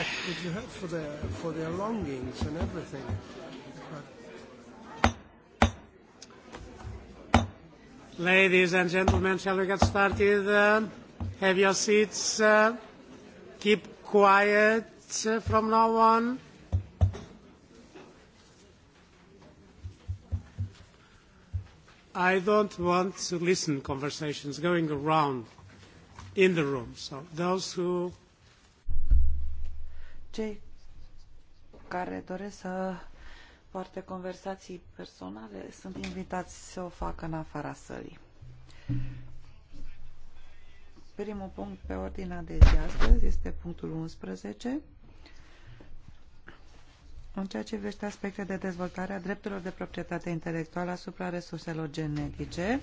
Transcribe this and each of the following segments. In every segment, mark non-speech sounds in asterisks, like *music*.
respect that you have for their, for their longings and everything. But Ladies and gentlemen, shall we get started? Uh, have your seats. Uh, keep quiet uh, from now on. I don't want to listen conversations going around in the room. So those who cei care doresc să poarte conversații personale sunt invitați să o facă în afara sălii. Primul punct pe ordinea de zi astăzi este punctul 11. În ceea ce vește aspecte de dezvoltare a drepturilor de proprietate intelectuală asupra resurselor genetice,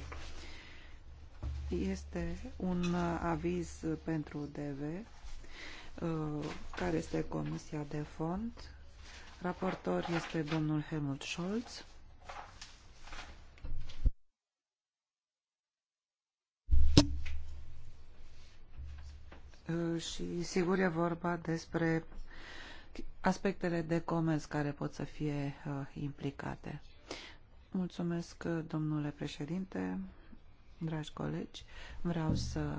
este un aviz pentru DV Uh, care este Comisia de Fond. Raportor este domnul Helmut Scholz. Uh, și sigur e vorba despre aspectele de comerț care pot să fie uh, implicate. Mulțumesc, domnule președinte, dragi colegi. Vreau să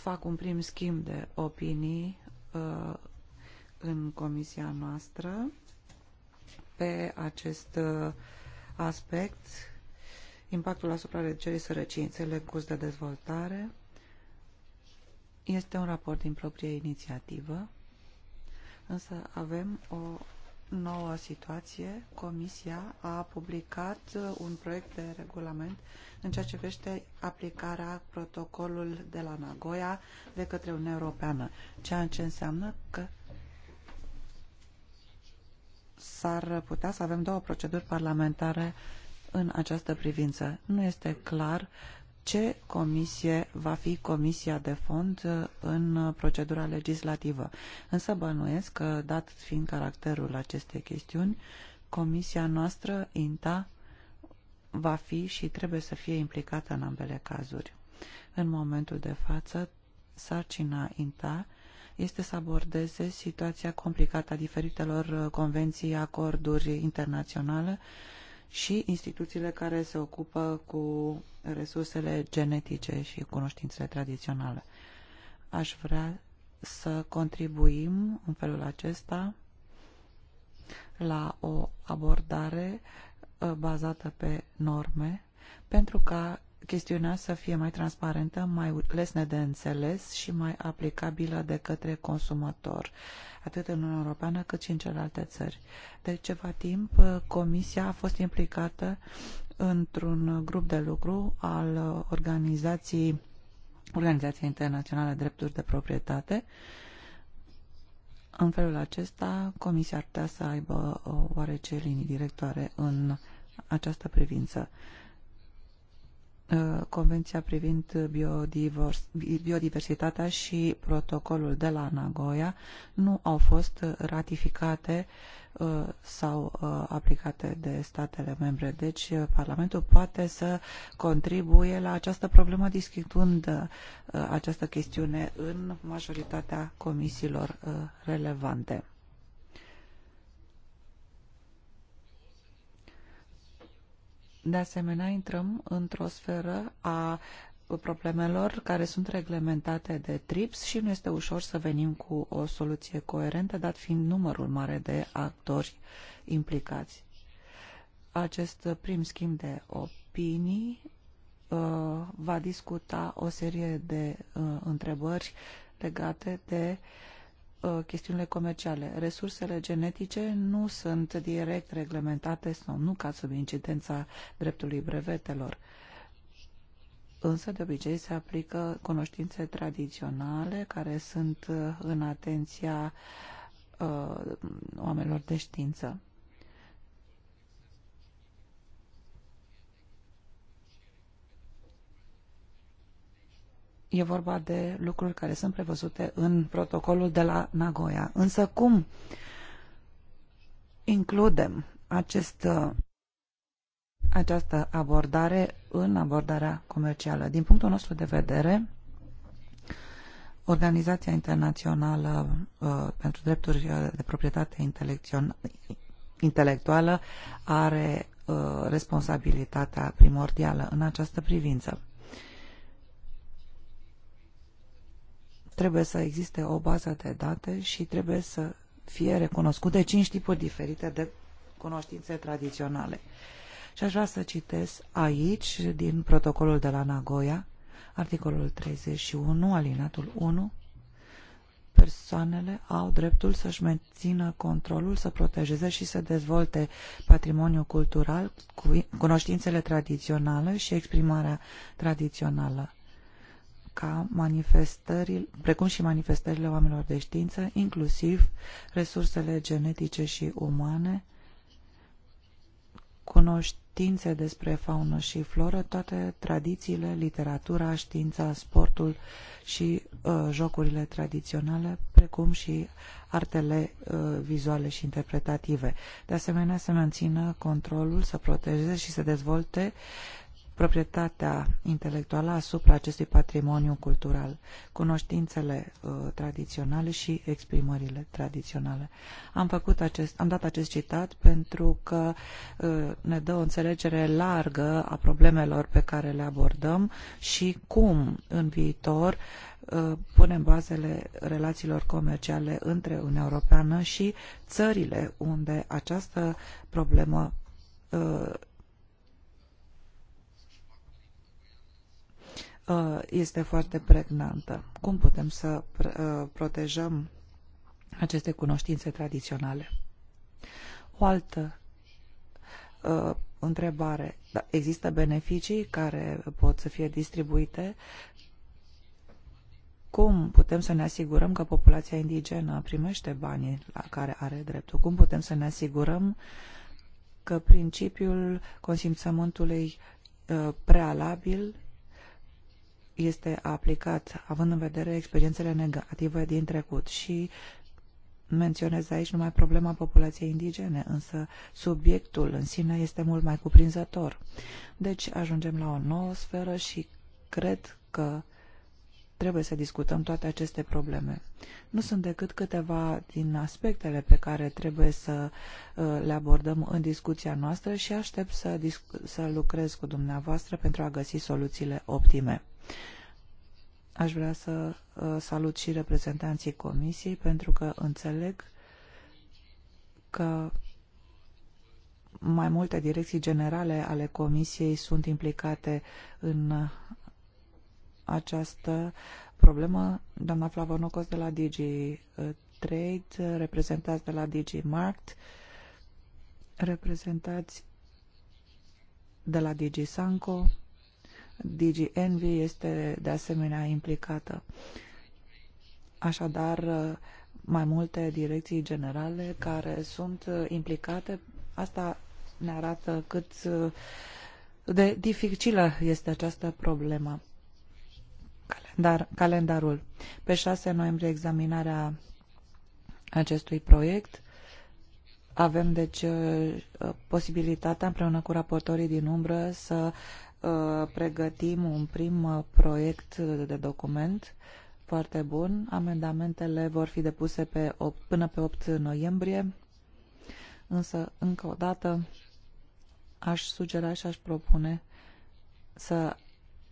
fac un prim schimb de opinii uh, în comisia noastră pe acest uh, aspect, impactul asupra reducerii sărăciei în curs de dezvoltare. Este un raport din proprie inițiativă, însă avem o nouă situație, Comisia a publicat uh, un proiect de regulament în ceea ce vește aplicarea protocolul de la Nagoya de către Uniunea Europeană, ceea ce înseamnă că s-ar putea să avem două proceduri parlamentare în această privință. Nu este clar uh, ce comisie va fi comisia de fond uh, în uh, procedura legislativă. Însă bănuiesc că, dat fiind caracterul acestei chestiuni, comisia noastră, INTA, va fi și trebuie să fie implicată în ambele cazuri. În momentul de față, sarcina INTA este să abordeze situația complicată a diferitelor uh, convenții, acorduri internaționale, și instituțiile care se ocupă cu resursele genetice și cunoștințele tradiționale. Aș vrea să contribuim în felul acesta la o abordare uh, bazată pe norme pentru ca chestiunea să fie mai transparentă, mai lesne de înțeles și mai aplicabilă de către consumator, atât în Uniunea Europeană cât și în celelalte țări. De ceva timp, uh, Comisia a fost implicată într-un grup de lucru al uh, organizației Organizației Internaționale Drepturi de Proprietate. În felul acesta, Comisia ar putea să aibă uh, oarece linii directoare în această privință. Uh, Convenția privind biodiversitatea și protocolul de la Nagoya nu au fost ratificate uh, sau uh, aplicate de statele membre. Deci Parlamentul poate să contribuie la această problemă discutând această chestiune în majoritatea comisiilor relevante. De asemenea, intrăm într-o sferă a problemelor care sunt reglementate de TRIPS și nu este ușor să venim cu o soluție coerentă, dat fiind numărul mare de actori implicați. Acest prim schimb de opinii uh, va discuta o serie de uh, întrebări legate de uh, Uh, chestiunile comerciale. Resursele genetice nu sunt direct reglementate sau nu ca sub incidența dreptului brevetelor. Însă, de obicei, se aplică cunoștințe tradiționale care sunt uh, în atenția uh, oamenilor de știință. E vorba de lucruri care sunt prevăzute în protocolul de la Nagoya. Însă cum includem acest, această abordare în abordarea comercială? Din punctul nostru de vedere, Organizația Internațională uh, pentru Drepturi de Proprietate Intelectuală are uh, responsabilitatea primordială în această privință. Trebuie să existe o bază de date și trebuie să fie recunoscute cinci tipuri diferite de cunoștințe tradiționale. Și aș vrea să citesc aici, din protocolul de la Nagoya, articolul 31, alinatul 1, persoanele au dreptul să-și mențină controlul, să protejeze și să dezvolte patrimoniul cultural, cunoștințele tradiționale și exprimarea tradițională ca manifestările, precum și manifestările oamenilor de știință, inclusiv resursele genetice și umane, cunoștințe despre faună și floră, toate tradițiile, literatura, știința, sportul și uh, jocurile tradiționale, precum și artele uh, vizuale și interpretative. De asemenea, să mențină controlul, să protejeze și să dezvolte proprietatea intelectuală asupra acestui patrimoniu cultural, cunoștințele uh, tradiționale și exprimările tradiționale. Am, făcut acest, am dat acest citat pentru că uh, ne dă o înțelegere largă a problemelor pe care le abordăm și cum în viitor uh, punem bazele relațiilor comerciale între Uniunea Europeană și țările unde această problemă uh, Uh, este foarte pregnantă. Cum putem să uh, protejăm aceste cunoștințe tradiționale? O altă uh, întrebare. Da, există beneficii care pot să fie distribuite? Cum putem să ne asigurăm că populația indigenă primește banii la care are dreptul? Cum putem să ne asigurăm că principiul consimțământului prealabil este aplicat, având în vedere experiențele negative din trecut și menționez aici numai problema populației indigene, însă subiectul în sine este mult mai cuprinzător. Deci ajungem la o nouă sferă și cred că trebuie să discutăm toate aceste probleme. Nu sunt decât câteva din aspectele pe care trebuie să uh, le abordăm în discuția noastră și aștept să, să lucrez cu dumneavoastră pentru a găsi soluțiile optime. Aș vrea să uh, salut și reprezentanții Comisiei pentru că înțeleg că mai multe direcții generale ale Comisiei sunt implicate în această problemă. Doamna Flavonocos de la DG uh, Trade, reprezentați de la DG Markt, reprezentați de la DG Sanco, DG Envy este de asemenea implicată. Așadar, mai multe direcții generale care sunt implicate, asta ne arată cât de dificilă este această problemă. Calendar, calendarul. Pe 6 noiembrie examinarea acestui proiect. Avem, deci, posibilitatea împreună cu raportorii din umbră să Uh, pregătim un prim uh, proiect de document foarte bun. Amendamentele vor fi depuse pe 8, până pe 8 noiembrie, însă, încă o dată, aș sugera și aș propune să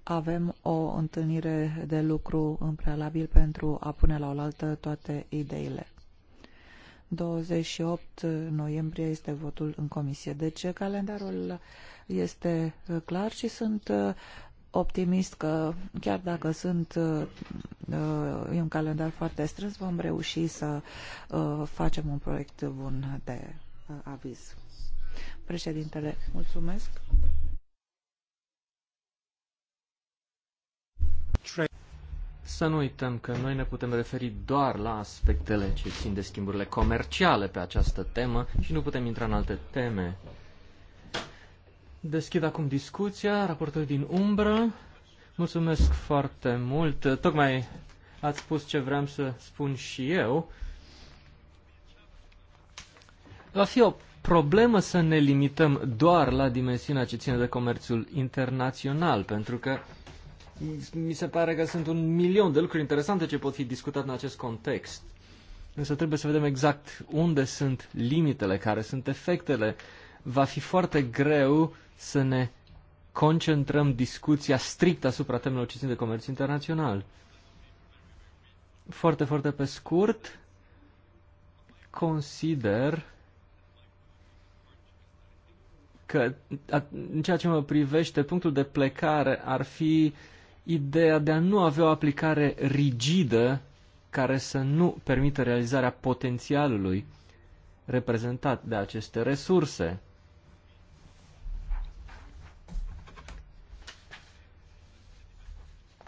avem o întâlnire de lucru în prealabil pentru a pune la oaltă toate ideile. 28 noiembrie este votul în comisie. Deci calendarul este clar și sunt uh, optimist că chiar dacă sunt uh, e un calendar foarte strâns, vom reuși să uh, facem un proiect bun de aviz. Președintele, mulțumesc. Să nu uităm că noi ne putem referi doar la aspectele ce țin de schimburile comerciale pe această temă și nu putem intra în alte teme. Deschid acum discuția, raportul din umbră. Mulțumesc foarte mult. Tocmai ați spus ce vreau să spun și eu. Va fi o problemă să ne limităm doar la dimensiunea ce ține de comerțul internațional, pentru că mi se pare că sunt un milion de lucruri interesante ce pot fi discutate în acest context. Însă trebuie să vedem exact unde sunt limitele, care sunt efectele. Va fi foarte greu să ne concentrăm discuția strict asupra temelor ce țin de comerț internațional. Foarte, foarte pe scurt, consider că în ceea ce mă privește, punctul de plecare ar fi ideea de a nu avea o aplicare rigidă care să nu permită realizarea potențialului reprezentat de aceste resurse.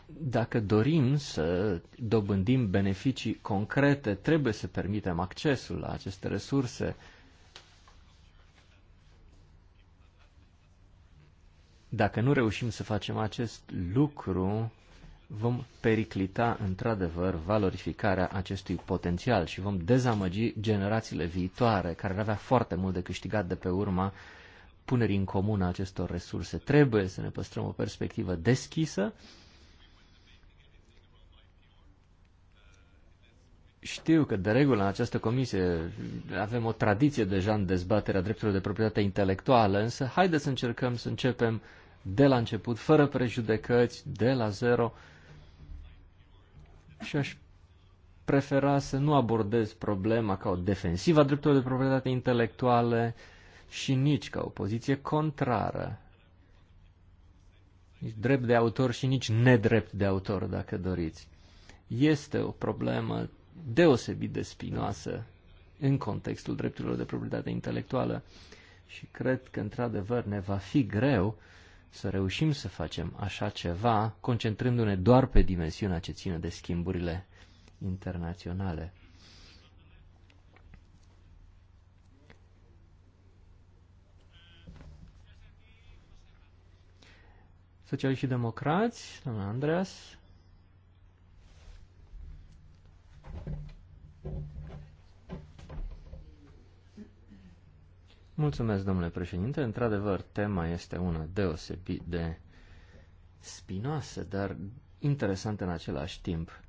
Dacă dorim să dobândim beneficii concrete, trebuie să permitem accesul la aceste resurse, Dacă nu reușim să facem acest lucru, vom periclita într-adevăr valorificarea acestui potențial și vom dezamăgi generațiile viitoare care ar avea foarte mult de câștigat de pe urma punerii în comun a acestor resurse. Trebuie să ne păstrăm o perspectivă deschisă Știu că, de regulă, în această comisie avem o tradiție deja în dezbaterea drepturilor de proprietate intelectuală, însă haideți să încercăm să începem de la început, fără prejudecăți, de la zero. Și aș prefera să nu abordez problema ca o defensivă a drepturilor de proprietate intelectuale și nici ca o poziție contrară. Nici drept de autor și nici nedrept de autor, dacă doriți. Este o problemă deosebit de spinoasă în contextul drepturilor de proprietate intelectuală și cred că, într-adevăr, ne va fi greu să reușim să facem așa ceva, concentrându-ne doar pe dimensiunea ce ține de schimburile internaționale. Socialiști și democrați, doamna Andreas. Mulțumesc, domnule președinte. Într-adevăr, tema este una deosebit de spinoasă, dar interesantă în același timp.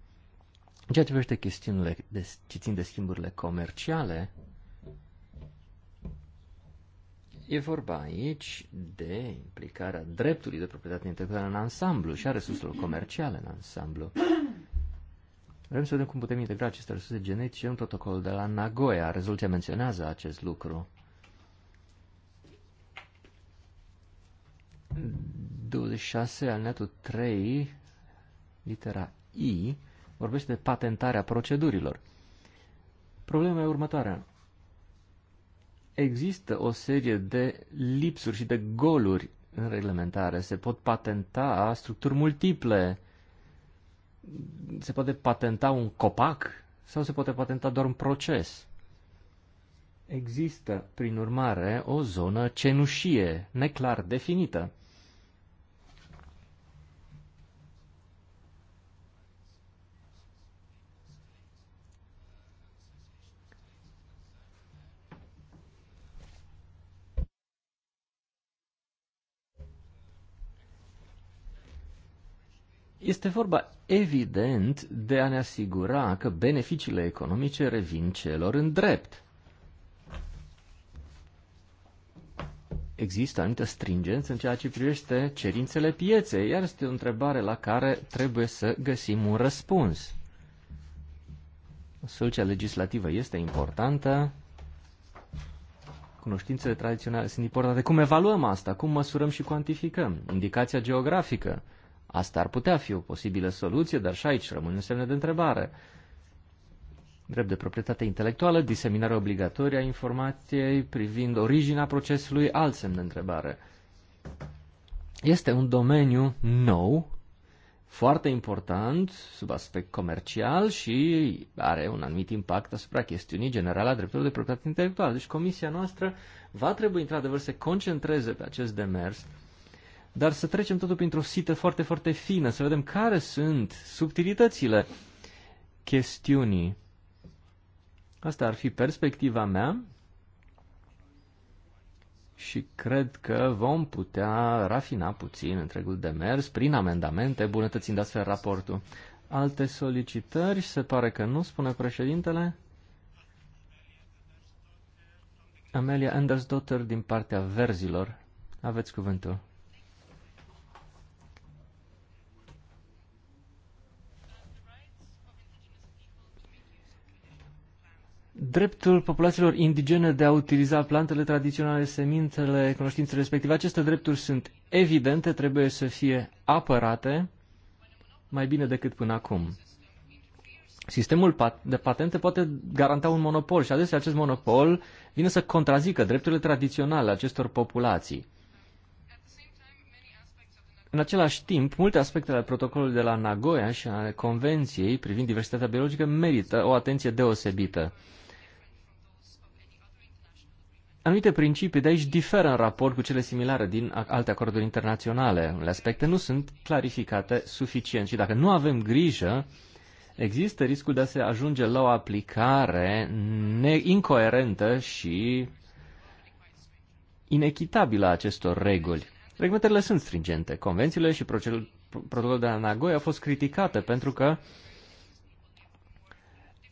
În ceea ce privește chestiunile de, ce țin de schimburile comerciale, e vorba aici de implicarea dreptului de proprietate intelectuală în ansamblu și a resurselor comerciale în ansamblu. Vrem să vedem cum putem integra aceste resurse genetice în protocolul de la Nagoya. Rezoluția menționează acest lucru. 26, netul 3, litera I, vorbește de patentarea procedurilor. Problema e următoarea. Există o serie de lipsuri și de goluri în reglementare. Se pot patenta structuri multiple, se poate patenta un copac sau se poate patenta doar un proces. Există, prin urmare, o zonă cenușie, neclar definită. Este vorba evident de a ne asigura că beneficiile economice revin celor în drept. Există anumită stringență în ceea ce privește cerințele pieței, iar este o întrebare la care trebuie să găsim un răspuns. Soluția legislativă este importantă, cunoștințele tradiționale sunt importante. Cum evaluăm asta? Cum măsurăm și cuantificăm? Indicația geografică, Asta ar putea fi o posibilă soluție, dar și aici rămân în semne de întrebare. Drept de proprietate intelectuală, diseminarea obligatorie a informației privind originea procesului, alt semn de întrebare. Este un domeniu nou, foarte important sub aspect comercial și are un anumit impact asupra chestiunii generale a drepturilor de proprietate intelectuală. Deci comisia noastră va trebui într-adevăr să concentreze pe acest demers dar să trecem totul printr-o sită foarte, foarte fină, să vedem care sunt subtilitățile chestiunii. Asta ar fi perspectiva mea și cred că vom putea rafina puțin întregul demers prin amendamente, bunătățind astfel raportul. Alte solicitări? Se pare că nu, spune președintele. Amelia Endersdotter din partea verzilor. Aveți cuvântul. dreptul populațiilor indigene de a utiliza plantele tradiționale, semințele, cunoștințele respective. Aceste drepturi sunt evidente, trebuie să fie apărate mai bine decât până acum. Sistemul de patente poate garanta un monopol și adesea acest monopol vine să contrazică drepturile tradiționale acestor populații. În același timp, multe aspecte ale protocolului de la Nagoya și ale Convenției privind diversitatea biologică merită o atenție deosebită. Anumite principii de aici diferă în raport cu cele similare din alte acorduri internaționale. Unele aspecte nu sunt clarificate suficient și dacă nu avem grijă, există riscul de a se ajunge la o aplicare incoerentă și inechitabilă a acestor reguli. Reglementările sunt stringente. Convențiile și protocolul de la Nagoya au fost criticate pentru că uh,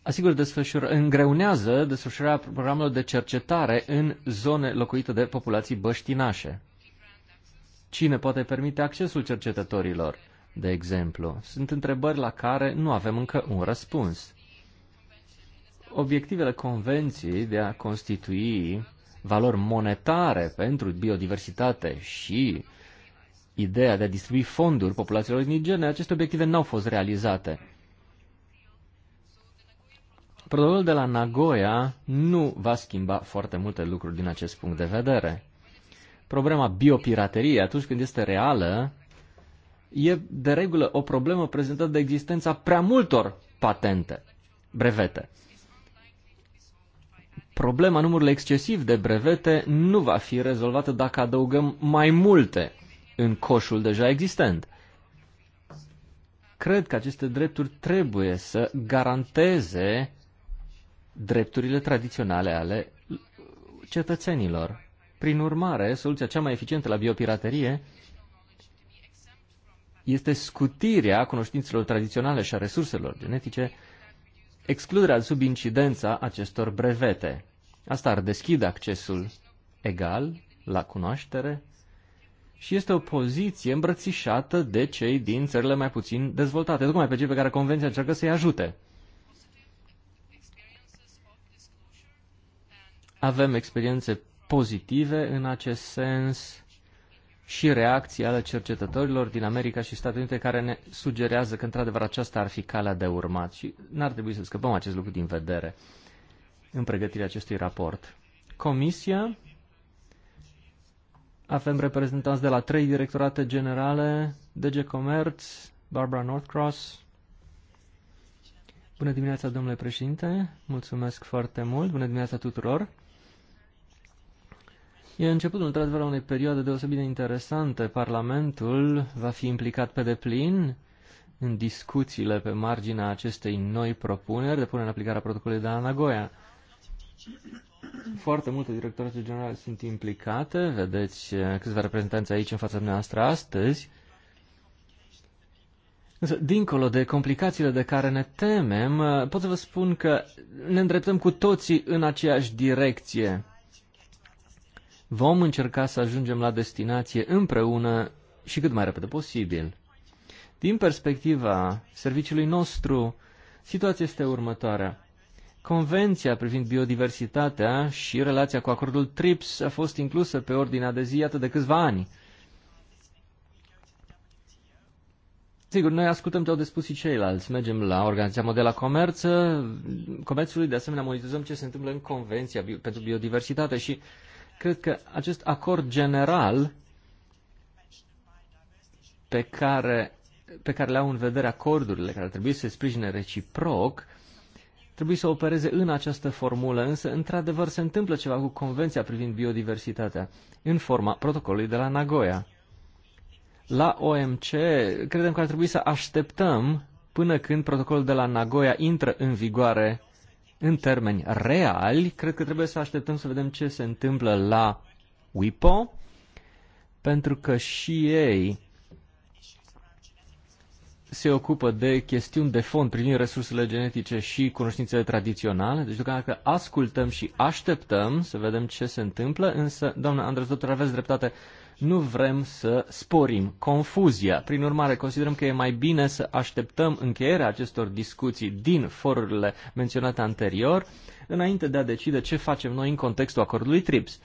asigur desfășur, îngreunează desfășurarea programelor de cercetare în zone locuite de populații băștinașe. Cine poate permite accesul cercetătorilor, de exemplu? Sunt întrebări la care nu avem încă un răspuns. Obiectivele convenției de a constitui valori monetare pentru biodiversitate și ideea de a distribui fonduri populațiilor indigene, aceste obiective n-au fost realizate. Protocolul de la Nagoya nu va schimba foarte multe lucruri din acest punct de vedere. Problema biopirateriei, atunci când este reală, e de regulă o problemă prezentată de existența prea multor patente, brevete. Problema numărului excesiv de brevete nu va fi rezolvată dacă adăugăm mai multe în coșul deja existent. Cred că aceste drepturi trebuie să garanteze drepturile tradiționale ale cetățenilor. Prin urmare, soluția cea mai eficientă la biopiraterie este scutirea cunoștințelor tradiționale și a resurselor genetice, excluderea sub incidența acestor brevete. Asta ar deschide accesul egal la cunoaștere și este o poziție îmbrățișată de cei din țările mai puțin dezvoltate, tocmai pe cei pe care Convenția încearcă să-i ajute. Avem experiențe pozitive în acest sens și reacții ale cercetătorilor din America și Statele Unite care ne sugerează că într-adevăr aceasta ar fi calea de urmat și n-ar trebui să scăpăm acest lucru din vedere în pregătirea acestui raport. Comisia, avem reprezentanți de la trei directorate generale, DG Comerț, Barbara Northcross. Bună dimineața, domnule președinte, mulțumesc foarte mult, bună dimineața tuturor. E începutul, într-adevăr, unei perioade deosebit de interesante. Parlamentul va fi implicat pe deplin în discuțiile pe marginea acestei noi propuneri de punere în aplicare a protocolului de la Nagoya. Foarte multe directorate generale sunt implicate, vedeți eh, câțiva reprezentanți aici în fața noastră astăzi. Însă, dincolo de complicațiile de care ne temem, eh, pot să vă spun că ne îndreptăm cu toții în aceeași direcție Vom încerca să ajungem la destinație împreună și cât mai repede posibil. Din perspectiva serviciului nostru, situația este următoarea. Convenția privind biodiversitatea și relația cu acordul TRIPS a fost inclusă pe ordinea de zi atât de câțiva ani. Sigur, noi ascultăm ce au de spus și ceilalți. Mergem la Organizația Modela Comerță, Comerțului, de asemenea monitorizăm ce se întâmplă în Convenția pentru Biodiversitate și Cred că acest acord general pe care, pe care le au în vedere acordurile care trebuie să se sprijine reciproc, trebuie să opereze în această formulă, însă într-adevăr se întâmplă ceva cu Convenția privind biodiversitatea în forma protocolului de la Nagoya. La OMC credem că ar trebui să așteptăm până când protocolul de la Nagoya intră în vigoare în termeni reali, cred că trebuie să așteptăm să vedem ce se întâmplă la WIPO, pentru că și ei se ocupă de chestiuni de fond privind resursele genetice și cunoștințele tradiționale. Deci, că ascultăm și așteptăm să vedem ce se întâmplă, însă, doamna Andres, doctor, aveți dreptate, nu vrem să sporim confuzia. Prin urmare, considerăm că e mai bine să așteptăm încheierea acestor discuții din forurile menționate anterior, înainte de a decide ce facem noi în contextul acordului TRIPS.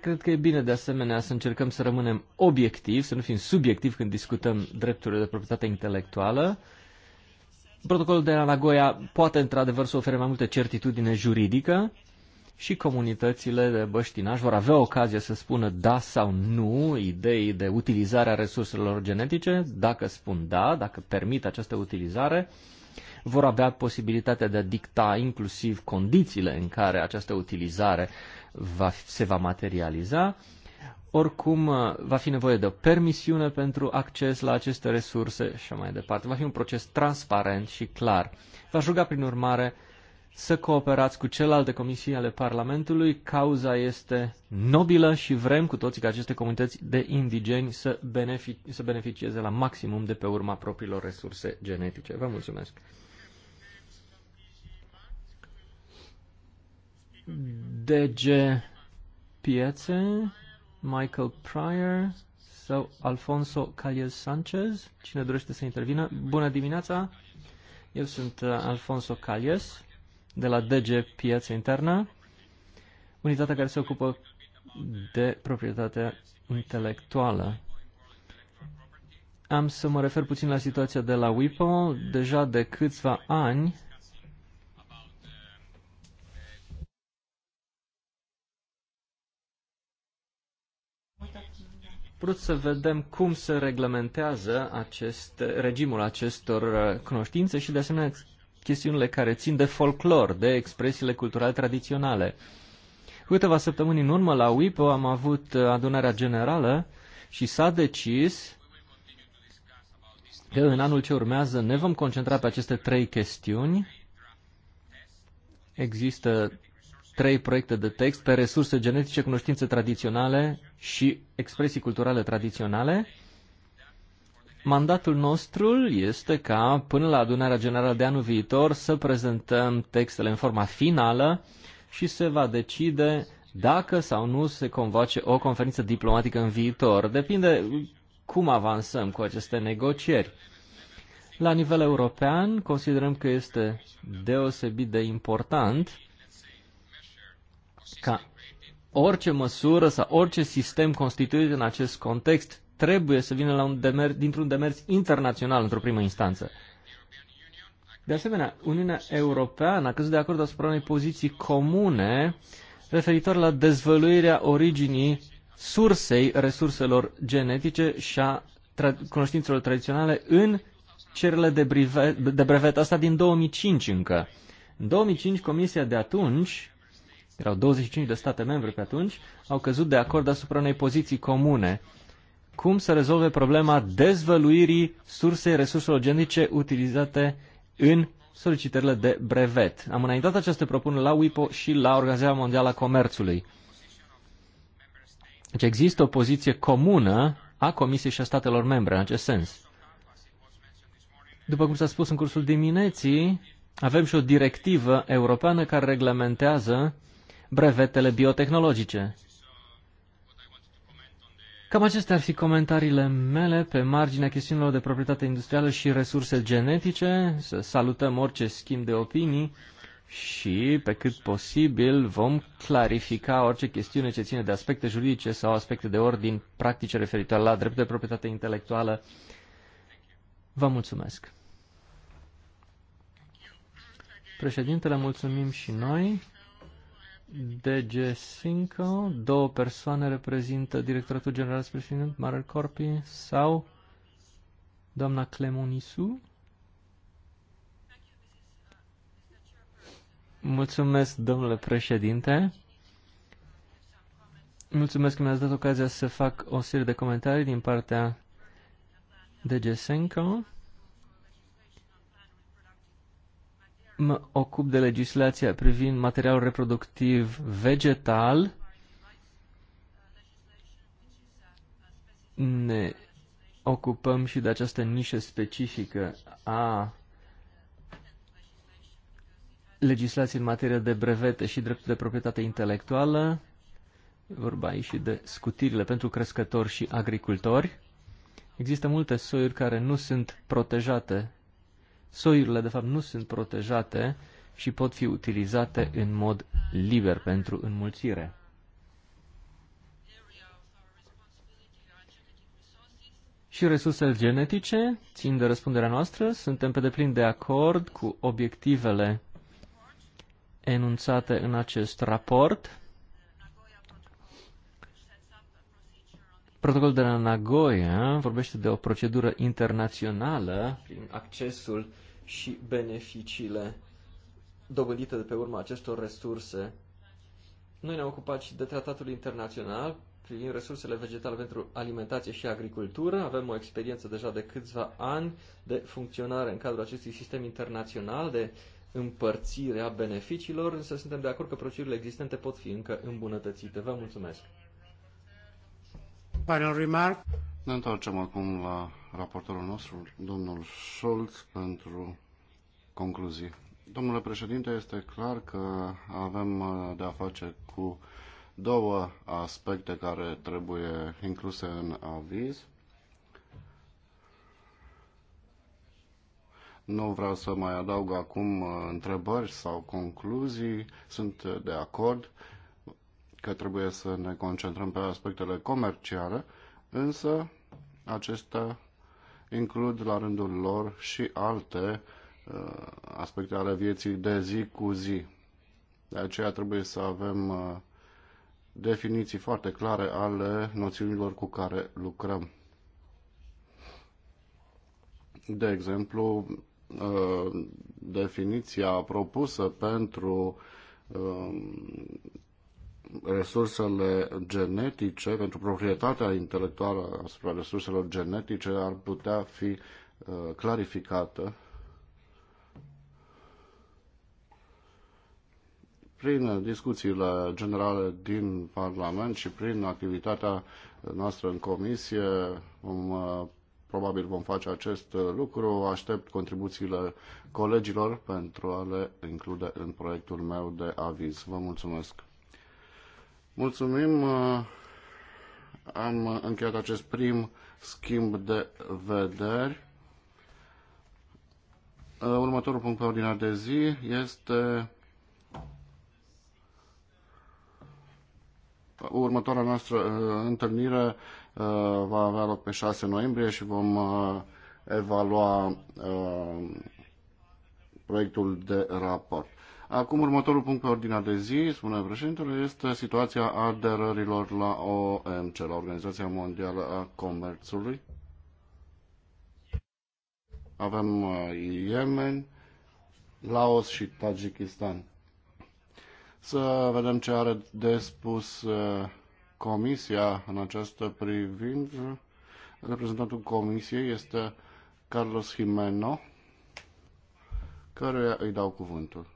Cred că e bine de asemenea să încercăm să rămânem obiectivi, să nu fim subiectivi când discutăm drepturile de proprietate intelectuală. Protocolul de la Nagoya poate într-adevăr să ofere mai multe certitudine juridică și comunitățile de băștinași vor avea ocazia să spună da sau nu idei de utilizare a resurselor genetice. Dacă spun da, dacă permit această utilizare, vor avea posibilitatea de a dicta inclusiv condițiile în care această utilizare va, se va materializa oricum, uh, va fi nevoie de o permisiune pentru acces la aceste resurse și mai departe. Va fi un proces transparent și clar. Va ruga, prin urmare, să cooperați cu celelalte comisii ale Parlamentului. Cauza este nobilă și vrem cu toții ca aceste comunități de indigeni să, benefic- să beneficieze la maximum de pe urma propriilor resurse genetice. Vă mulțumesc! DG Piețe Michael Pryor sau Alfonso Calles Sanchez. Cine dorește să intervină? Bună dimineața! Eu sunt uh, Alfonso Calles de la DG Piața Internă, unitatea care se ocupă de proprietatea intelectuală. Am să mă refer puțin la situația de la WIPO. Deja de câțiva ani vrut să vedem cum se reglementează acest, regimul acestor uh, cunoștințe și, de asemenea, chestiunile care țin de folclor, de expresiile culturale tradiționale. Câteva săptămâni în urmă, la WIPO, am avut uh, adunarea generală și s-a decis că în anul ce urmează ne vom concentra pe aceste trei chestiuni. Există trei proiecte de text pe resurse genetice, cunoștințe tradiționale și expresii culturale tradiționale. Mandatul nostru este ca, până la adunarea generală de anul viitor, să prezentăm textele în forma finală și se va decide dacă sau nu se convoace o conferință diplomatică în viitor. Depinde cum avansăm cu aceste negocieri. La nivel european, considerăm că este deosebit de important ca orice măsură sau orice sistem constituit în acest context trebuie să vină la un demer, dintr-un demers internațional într-o primă instanță. De asemenea, Uniunea Europeană a căzut de acord asupra unei poziții comune referitor la dezvăluirea originii sursei resurselor genetice și a tra- cunoștințelor tradiționale în cererile de brevet, de brevet, asta din 2005 încă. În 2005, Comisia de atunci erau 25 de state membre pe atunci, au căzut de acord asupra unei poziții comune. Cum să rezolve problema dezvăluirii sursei resurselor genetice utilizate în solicitările de brevet. Am înaintat această propunere la WIPO și la Organizația Mondială a Comerțului. Deci există o poziție comună a Comisiei și a statelor membre în acest sens. După cum s-a spus în cursul dimineții, avem și o directivă europeană care reglementează brevetele biotehnologice. Cam acestea ar fi comentariile mele pe marginea chestiunilor de proprietate industrială și resurse genetice. Să salutăm orice schimb de opinii și, pe cât posibil, vom clarifica orice chestiune ce ține de aspecte juridice sau aspecte de ordin practice referitoare la drept de proprietate intelectuală. Vă mulțumesc! Președintele, mulțumim și noi. DG Cinco, două persoane reprezintă directoratul general sprijinit, Marel Corpi sau doamna Clemonisu. Mulțumesc, domnule președinte. Mulțumesc că mi-ați dat ocazia să fac o serie de comentarii din partea DG Senco. mă ocup de legislația privind materialul reproductiv vegetal. Ne ocupăm și de această nișă specifică a legislației în materie de brevete și dreptul de proprietate intelectuală. Vorba aici și de scutirile pentru crescători și agricultori. Există multe soiuri care nu sunt protejate soiurile de fapt nu sunt protejate și pot fi utilizate în mod liber pentru înmulțire. Și resursele genetice țin de răspunderea noastră. Suntem pe deplin de acord cu obiectivele enunțate în acest raport. Protocolul de la Nagoya vorbește de o procedură internațională prin accesul și beneficiile dobândite de pe urma acestor resurse. Noi ne-am ocupat și de tratatul internațional privind resursele vegetale pentru alimentație și agricultură. Avem o experiență deja de câțiva ani de funcționare în cadrul acestui sistem internațional de împărțire a beneficiilor, însă suntem de acord că procedurile existente pot fi încă îmbunătățite. Vă mulțumesc! Final remark. Ne întoarcem acum la raportorul nostru, domnul Schulz, pentru concluzii. Domnule președinte, este clar că avem uh, de a face cu două aspecte care trebuie incluse în aviz. Nu vreau să mai adaug acum uh, întrebări sau concluzii. Sunt de acord că trebuie să ne concentrăm pe aspectele comerciale însă acestea includ la rândul lor și alte uh, aspecte ale vieții de zi cu zi. De aceea trebuie să avem uh, definiții foarte clare ale noțiunilor cu care lucrăm. De exemplu, uh, definiția propusă pentru uh, resursele genetice, pentru proprietatea intelectuală asupra resurselor genetice ar putea fi uh, clarificată prin discuțiile generale din Parlament și prin activitatea noastră în comisie, vom, uh, probabil vom face acest lucru. Aștept contribuțiile colegilor pentru a le include în proiectul meu de aviz. Vă mulțumesc! Mulțumim. Uh, am încheiat acest prim schimb de vederi. Uh, următorul punct pe ordinea de zi este următoarea noastră uh, întâlnire va avea loc pe 6 noiembrie și vom evalua proiectul de raport. Acum, următorul punct pe ordinea de zi, spune președintele, este situația aderărilor la OMC, la Organizația Mondială a Comerțului. Avem uh, Yemen, Laos și Tajikistan. Să vedem ce are de spus uh, Comisia în această privință. Reprezentantul Comisiei este Carlos Jimeno, căruia îi dau cuvântul.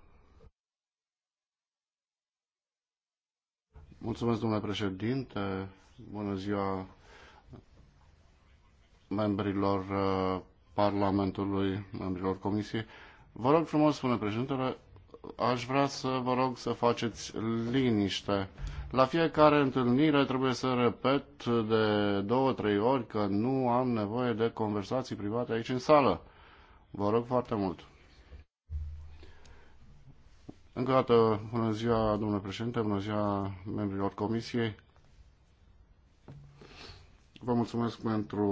Mulțumesc, domnule președinte. Bună ziua membrilor uh, Parlamentului, membrilor Comisiei. Vă rog frumos, spune președintele, aș vrea să vă rog să faceți liniște. La fiecare întâlnire trebuie să repet de două, trei ori că nu am nevoie de conversații private aici în sală. Vă rog foarte mult. Încă o dată, bună ziua, domnule președinte, bună ziua membrilor comisiei. Vă mulțumesc pentru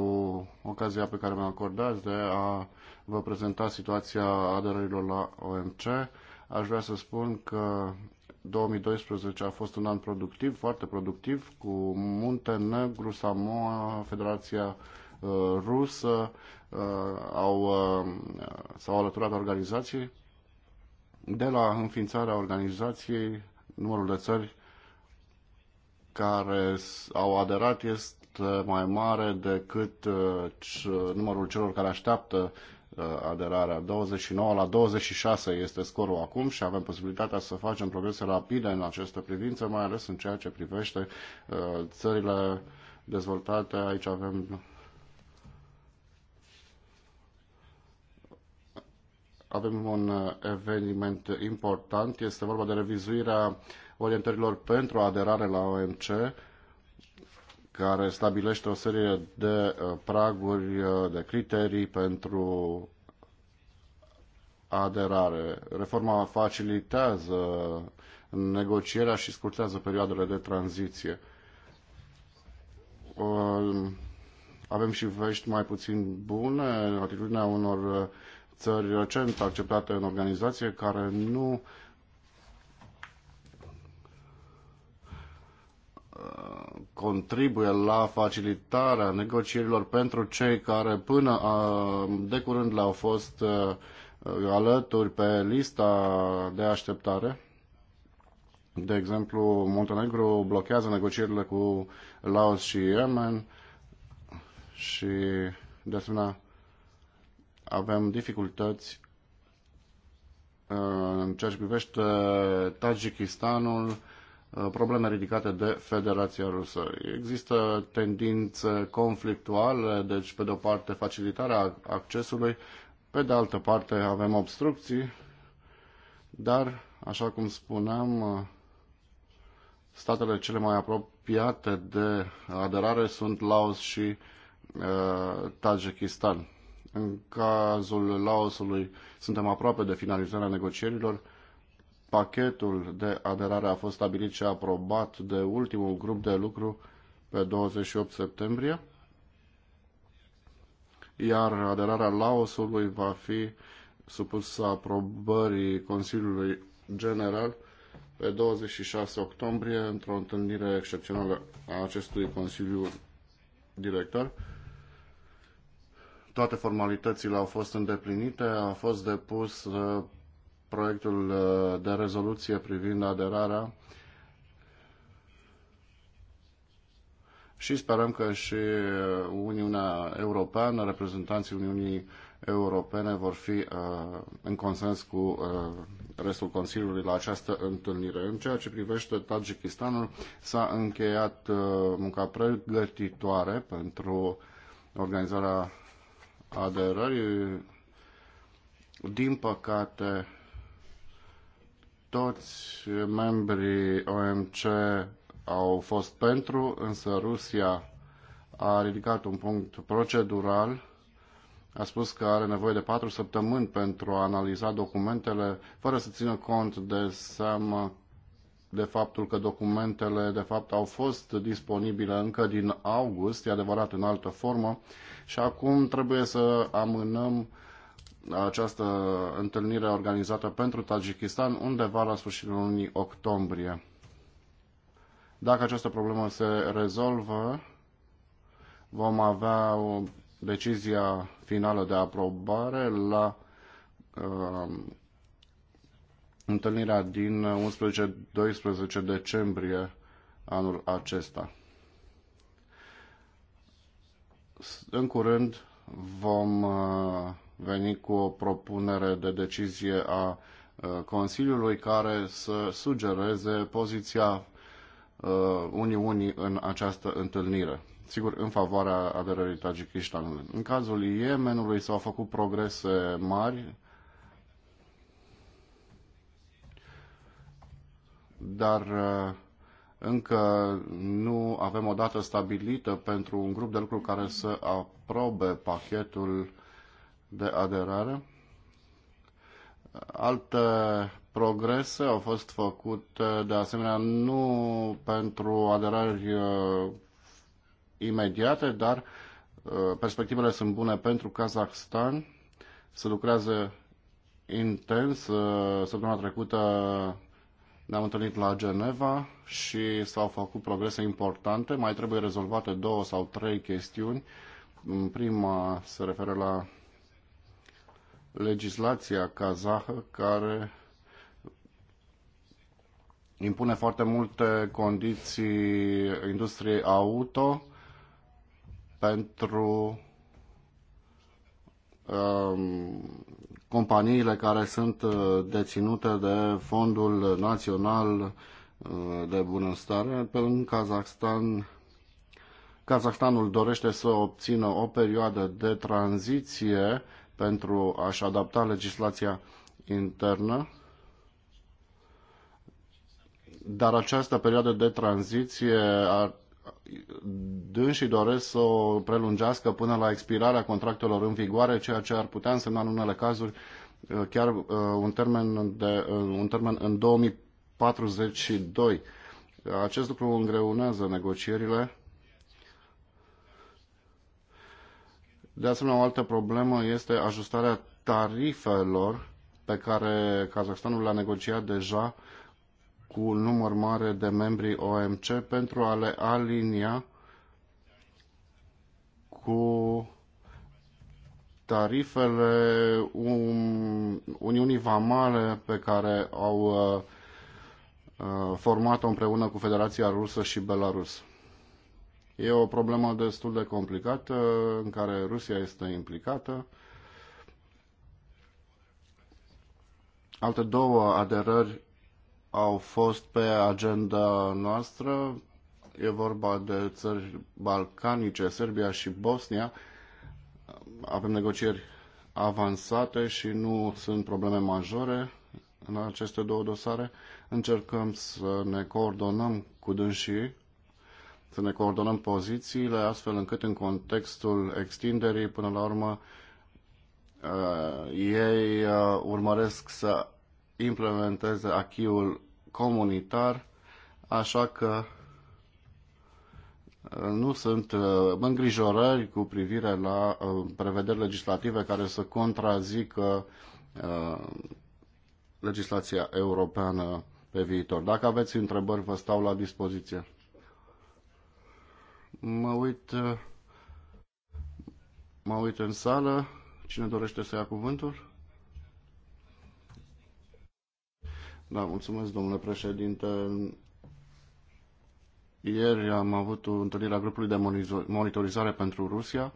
ocazia pe care mi-o acordați de a vă prezenta situația aderărilor la OMC. Aș vrea să spun că 2012 a fost un an productiv, foarte productiv, cu Muntenegru, Samoa, Federația uh, Rusă, uh, uh, s-au alăturat organizației de la înființarea organizației, numărul de țări care au aderat este mai mare decât uh, numărul celor care așteaptă uh, aderarea. 29 la 26 este scorul acum și avem posibilitatea să facem progrese rapide în această privință, mai ales în ceea ce privește uh, țările dezvoltate. Aici avem avem un uh, eveniment important. Este vorba de revizuirea orientărilor pentru aderare la OMC, care stabilește o serie de uh, praguri, uh, de criterii pentru aderare. Reforma facilitează negocierea și scurtează perioadele de tranziție. Um, avem și vești mai puțin bune, atitudinea unor țări recent acceptate în organizație care nu uh, contribuie la facilitarea negocierilor pentru cei care până a, uh, de curând le-au fost uh, alături pe lista de așteptare. De exemplu, Montenegro blochează negocierile cu Laos și Yemen și de asemenea avem dificultăți uh, în ceea ce privește Tajikistanul, uh, probleme ridicate de Federația Rusă. Există tendințe conflictuale, deci pe de o parte facilitarea accesului, pe de altă parte avem obstrucții, dar, așa cum spuneam, uh, statele cele mai apropiate de aderare sunt Laos și uh, Tajikistan. În cazul Laosului suntem aproape de finalizarea negocierilor. Pachetul de aderare a fost stabilit și aprobat de ultimul grup de lucru pe 28 septembrie, iar aderarea Laosului va fi supusă aprobării Consiliului General pe 26 octombrie într-o întâlnire excepțională a acestui Consiliu Director toate formalitățile au fost îndeplinite, a fost depus uh, proiectul uh, de rezoluție privind aderarea și sperăm că și uh, Uniunea Europeană, reprezentanții Uniunii Europene vor fi în consens cu restul Consiliului la această întâlnire. În ceea ce privește Tajikistanul, s-a încheiat munca pregătitoare pentru organizarea aderări. Din păcate, toți membrii OMC au fost pentru, însă Rusia a ridicat un punct procedural. A spus că are nevoie de patru săptămâni pentru a analiza documentele, fără să țină cont de seama de faptul că documentele de fapt au fost disponibile încă din august, e adevărat în altă formă, și acum trebuie să amânăm această întâlnire organizată pentru Tajikistan undeva la sfârșitul lunii octombrie. Dacă această problemă se rezolvă, vom avea o decizia finală de aprobare la uh, întâlnirea din 11-12 decembrie anul acesta. În curând vom uh, veni cu o propunere de decizie a uh, Consiliului care să sugereze poziția uh, Uniunii în această întâlnire. Sigur, în favoarea aderării Tajikistanului. În cazul Iemenului s-au făcut progrese mari dar uh, încă nu avem o dată stabilită pentru un grup de lucru care să aprobe pachetul de aderare. Alte progrese au fost făcute, de asemenea, nu pentru aderări uh, imediate, dar uh, perspectivele sunt bune pentru Kazakhstan. Se lucrează intens. Săptămâna trecută ne-am întâlnit la Geneva și s-au făcut progrese importante. Mai trebuie rezolvate două sau trei chestiuni. Prima se referă la legislația kazahă care impune foarte multe condiții industriei auto pentru um, companiile care sunt uh, deținute de Fondul Național uh, de Bunăstare. Pe În Kazahstan, Kazahstanul dorește să obțină o perioadă de tranziție pentru a-și adapta legislația internă, dar această perioadă de tranziție ar dânsii doresc să o prelungească până la expirarea contractelor în vigoare, ceea ce ar putea însemna în unele cazuri uh, chiar uh, un termen, de, uh, un termen în 2042. Acest lucru îngreunează negocierile. De asemenea, o altă problemă este ajustarea tarifelor pe care Kazakhstanul le-a negociat deja cu un număr mare de membri OMC pentru a le alinia cu tarifele um, Uniunii Vamale pe care au uh, uh, format-o împreună cu Federația Rusă și Belarus. E o problemă destul de complicată uh, în care Rusia este implicată. Alte două aderări au fost pe agenda noastră. E vorba de țări balcanice, Serbia și Bosnia. Avem negocieri avansate și nu sunt probleme majore în aceste două dosare. Încercăm să ne coordonăm cu dânsii, să ne coordonăm pozițiile, astfel încât în contextul extinderii, până la urmă, uh, ei uh, urmăresc să implementeze achiul comunitar, așa că uh, nu sunt uh, îngrijorări cu privire la uh, prevederi legislative care să contrazică legislația europeană pe viitor. Dacă aveți întrebări, vă stau la dispoziție. Mă uit, mă uit în sală. Cine dorește să ia cuvântul? Da, mulțumesc, domnule președinte. Ieri am avut o întâlnire a grupului de monitorizare pentru Rusia.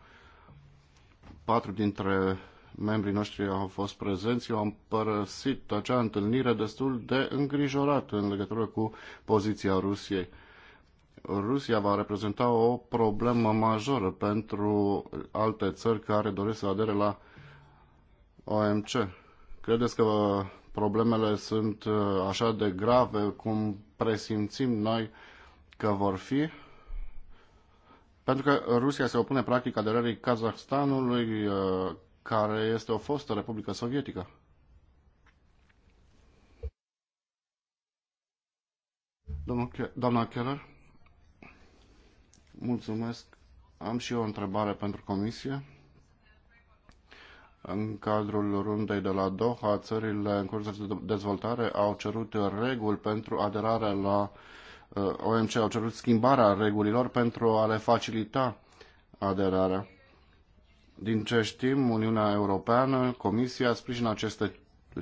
Patru dintre membrii noștri au fost prezenți. Eu am părăsit acea întâlnire destul de îngrijorat în legătură cu poziția Rusiei. Rusia va reprezenta o problemă majoră pentru alte țări care doresc să adere la OMC. Credeți că problemele sunt uh, așa de grave cum presimțim noi că vor fi? Pentru că Rusia se opune practic aderării Kazahstanului, uh, care este o fostă Republică Sovietică. Doamna Keller, mulțumesc. Am și eu o întrebare pentru Comisie. În cadrul rundei de la Doha, țările în curs de dezvoltare au cerut reguli pentru aderarea la uh, OMC, au cerut schimbarea regulilor pentru a le facilita aderarea. Din ce știm, Uniunea Europeană, Comisia sprijină aceste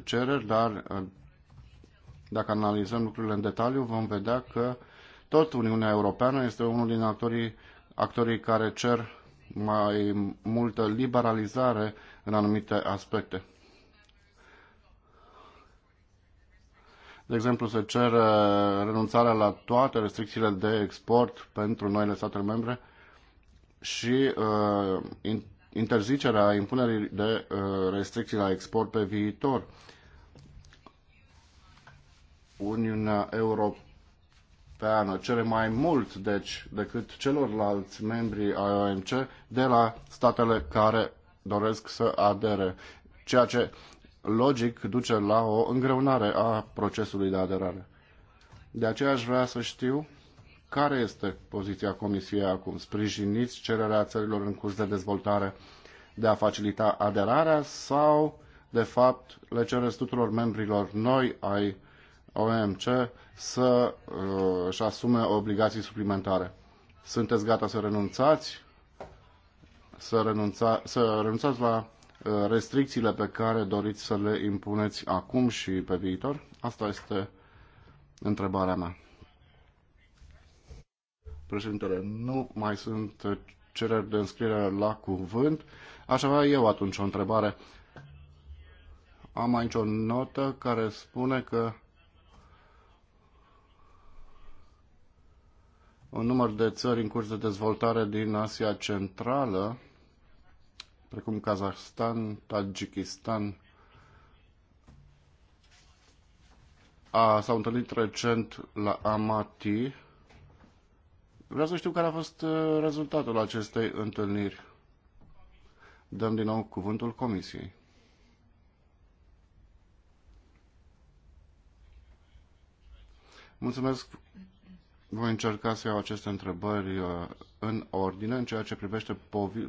cereri, dar uh, dacă analizăm lucrurile în detaliu, vom vedea că tot Uniunea Europeană este unul din actorii, actorii care cer mai multă liberalizare în anumite aspecte. De exemplu, se cere renunțarea la toate restricțiile de export pentru noile statele membre și uh, interzicerea impunerii de uh, restricții la export pe viitor. Uniunea Europeană pe an, cere mai mult deci, decât celorlalți membri ai OMC de la statele care doresc să adere, ceea ce logic duce la o îngreunare a procesului de aderare. De aceea aș vrea să știu care este poziția Comisiei acum. Sprijiniți cererea țărilor în curs de dezvoltare de a facilita aderarea sau, de fapt, le cereți tuturor membrilor noi ai OMC să uh, își asume obligații suplimentare. Sunteți gata să renunțați? Să, renunța, să renunțați la uh, restricțiile pe care doriți să le impuneți acum și pe viitor? Asta este întrebarea mea. Președintele, nu mai sunt cereri de înscriere la cuvânt. Aș avea eu atunci o întrebare. Am aici o notă care spune că un număr de țări în curs de dezvoltare din Asia Centrală, precum Kazahstan, Tajikistan, a, s-au întâlnit recent la Amati. Vreau să știu care a fost uh, rezultatul acestei întâlniri. Dăm din nou cuvântul Comisiei. Mulțumesc voi încerca să iau aceste întrebări uh, în ordine în ceea ce privește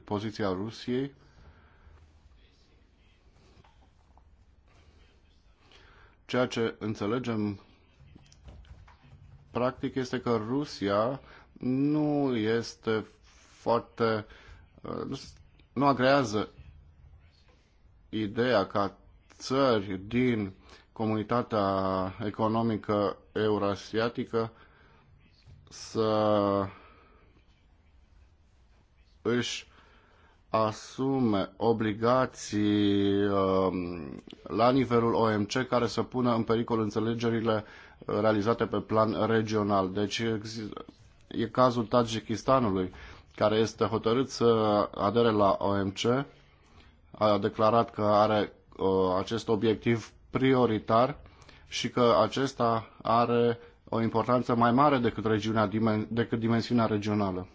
poziția Rusiei. Ceea ce înțelegem practic este că Rusia nu este foarte uh, nu agrează ideea ca țări din comunitatea economică eurasiatică să își asume obligații um, la nivelul OMC care să pună în pericol înțelegerile realizate pe plan regional. Deci e cazul Tajikistanului care este hotărât să adere la OMC, a declarat că are uh, acest obiectiv prioritar și că acesta are o importanță mai mare decât, regiunea, decât dimensiunea regională.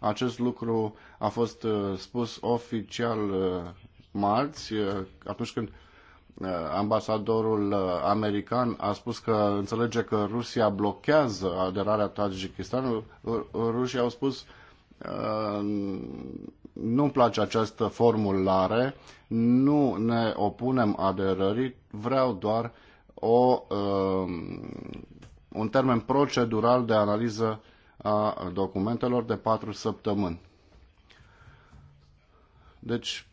Acest lucru a fost uh, spus oficial uh, marți, uh, atunci când ambasadorul american a spus că înțelege că Rusia blochează aderarea Tajikistanului, rușii au spus nu-mi place această formulare, nu ne opunem aderării, vreau doar o, uh, un termen procedural de analiză a documentelor de patru săptămâni. Deci,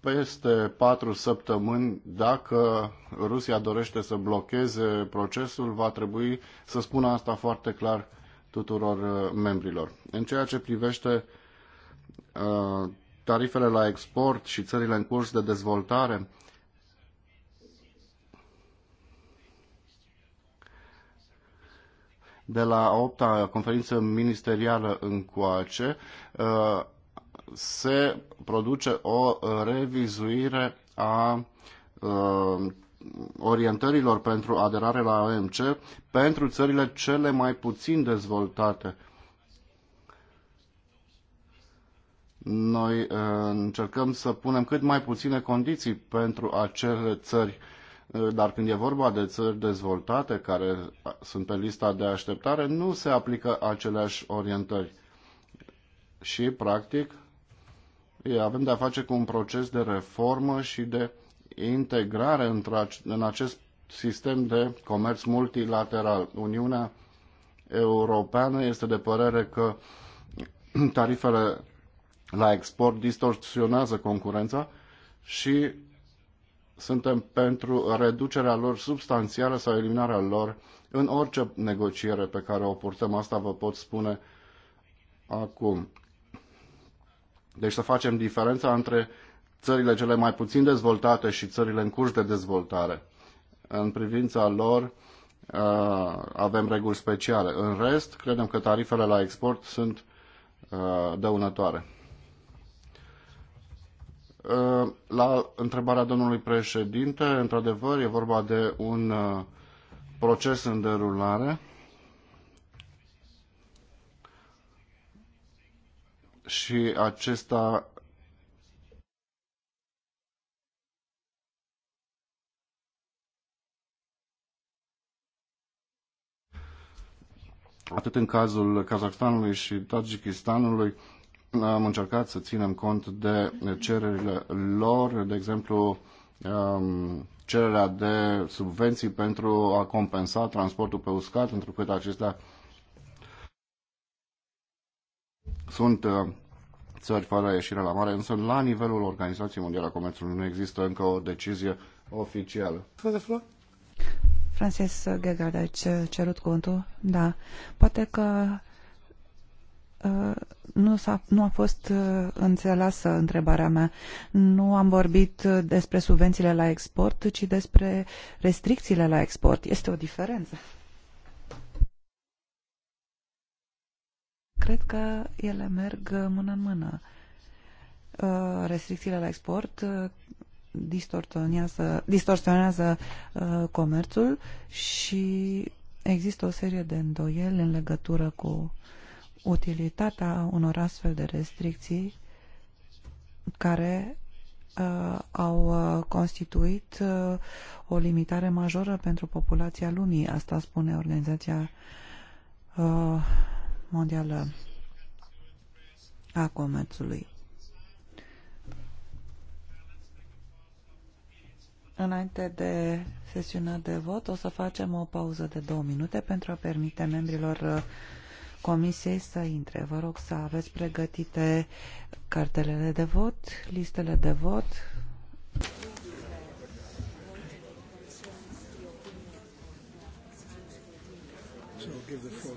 peste patru săptămâni, dacă Rusia dorește să blocheze procesul, va trebui să spună asta foarte clar tuturor uh, membrilor. În ceea ce privește Uh, tarifele la export și țările în curs de dezvoltare. De la a opta conferință ministerială încoace uh, se produce o revizuire a uh, orientărilor pentru aderare la OMC pentru țările cele mai puțin dezvoltate. Noi uh, încercăm să punem cât mai puține condiții pentru acele țări, uh, dar când e vorba de țări dezvoltate care uh, sunt pe lista de așteptare, nu se aplică aceleași orientări. Și, practic, avem de-a face cu un proces de reformă și de integrare în acest sistem de comerț multilateral. Uniunea Europeană este de părere că *clears throat* tarifele la export distorsionează concurența și suntem pentru reducerea lor substanțială sau eliminarea lor în orice negociere pe care o purtăm. Asta vă pot spune acum. Deci să facem diferența între țările cele mai puțin dezvoltate și țările în curs de dezvoltare. În privința lor avem reguli speciale. În rest, credem că tarifele la export sunt dăunătoare. Uh, la întrebarea domnului președinte, într-adevăr, e vorba de un uh, proces în derulare. Și acesta atât în cazul Kazahstanului și Tajikistanului, am încercat să ținem cont de cererile lor, de exemplu, um, cererea de subvenții pentru a compensa transportul pe uscat, pentru că acestea sunt uh, țări fără ieșire la mare, însă la nivelul Organizației Mondiale a Comerțului nu există încă o decizie oficială. Francis Gegard, ai cerut contul? Da. Poate că Uh, nu, a nu a fost uh, înțeleasă întrebarea mea. Nu am vorbit uh, despre subvențiile la export, ci despre restricțiile la export. Este o diferență. Cred că ele merg mână în mână. Restricțiile la export distorsionează, distorsionează comerțul și există o serie de îndoieli în legătură cu uh, utilitatea unor astfel de restricții care uh, au uh, constituit uh, o limitare majoră pentru populația lumii. Asta spune Organizația uh, Mondială a Comerțului. Înainte de sesiunea de vot, o să facem o pauză de două minute pentru a permite membrilor uh, Comisiei să intre. Vă rog să aveți pregătite cartelele de vot, listele de vot. So give the floor.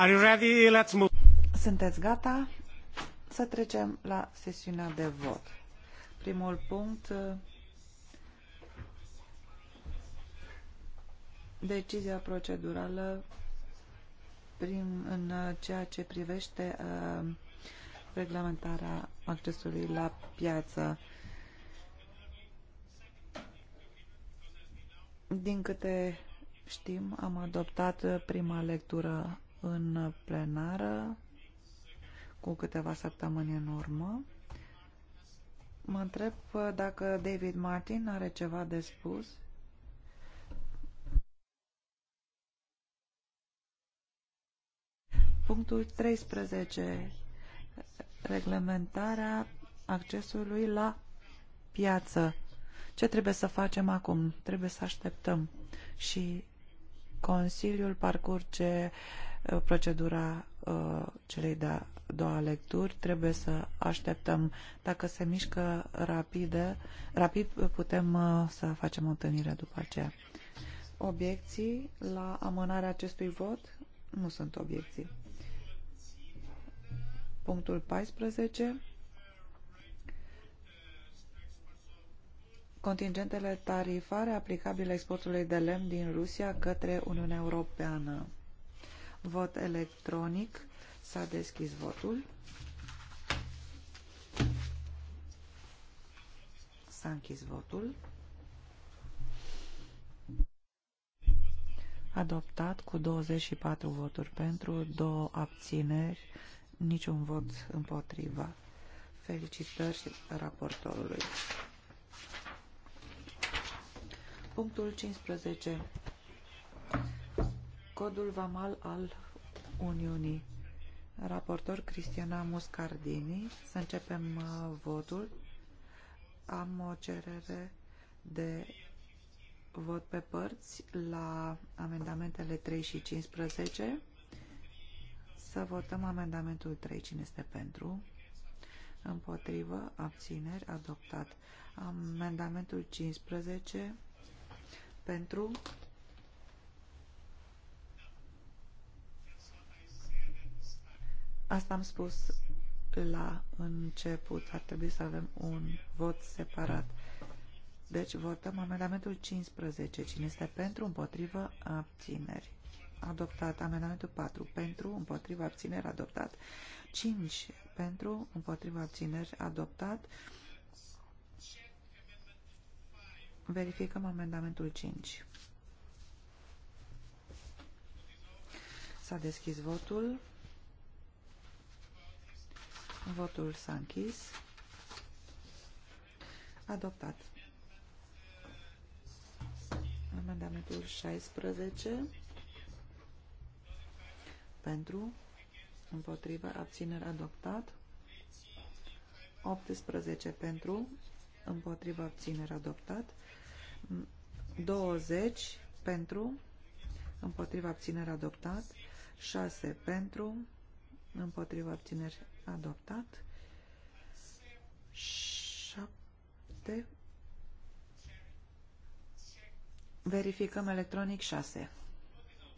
Are you ready? Let's move. Sunteți gata? Să trecem la sesiunea de vot. Primul punct, decizia procedurală prin, în ceea ce privește uh, reglementarea accesului la piață. Din câte știm, am adoptat prima lectură în plenară cu câteva săptămâni în urmă. Mă întreb dacă David Martin are ceva de spus. Punctul 13. Reglementarea accesului la piață. Ce trebuie să facem acum? Trebuie să așteptăm. Și Consiliul parcurge uh, Uh, procedura uh, celei de-a doua lecturi. Trebuie să așteptăm. Dacă se mișcă rapide, rapid, putem uh, să facem o întâlnire după aceea. Obiecții la amânarea acestui vot? Nu sunt obiecții. Punctul 14. Contingentele tarifare aplicabile exportului de lemn din Rusia către Uniunea Europeană. Vot electronic. S-a deschis votul. S-a închis votul. Adoptat cu 24 voturi pentru, două abțineri, niciun vot împotriva. Felicitări raportorului. Punctul 15 Codul Vamal al Uniunii. Raportor Cristiana Muscardini. Să începem uh, votul. Am o cerere de vot pe părți la amendamentele 3 și 15. Să votăm amendamentul 3. Cine este pentru? Împotrivă. Abțineri. Adoptat. Amendamentul 15. Pentru. Asta am spus la început. Ar trebui să avem un vot separat. Deci votăm amendamentul 15. Cine este pentru, împotrivă, abțineri. Adoptat. Amendamentul 4. Pentru, împotrivă, abțineri. Adoptat. 5. Pentru, împotrivă, abțineri. Adoptat. Verificăm amendamentul 5. S-a deschis votul. Votul s-a închis. Adoptat. Amendamentul 16 pentru, împotrivă, abțineri adoptat. 18 pentru, împotrivă, abțineri adoptat. 20 pentru, împotrivă, abțineri adoptat. 6 pentru, împotrivă, abțineri adoptat. Șapte. Verificăm electronic 6.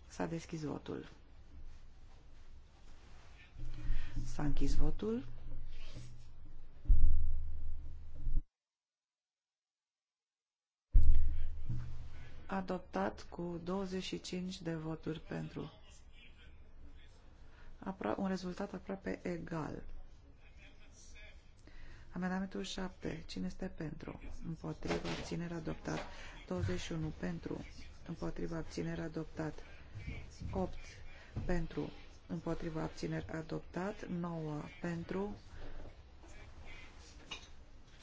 S-a deschis votul. S-a închis votul. Adoptat cu 25 de voturi pentru apro un rezultat aproape egal. Amendamentul 7. Cine este pentru? Împotriva abținerea adoptat. 21 pentru. Împotriva abținerea adoptat. 8 pentru. Împotriva abțineri adoptat. 9 pentru.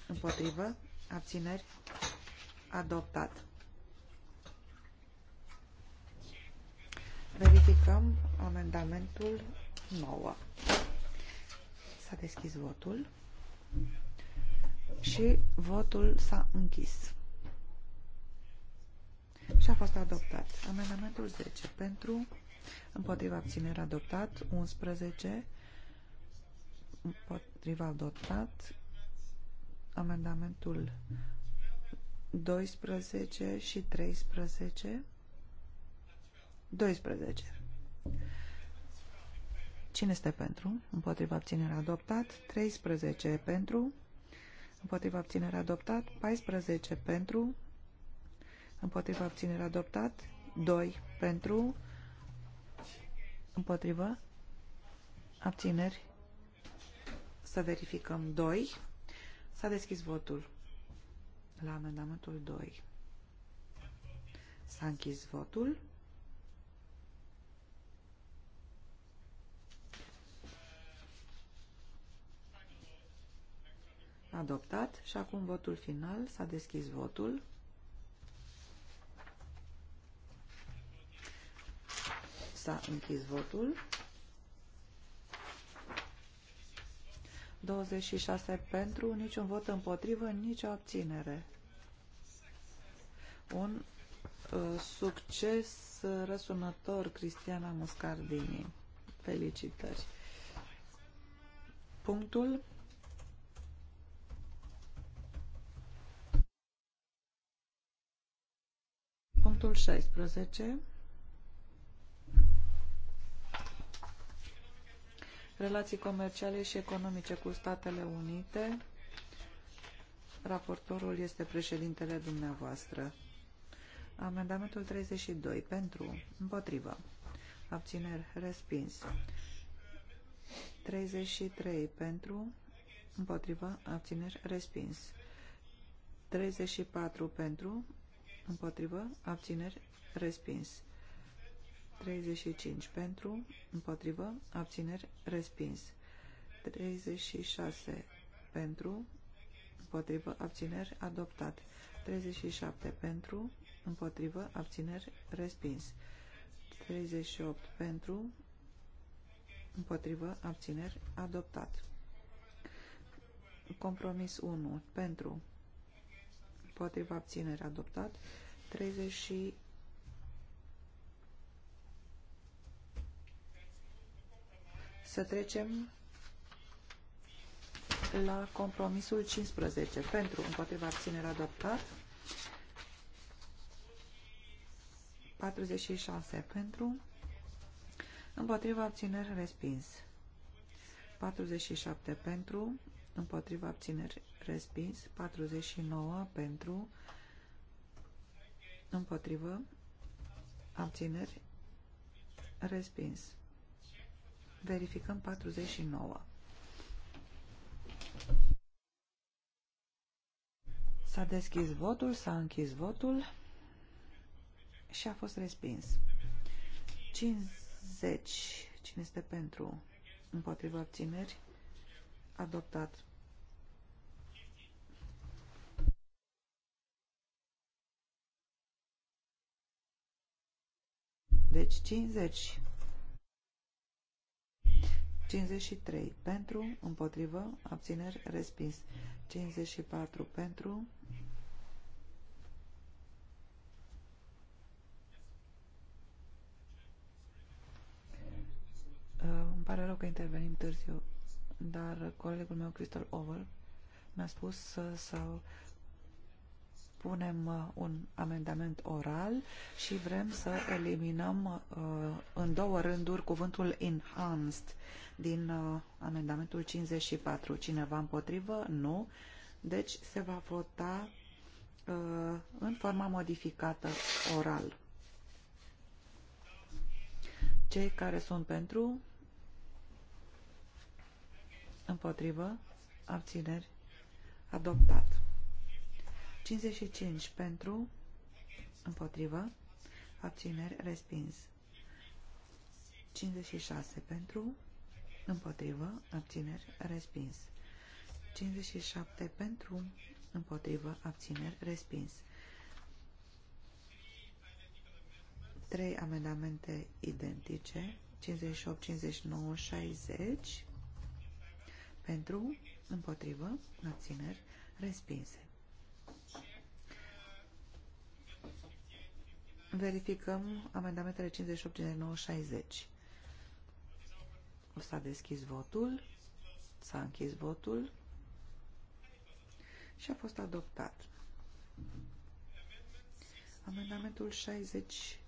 Împotriva abțineri adoptat. Verificăm amendamentul 9. S-a deschis votul și votul s-a închis. Și a fost adoptat. Amendamentul 10 pentru, împotriva abținere adoptat, 11 împotriva adoptat, amendamentul 12 și 13 12 Cine este pentru? Împotriva abținere adoptat. 13 pentru. Împotriva abținere adoptat. 14 pentru. Împotriva abținere adoptat. 2 pentru. Împotriva. Abțineri. Să verificăm 2. S-a deschis votul la amendamentul 2. S-a închis votul. Adoptat. Și acum votul final. S-a deschis votul. S-a închis votul. 26 pentru, niciun vot împotrivă, nicio abținere. Un uh, succes răsunător, Cristiana Muscardini. Felicitări. Punctul Punctul 16. Relații comerciale și economice cu Statele Unite. Raportorul este președintele dumneavoastră. Amendamentul 32. Pentru. Împotrivă. Abțineri. Respins. 33. Pentru. Împotrivă. Abțineri. Respins. 34. Pentru împotrivă, abțineri, respins. 35 pentru, împotrivă, abțineri, respins. 36 pentru, împotrivă, abțineri, adoptat. 37 pentru, împotrivă, abțineri, respins. 38 pentru, împotrivă, abțineri, adoptat. Compromis 1 pentru, împotriva abținere adoptat, 30 și... 30. Să trecem la compromisul 15 pentru împotriva abținere adoptat, 46 pentru împotriva abținere respins, 47 pentru împotriva abținere respins, 49 pentru, împotrivă, abțineri, respins. Verificăm 49. S-a deschis votul, s-a închis votul și a fost respins. 50. Cine este pentru? Împotriva abțineri? Adoptat. Deci 50. 53 pentru, împotrivă, abțineri, respins. 54 pentru, uh, Îmi pare rău că intervenim târziu, dar colegul meu, Crystal Over, mi-a spus să, să punem uh, un amendament oral și vrem să eliminăm uh, în două rânduri cuvântul enhanced din uh, amendamentul 54. Cineva împotrivă? Nu. Deci se va vota în forma modificată oral. Cei care sunt pentru? Împotrivă? Abțineri? Adoptat. 55 pentru, împotrivă, abțineri, respins. 56 pentru, împotrivă, abțineri, respins. 57 pentru, împotrivă, abțineri, respins. 3 amendamente identice, 58, 59, 60, pentru, împotrivă, abțineri, respinse. Verificăm amendamentele 58, 59, 60. S-a deschis votul, s-a închis votul și a fost adoptat. Amendamentul 60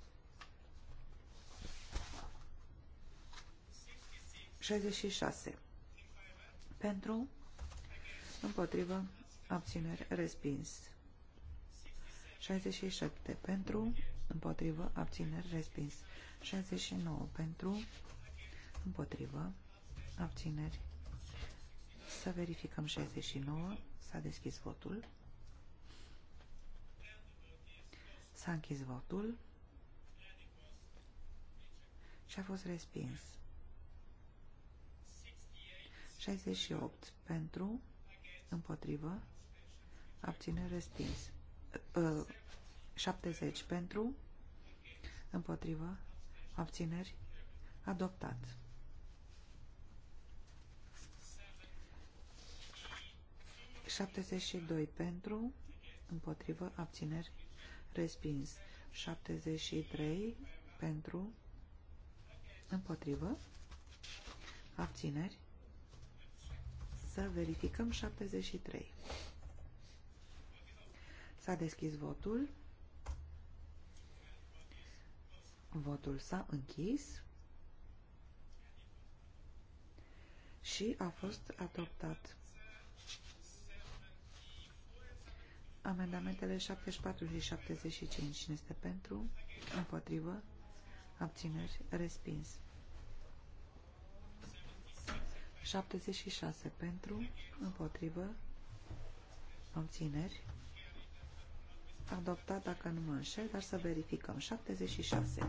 66 pentru împotrivă abțineri respins 67 pentru împotrivă, abțineri, respins. 69 pentru, împotrivă, abțineri. Să verificăm 69, s-a deschis votul. S-a închis votul și a fost respins. 68 pentru, împotrivă, abțineri, respins. Ă, 70 pentru, împotrivă, abțineri, adoptat. 72 pentru, împotrivă, abțineri, respins. 73 pentru, împotrivă, abțineri. Să verificăm 73. S-a deschis votul. Votul s-a închis și a fost adoptat. Amendamentele 74 și 75. Cine este pentru? Împotrivă? Abțineri? Respins. 76 pentru, împotrivă, abțineri, adoptat, dacă nu mă înșel, dar să verificăm. 76.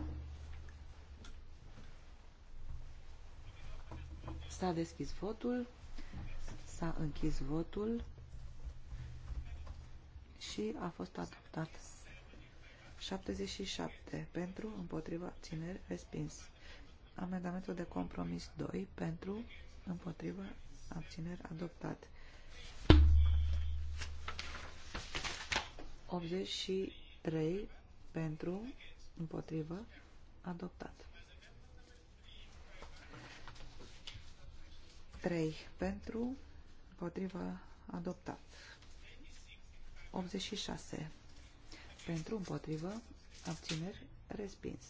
S-a deschis votul, s-a închis votul și a fost adoptat. 77. Pentru, împotriva, țineri, respins. Amendamentul de compromis 2. Pentru, împotriva, abțineri, adoptat. 83 pentru, împotrivă, adoptat. 3 pentru, împotrivă, adoptat. 86 pentru, împotrivă, abțineri, respins.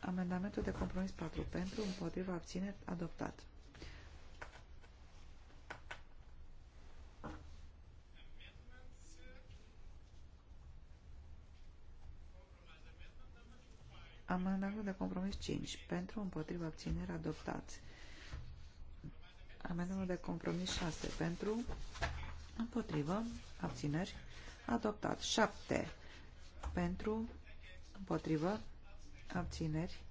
Amendamentul de compromis 4 pentru, împotrivă, abțineri, adoptat. Amendamentul de compromis 5. Pentru, împotriva, abținere, adoptați. Amendamentul de compromis 6. Pentru, împotriva, abțineri, adoptat. 7. Pentru, împotriva, abțineri.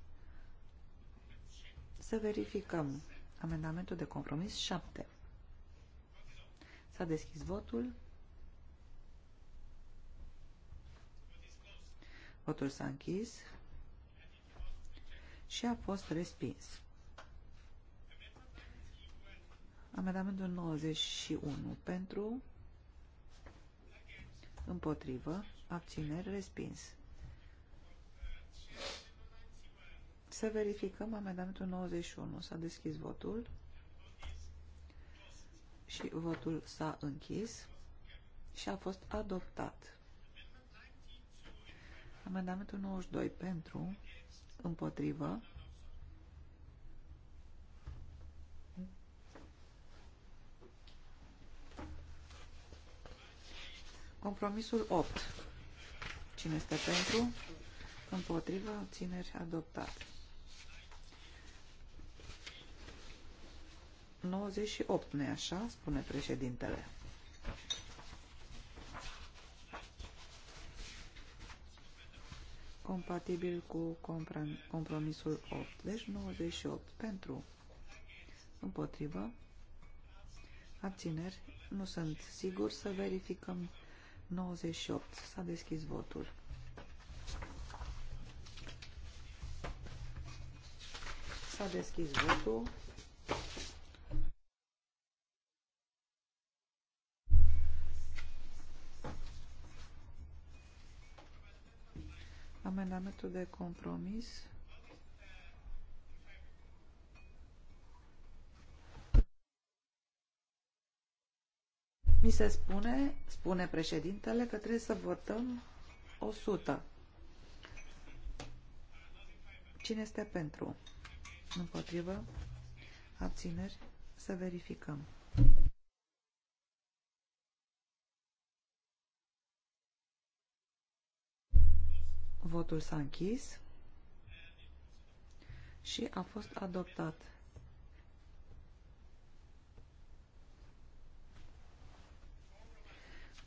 Să verificăm. Amendamentul de compromis 7. S-a deschis votul. Votul s-a închis și a fost respins. Amendamentul 91 pentru, împotrivă, abțineri, respins. Să verificăm amendamentul 91. S-a deschis votul și votul s-a închis și a fost adoptat. Amendamentul 92 pentru, împotrivă. Compromisul 8. Cine este pentru? Împotrivă, abțineri, adoptat. 98, nu-i așa? Spune președintele. compatibil cu compromisul 8. Deci 98 pentru împotrivă abțineri. Nu sunt sigur să verificăm 98. S-a deschis votul. S-a deschis votul. amendamentul de compromis. Mi se spune, spune președintele, că trebuie să votăm 100. Cine este pentru? Împotrivă? Abțineri? Să verificăm. Votul s-a închis și a fost adoptat.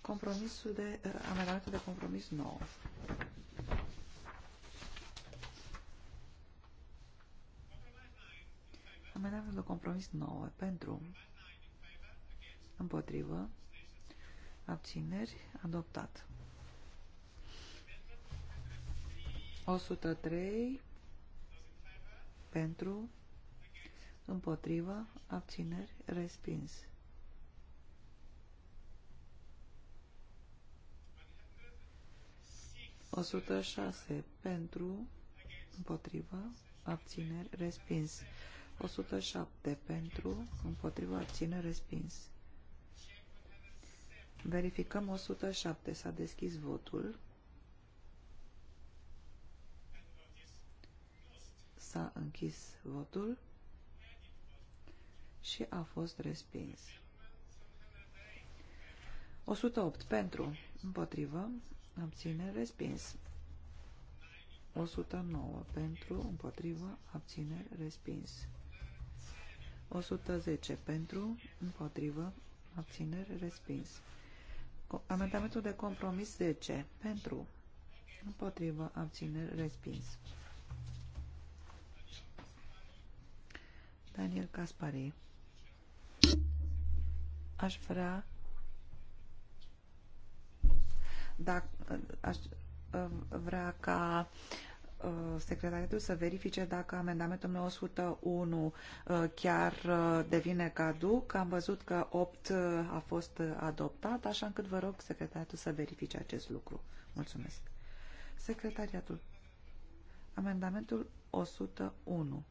Compromisul de, eh, amendamentul de compromis nou Amendamentul de compromis nou pentru împotrivă abțineri adoptat. 103 pentru, împotrivă, abțineri, respins. O 106 pentru, împotrivă, abțineri, respins. 107 pentru, împotrivă, abțineri, respins. Verificăm 107. S-a deschis votul. S-a închis votul și a fost respins. 108 pentru, împotrivă, abține, respins. 109 pentru, împotrivă, abține, respins. 110 pentru, împotrivă, abține, respins. Amendamentul de compromis 10 pentru, împotrivă, abține, respins. Daniel Caspari. Aș vrea Da, aș um, vrea ca uh, secretariatul să verifice dacă amendamentul 901 uh, chiar uh, devine caduc. Am văzut că 8 a fost adoptat, așa încât vă rog secretariatul să verifice acest lucru. Mulțumesc. Secretariatul. Amendamentul 101.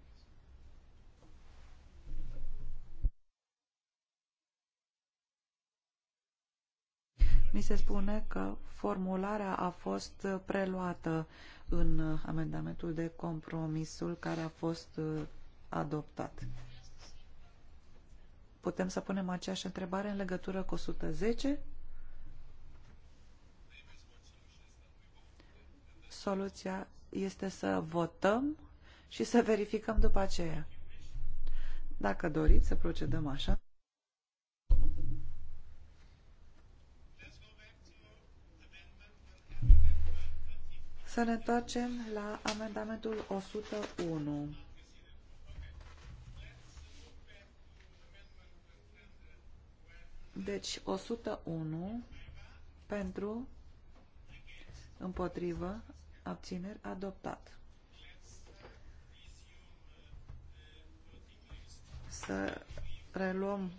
Mi se spune că formularea a fost preluată în amendamentul de compromisul care a fost uh, adoptat. Putem să punem aceeași întrebare în legătură cu 110? Soluția este să votăm și să verificăm după aceea. Dacă doriți să procedăm așa. Să ne întoarcem la amendamentul 101. Deci 101 pentru, împotrivă, abțineri, adoptat. Să reluăm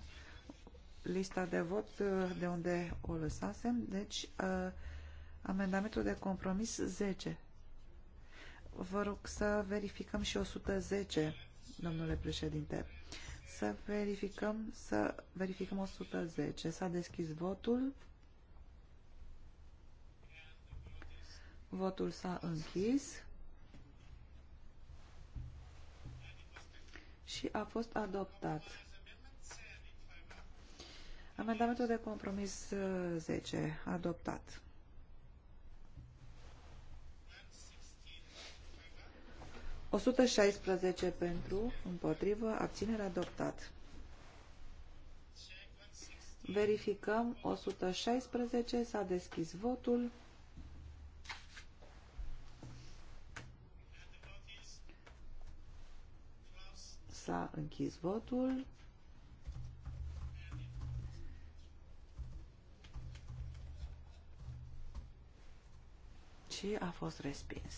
lista de vot de unde o lăsasem. Deci, uh, Amendamentul de compromis 10. Vă rog să verificăm și 110, domnule președinte. Să verificăm, să verificăm 110. S-a deschis votul. Votul s-a închis. Și a fost adoptat. Amendamentul de compromis 10, uh, adoptat. 116 pentru, împotrivă, abținere adoptat. Verificăm 116, s-a deschis votul. S-a închis votul. Și a fost respins.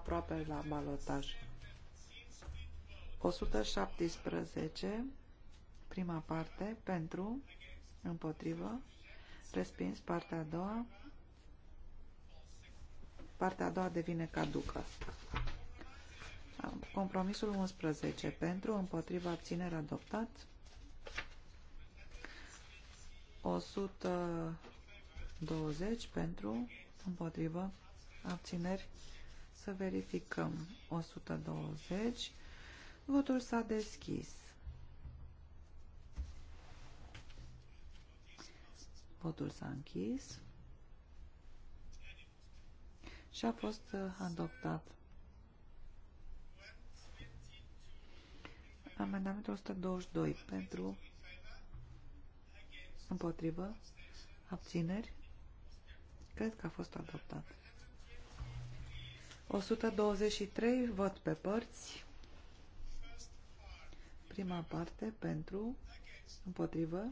aproape la balotaj. 117, prima parte, pentru, împotrivă, respins, partea a doua, partea a doua devine caducă. Compromisul 11, pentru, împotrivă, abținere, adoptat. 120 pentru, împotrivă, abțineri, să verificăm 120. Votul s-a deschis. Votul s-a închis și a fost uh, adoptat. Amendamentul 122 pentru împotrivă abțineri cred că a fost adoptat. 123, vot pe părți. Prima parte pentru, împotrivă,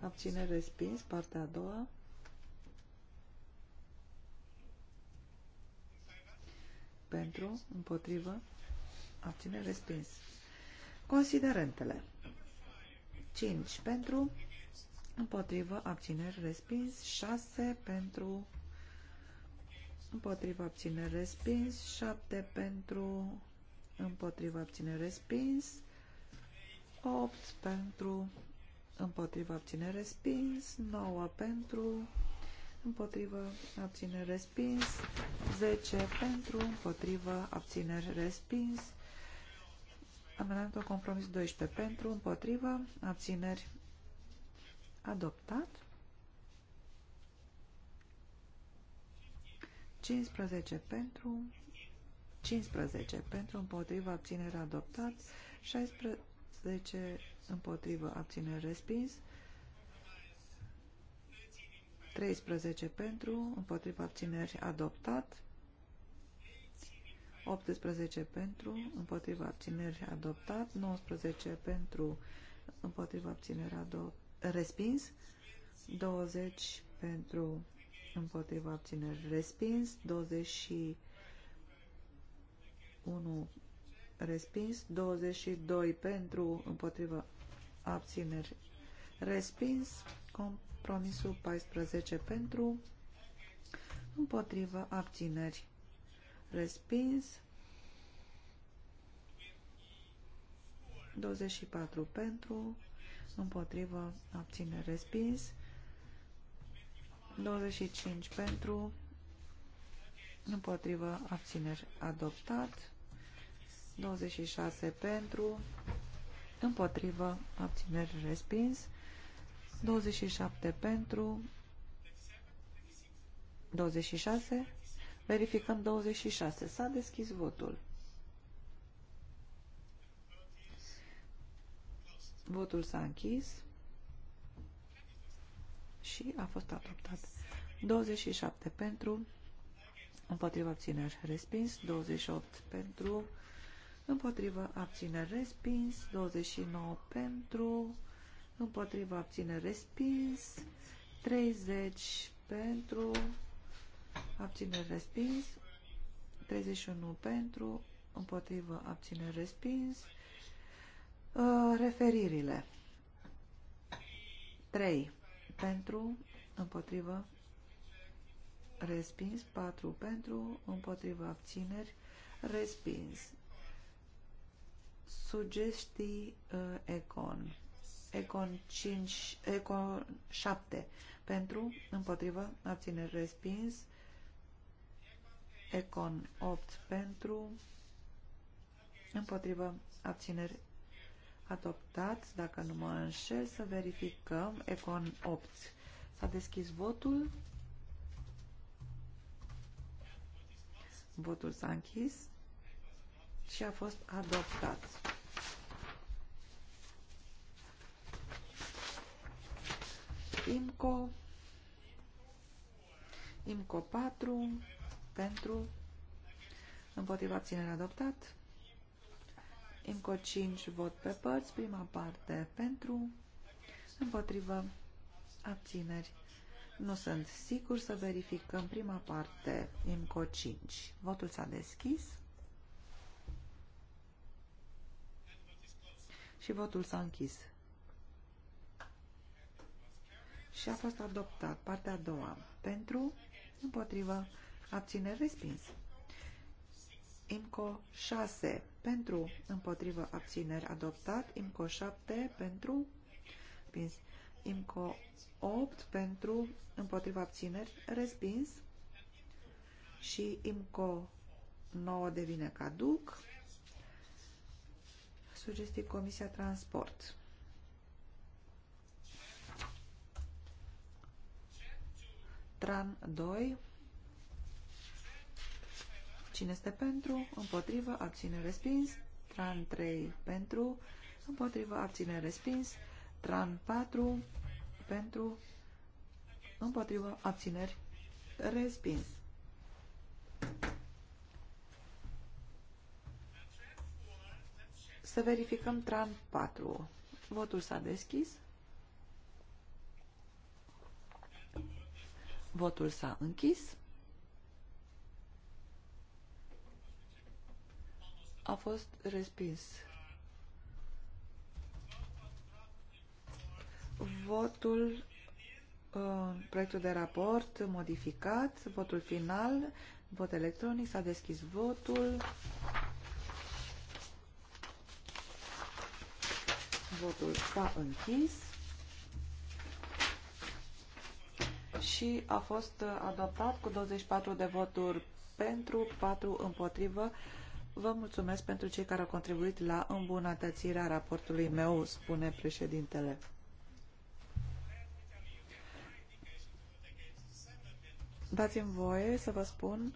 abține respins, partea a doua. Pentru, împotrivă, abține respins. Considerentele. 5 pentru, împotrivă, abțineri respins, 6 pentru, împotriva abține respins, 7 pentru împotriva abține respins, 8 pentru împotriva abține respins, 9 pentru împotriva obține respins, 10 pentru, împotriva obține respins, amendamentul compromis 12 pentru, împotriva abțineri adoptat, 15 pentru, 15 pentru, împotriva abținere adoptat, 16 împotriva abținere respins, 13 pentru, împotriva abțineri adoptat, 18 pentru, împotriva abțineri adoptat, 19 pentru, împotriva abțineri respins, 20 pentru, împotriva abțineri respins, 21 respins, 22 pentru împotriva abțineri respins, compromisul 14 pentru împotriva abțineri respins, 24 pentru împotriva abțineri respins, 25 pentru, împotrivă, abțineri, adoptat. 26 pentru, împotrivă, abțineri, respins. 27 pentru, 26, verificăm 26, s-a deschis votul. Votul s-a închis și a fost adoptat. 27 pentru, împotriva abțineri respins, 28 pentru, împotriva abțineri respins, 29 pentru, împotriva abțineri respins, 30 pentru, abțineri respins, 31 pentru, împotriva abțineri respins, uh, referirile. 3 pentru, împotrivă, respins, 4 pentru, împotrivă, abțineri, respins. Sugestii uh, Econ. Econ 5, Econ 7 pentru, împotrivă, abțineri, respins. Econ 8 pentru, împotrivă, abțineri, adoptat, dacă nu mă înșel, să verificăm Econ 8. S-a deschis votul. Votul s-a închis și a fost adoptat. IMCO IMCO 4 pentru împotriva ținerea adoptat IMCO 5, vot pe părți, prima parte pentru, împotrivă, abțineri. Nu sunt sigur să verificăm prima parte, IMCO 5. Votul s-a deschis. Și votul s-a închis. Și a fost adoptat partea a doua. Pentru, împotrivă, abțineri respins. IMCO 6 pentru, împotrivă, abțineri, adoptat. IMCO 7 pentru, respins. IMCO 8 pentru, împotrivă, abțineri, respins. Și IMCO 9 devine caduc. Sugestii Comisia Transport. Tran 2 Cine este pentru? Împotrivă. Abține respins. Tran 3 pentru. Împotrivă. Abține respins. Tran 4 pentru. Împotrivă. Abțineri respins. Să verificăm tran 4. Votul s-a deschis. Votul s-a închis. a fost respins. Votul, uh, proiectul de raport modificat, votul final, vot electronic, s-a deschis votul. Votul s-a închis și a fost uh, adoptat cu 24 de voturi pentru, 4 împotrivă, Vă mulțumesc pentru cei care au contribuit la îmbunătățirea raportului meu, spune președintele. Dați-mi voie să vă spun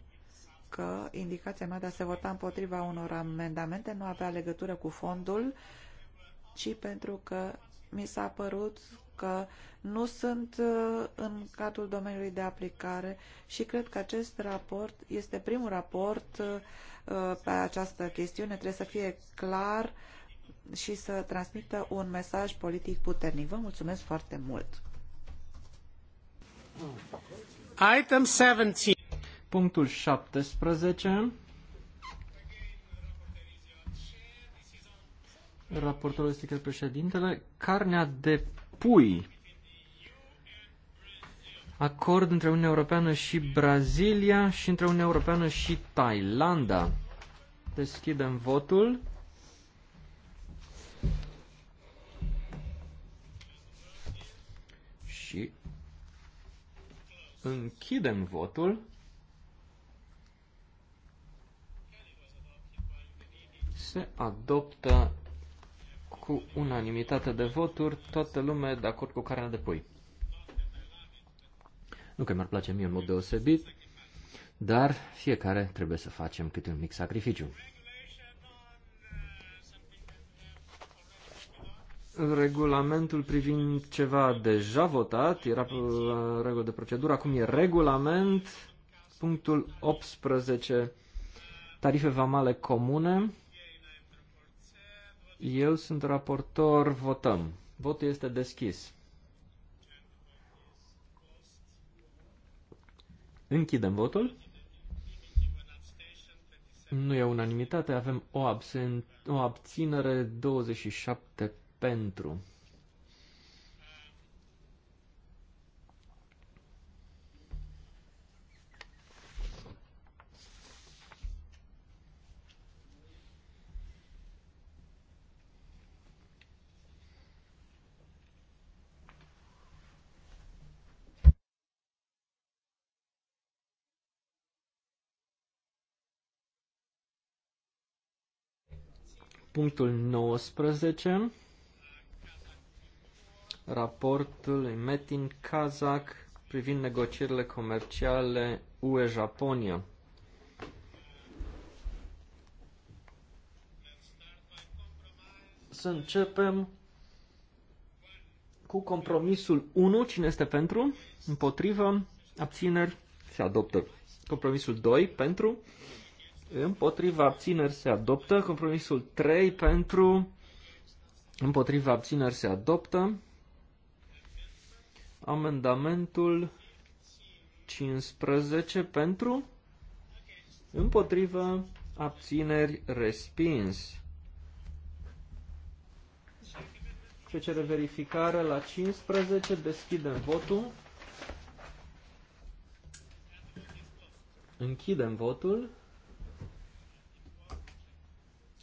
că indicația mea de a se vota împotriva unor amendamente nu avea legătură cu fondul, ci pentru că mi s-a părut că nu sunt uh, în cadrul domeniului de aplicare și cred că acest raport este primul raport uh, pe această chestiune. Trebuie să fie clar și să transmită un mesaj politic puternic. Vă mulțumesc foarte mult! Item 17. Punctul 17. Raportul este chiar președintele, carnea de pui. Acord între Uniunea Europeană și Brazilia și între Uniunea Europeană și Thailanda. Deschidem votul. Și închidem votul. Se adoptă cu unanimitate de voturi, toată lumea de acord cu carnea de pui. Nu că mi-ar place mie în mod deosebit, dar fiecare trebuie să facem câte un mic sacrificiu. Regulamentul privind ceva deja votat, era regulă de procedură, acum e regulament, punctul 18, tarife vamale comune. Eu sunt raportor, votăm. Votul este deschis. Închidem votul. Nu e unanimitate, avem o, absen- o abținere 27 pentru. punctul 19, raportul Metin Kazak privind negocierile comerciale UE-Japonia. Să începem cu compromisul 1. Cine este pentru? Împotrivă? Abțineri? Se adoptă. Compromisul 2. Pentru? împotriva abțineri se adoptă. Compromisul 3 pentru, împotriva abțineri se adoptă. Amendamentul 15 pentru, împotriva abțineri respins. Ce cere verificare la 15, deschidem votul. Închidem votul.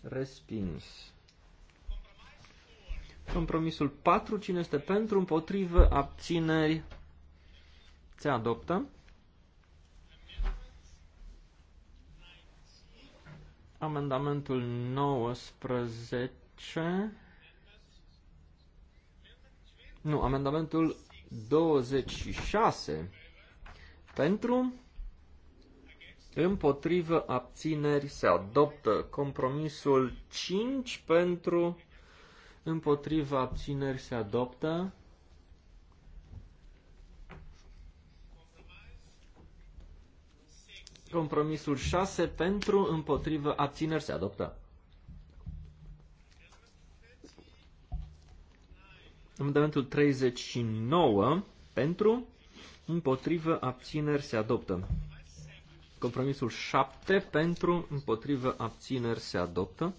Respins. Compromisul 4. Cine este pentru, împotrivă, abțineri, se adoptă. Amendamentul 19. Nu, amendamentul 26. Pentru, împotrivă, abțineri, se adoptă. Compromisul 5 pentru, împotrivă, abțineri, se adoptă. Compromisul 6 pentru, împotrivă, abțineri, se adoptă. Amendamentul 39 pentru, împotrivă, abțineri, se adoptă. Compromisul 7 pentru, împotrivă, abțineri se adoptă.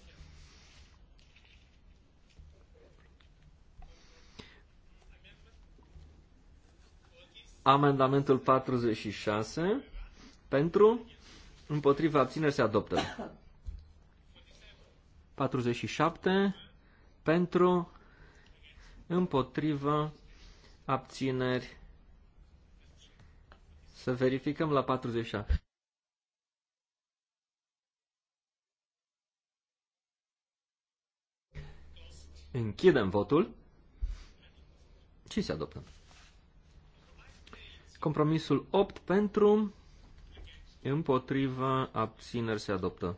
Amendamentul 46 pentru, împotrivă, abțineri se adoptă. 47 pentru, împotrivă, abțineri. Să verificăm la 47. Închidem votul ce se adoptă. Compromisul 8 pentru, împotriva, abțineri se adoptă.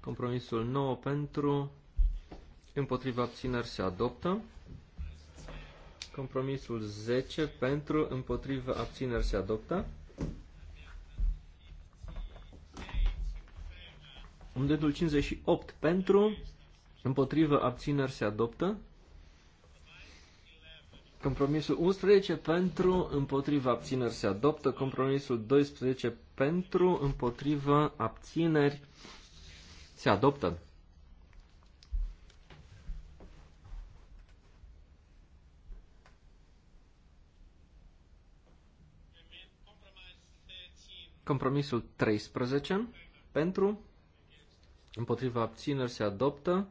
Compromisul 9 pentru, împotriva, abțineri se adoptă. Compromisul 10 pentru, împotriva, abțineri se adoptă. Amendamentul 58 pentru, Împotrivă abțineri se adoptă. Compromisul 11 pentru, împotriva abțineri se adoptă. Compromisul 12 pentru, împotriva abțineri se adoptă. Compromisul 13 pentru, împotriva abțineri se adoptă.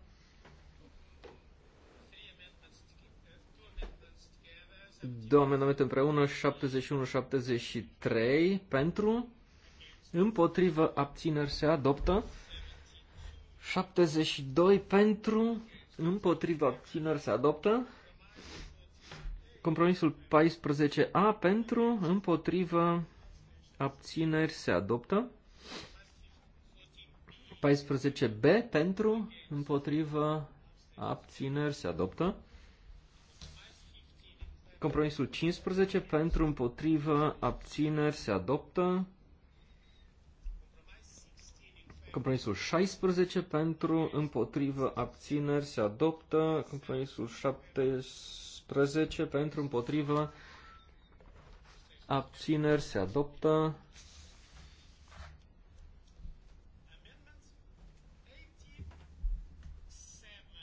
două amendamente împreună, 71-73, pentru, împotrivă, abțineri se adoptă, 72 pentru, împotrivă, abțineri se adoptă, compromisul 14A pentru, împotrivă, abțineri se adoptă, 14B pentru, împotrivă, abțineri se adoptă. Compromisul 15 pentru împotrivă abțineri se adoptă. Compromisul 16 pentru împotrivă abțineri se adoptă. Compromisul 17 pentru împotrivă abțineri se adoptă.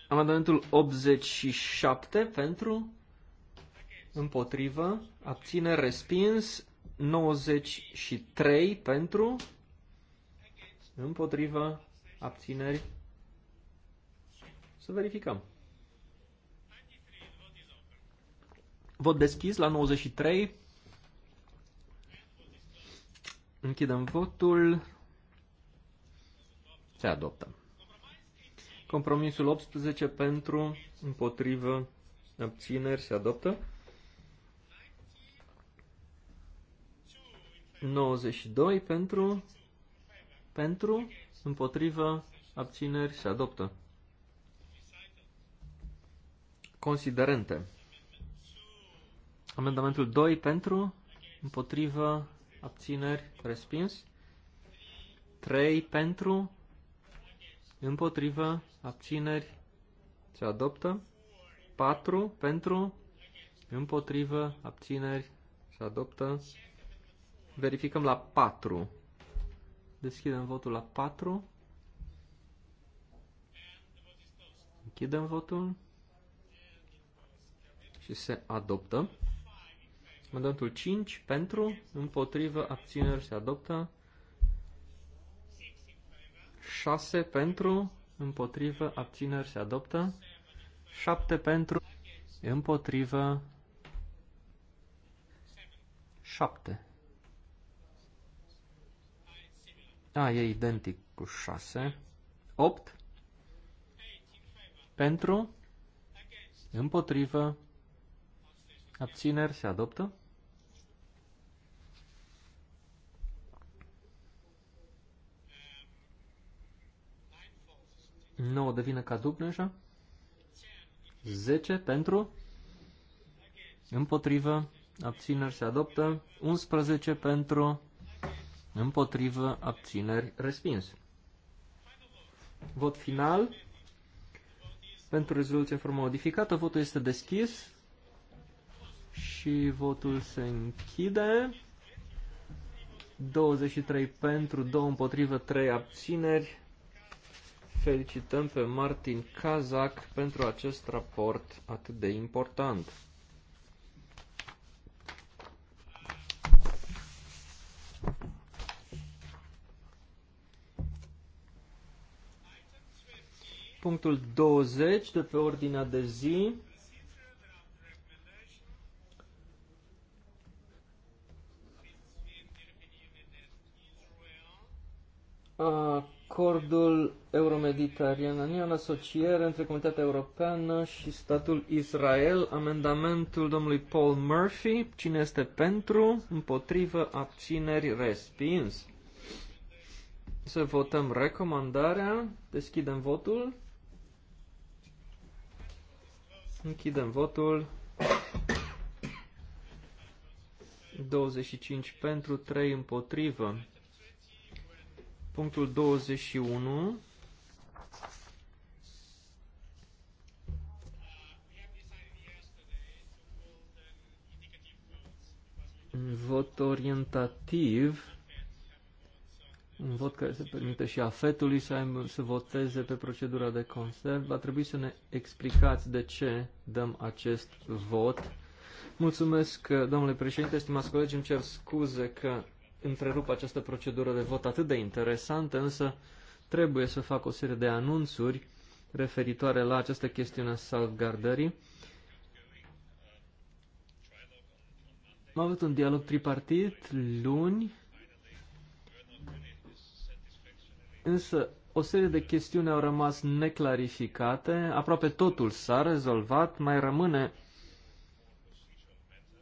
Amendamentul 87 pentru împotrivă, abține, respins, 93 pentru, împotrivă, abțineri. Să verificăm. Vot deschis la 93. Închidem votul. Se adoptă. Compromisul 18 pentru, împotrivă, abțineri se adoptă. 92 pentru, pentru, împotrivă, abțineri, se adoptă. Considerente. Amendamentul 2 pentru, împotrivă, abțineri, respins. 3 pentru, împotrivă, abțineri, se adoptă. 4 pentru, împotrivă, abțineri, se adoptă. Verificăm la 4. Deschidem votul la 4. Închidem votul. Și se adoptă. Mandantul 5 pentru, împotrivă, abțineri se adoptă. 6 pentru, împotrivă, abțineri se adoptă. 7 pentru, împotrivă, 7. A, da, e identic cu 6. 8. Pentru. Împotrivă. Abțineri se adoptă. Nouă devine caduc așa? 10 pentru. Împotrivă. Abțineri se adoptă. 11 pentru. Împotrivă, abțineri, respins. Vot final. Pentru rezoluție în formă modificată, votul este deschis și votul se închide. 23 pentru, 2 împotrivă, 3 abțineri. Felicităm pe Martin Kazak pentru acest raport atât de important. punctul 20 de pe ordinea de zi. Acordul euromediteranean în asociere între Comunitatea Europeană și statul Israel, amendamentul domnului Paul Murphy, cine este pentru, împotrivă, abțineri, respins. Să votăm recomandarea, deschidem votul. Închidem votul. 25 pentru, 3 împotrivă. Punctul 21. Vot orientativ un vot care se permite și afetului să, aibă, să voteze pe procedura de consent. Va trebui să ne explicați de ce dăm acest vot. Mulțumesc, domnule președinte, stimați colegi, îmi cer scuze că întrerup această procedură de vot atât de interesantă, însă trebuie să fac o serie de anunțuri referitoare la această chestiune a salvgardării. Am avut un dialog tripartit luni Însă, o serie de chestiuni au rămas neclarificate, aproape totul s-a rezolvat, mai rămâne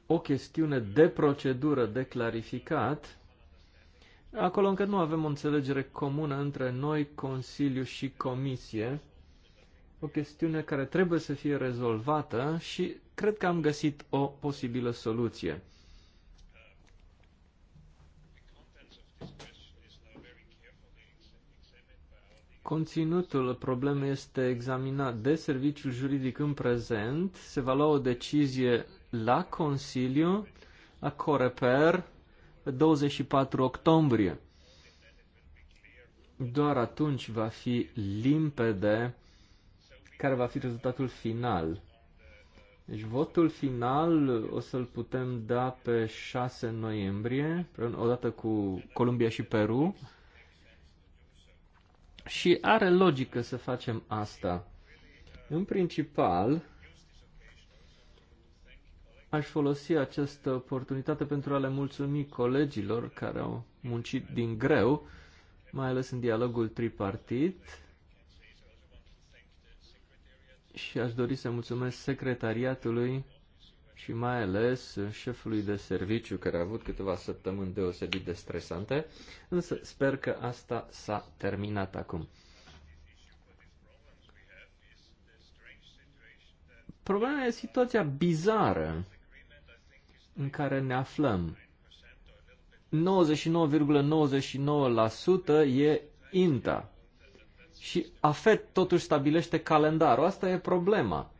o chestiune de procedură de clarificat. Acolo încă nu avem o înțelegere comună între noi, Consiliu și Comisie, o chestiune care trebuie să fie rezolvată și cred că am găsit o posibilă soluție. Conținutul problemei este examinat de serviciul juridic în prezent, se va lua o decizie la Consiliu, a Coreper, 24 octombrie. Doar atunci va fi limpede care va fi rezultatul final. Deci votul final o să-l putem da pe 6 noiembrie, odată cu Columbia și Peru, și are logică să facem asta. În principal, aș folosi această oportunitate pentru a le mulțumi colegilor care au muncit din greu, mai ales în dialogul tripartit. Și aș dori să mulțumesc secretariatului și mai ales șefului de serviciu care a avut câteva săptămâni deosebit de stresante, însă sper că asta s-a terminat acum. Problema e situația bizară în care ne aflăm. 99,99% ,99 e INTA. Și AFET totuși stabilește calendarul. Asta e problema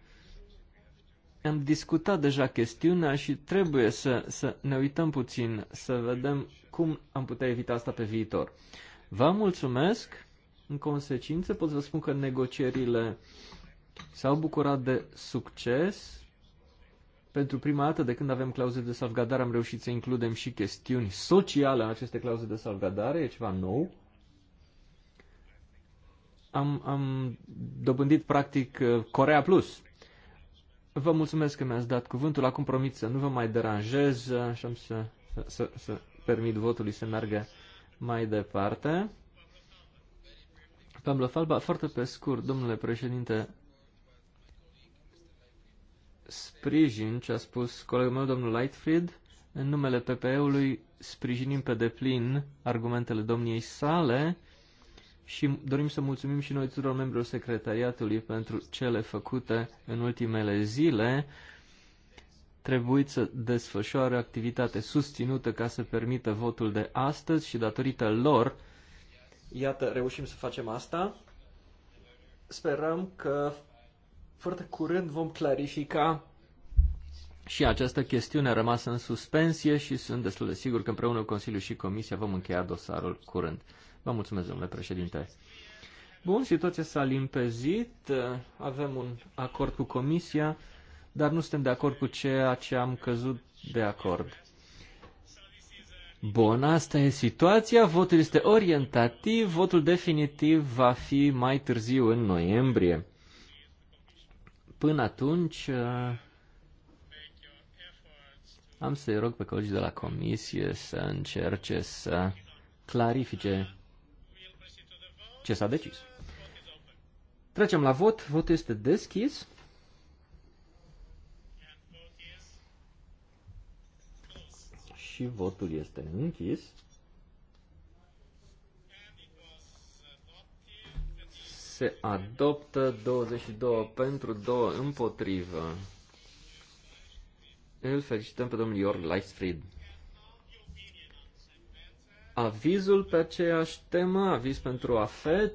am discutat deja chestiunea și trebuie să, să ne uităm puțin, să vedem cum am putea evita asta pe viitor. Vă mulțumesc. În consecință pot să spun că negocierile s-au bucurat de succes. Pentru prima dată de când avem clauze de salvgardare am reușit să includem și chestiuni sociale în aceste clauze de salvgardare, e ceva nou. Am, am dobândit practic Corea Plus Vă mulțumesc că mi-ați dat cuvântul. Acum promit să nu vă mai deranjez și am să, să, să, să permit votului să meargă mai departe. Pablo Falba, foarte pe scurt, domnule președinte, sprijin ce a spus colegul meu, domnul Lightfried, în numele PPE-ului sprijinim pe deplin argumentele domniei sale și dorim să mulțumim și noi tuturor membrilor secretariatului pentru cele făcute în ultimele zile. Trebuie să desfășoare activitate susținută ca să permită votul de astăzi și datorită lor, iată, reușim să facem asta. Sperăm că foarte curând vom clarifica și această chestiune a rămas în suspensie și sunt destul de sigur că împreună cu Consiliul și Comisia vom încheia dosarul curând. Vă mulțumesc, domnule președinte. Bun, situația s-a limpezit, avem un acord cu Comisia, dar nu suntem de acord cu ceea ce am căzut de acord. Bun, asta e situația, votul este orientativ, votul definitiv va fi mai târziu în noiembrie. Până atunci, am să-i rog pe colegii de la comisie să încerce să clarifice ce s-a decis. Trecem la vot. Votul este deschis. Și votul este închis. Se adoptă 22 pentru 2 împotrivă. Îl felicităm pe domnul Ior Leisfried avizul pe aceeași temă, aviz pentru afet,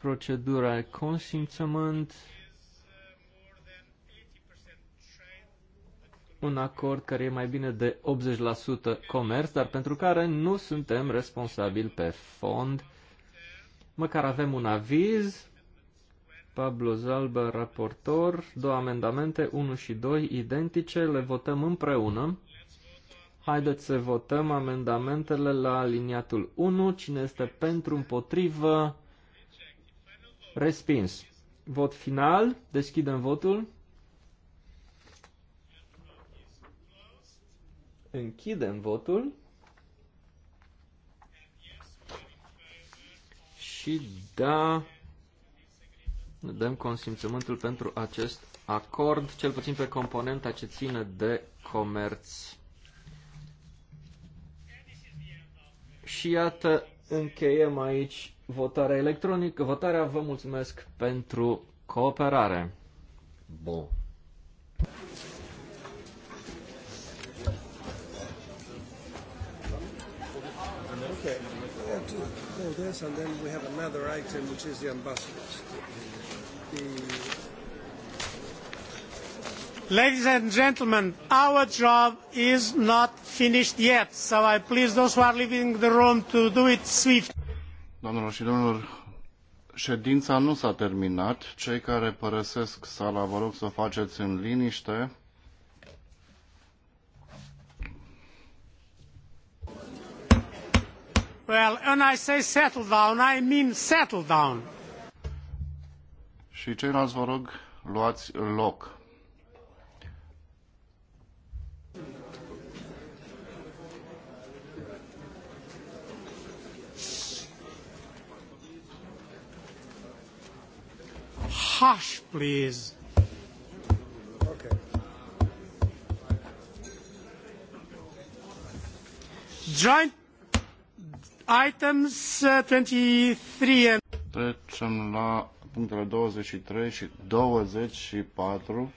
procedura consimțământ, un acord care e mai bine de 80% comerț, dar pentru care nu suntem responsabili pe fond. Măcar avem un aviz, Pablo Zalba, raportor, două amendamente, 1 și 2, identice, le votăm împreună. Haideți să votăm amendamentele la aliniatul 1. Cine este pentru, împotrivă, respins. Vot final. Deschidem votul. Închidem votul. Și da, ne dăm consimțământul pentru acest acord, cel puțin pe componenta ce ține de comerț. Și iată, încheiem aici votarea electronică. Votarea, vă mulțumesc pentru cooperare. Bun. Okay. Yeah, this, and then we have another item, which is the ambassadors. The... Ladies and gentlemen, our job is not finished yet, so I please those who are leaving the room to do it swift. Doamnelor și domnilor, ședința nu s-a terminat. Cei care părăsesc sala, vă rog să o faceți în liniște. Well, when I say settle down, I mean settle down. Și ceilalți vă rog, luați loc. hush, please. Okay. Joint items 23 uh, and... Trecem la punctele 23 și 24.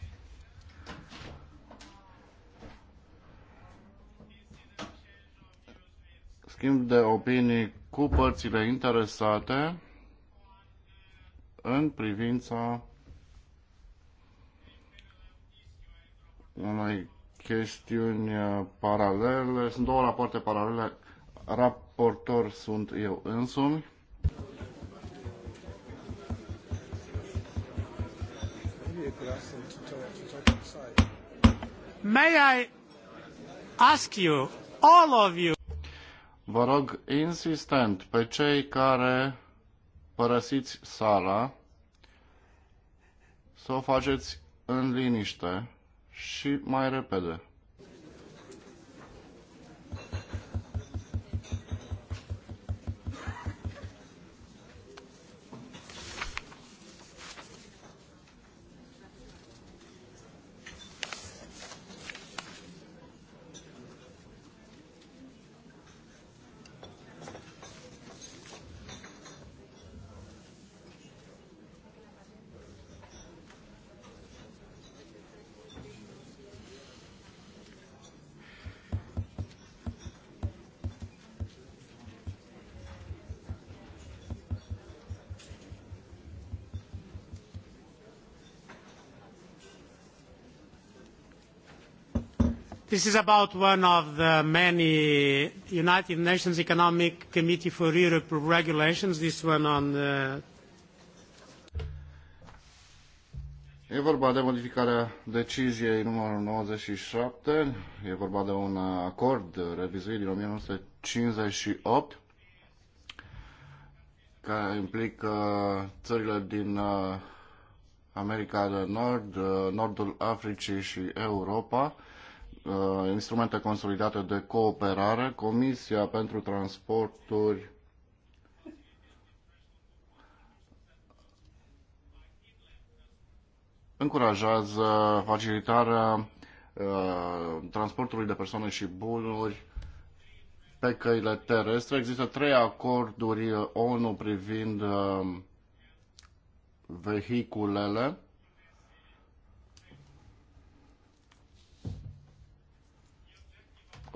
Schimb de opinii cu părțile interesate în privința unei chestiuni paralele. Sunt două rapoarte paralele. Raportor sunt eu însumi. May I ask you, all of you, Vă rog insistent pe cei care părăsiți sala să o faceți în liniște și mai repede. This is about one of the many United Nations Economic Committee for Europe regulations, this one on the... E vorba de modificarea deciziei numărul 97, e vorba de un acord revizuit din 1958 care implică țările din uh, America de Nord, uh, Nordul Africii și Europa Uh, instrumente consolidate de cooperare, Comisia pentru Transporturi încurajează facilitarea uh, transportului de persoane și bunuri pe căile terestre. Există trei acorduri uh, ONU privind vehiculele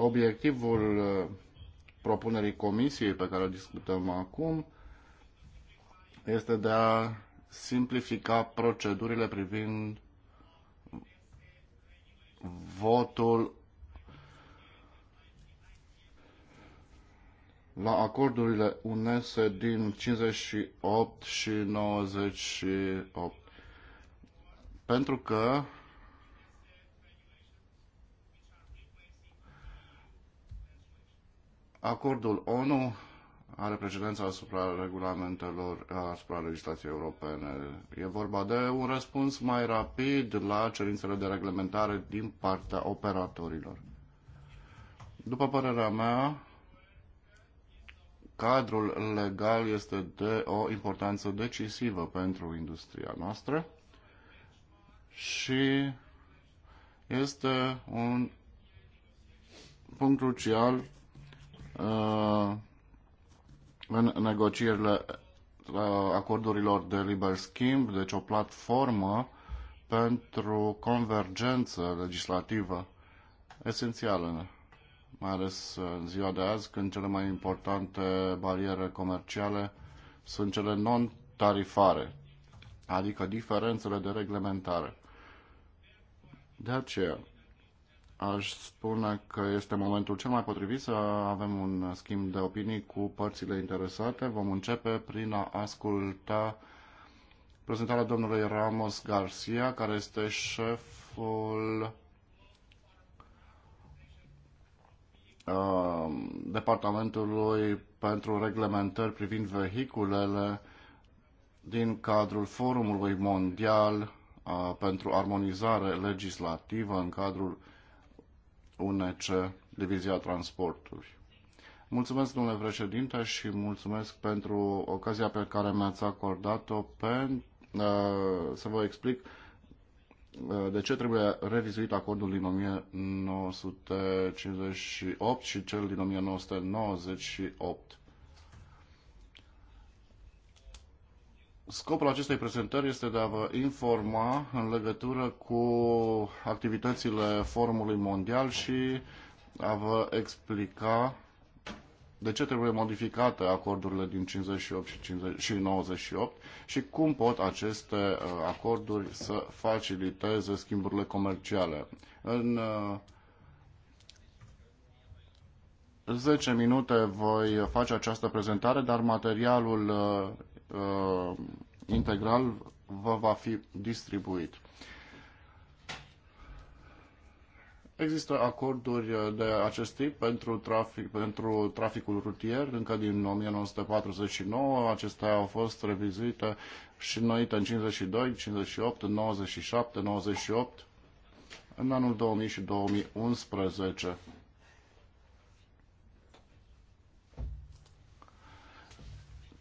obiectivul uh, propunerii comisiei pe care o discutăm acum este de a simplifica procedurile privind votul la acordurile UNESE din 58 și 98. Pentru că Acordul ONU are precedența asupra regulamentelor, asupra legislației europene. E vorba de un răspuns mai rapid la cerințele de reglementare din partea operatorilor. După părerea mea, cadrul legal este de o importanță decisivă pentru industria noastră și este un punct crucial Uh, în negocierile uh, acordurilor de liber schimb, deci o platformă pentru convergență legislativă esențială, mai ales în ziua de azi, când cele mai importante bariere comerciale sunt cele non-tarifare, adică diferențele de reglementare. De aceea, aș spune că este momentul cel mai potrivit să avem un schimb de opinii cu părțile interesate. Vom începe prin a asculta prezentarea domnului Ramos Garcia, care este șeful uh, Departamentului pentru Reglementări privind vehiculele din cadrul Forumului Mondial uh, pentru Armonizare Legislativă în cadrul UNC, Divizia Transporturi. Mulțumesc, domnule președinte, și mulțumesc pentru ocazia pe care mi-ați acordat-o pe, uh, să vă explic uh, de ce trebuie revizuit acordul din 1958 și cel din 1998. Scopul acestei prezentări este de a vă informa în legătură cu activitățile Forumului Mondial și a vă explica de ce trebuie modificate acordurile din 58 și, 50 și 98 și cum pot aceste uh, acorduri să faciliteze schimburile comerciale. În 10 uh, minute voi face această prezentare, dar materialul uh, uh, integral vă va fi distribuit. Există acorduri de acest tip pentru, trafic, pentru traficul rutier încă din 1949. Acestea au fost revizuite și înnoite în 52, 58, 97, 98, în anul 2000 și 2011.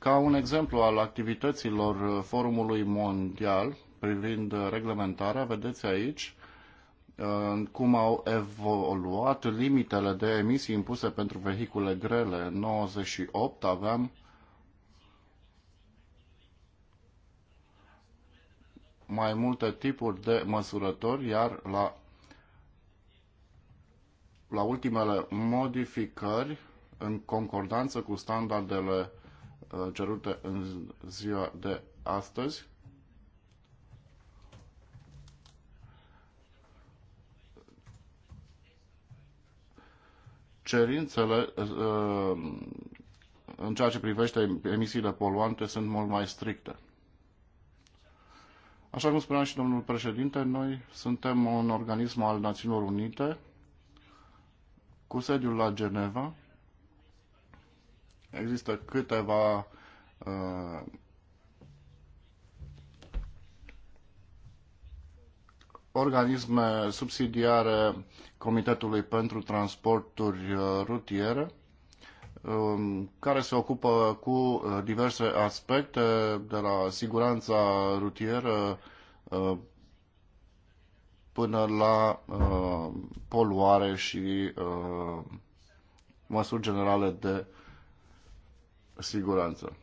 Ca un exemplu al activităților uh, Forumului Mondial privind uh, reglementarea, vedeți aici uh, cum au evoluat limitele de emisii impuse pentru vehicule grele. În 98 aveam mai multe tipuri de măsurători, iar la, la ultimele modificări, în concordanță cu standardele Uh, cerute în ziua de astăzi. Cerințele uh, în ceea ce privește emisiile poluante sunt mult mai stricte. Așa cum spunea și domnul președinte, noi suntem un organism al Națiunilor Unite cu sediul la Geneva Există câteva uh, organisme subsidiare Comitetului pentru Transporturi uh, Rutiere um, care se ocupă cu uh, diverse aspecte, de la siguranța rutieră uh, până la poluare și măsuri generale de siguranță.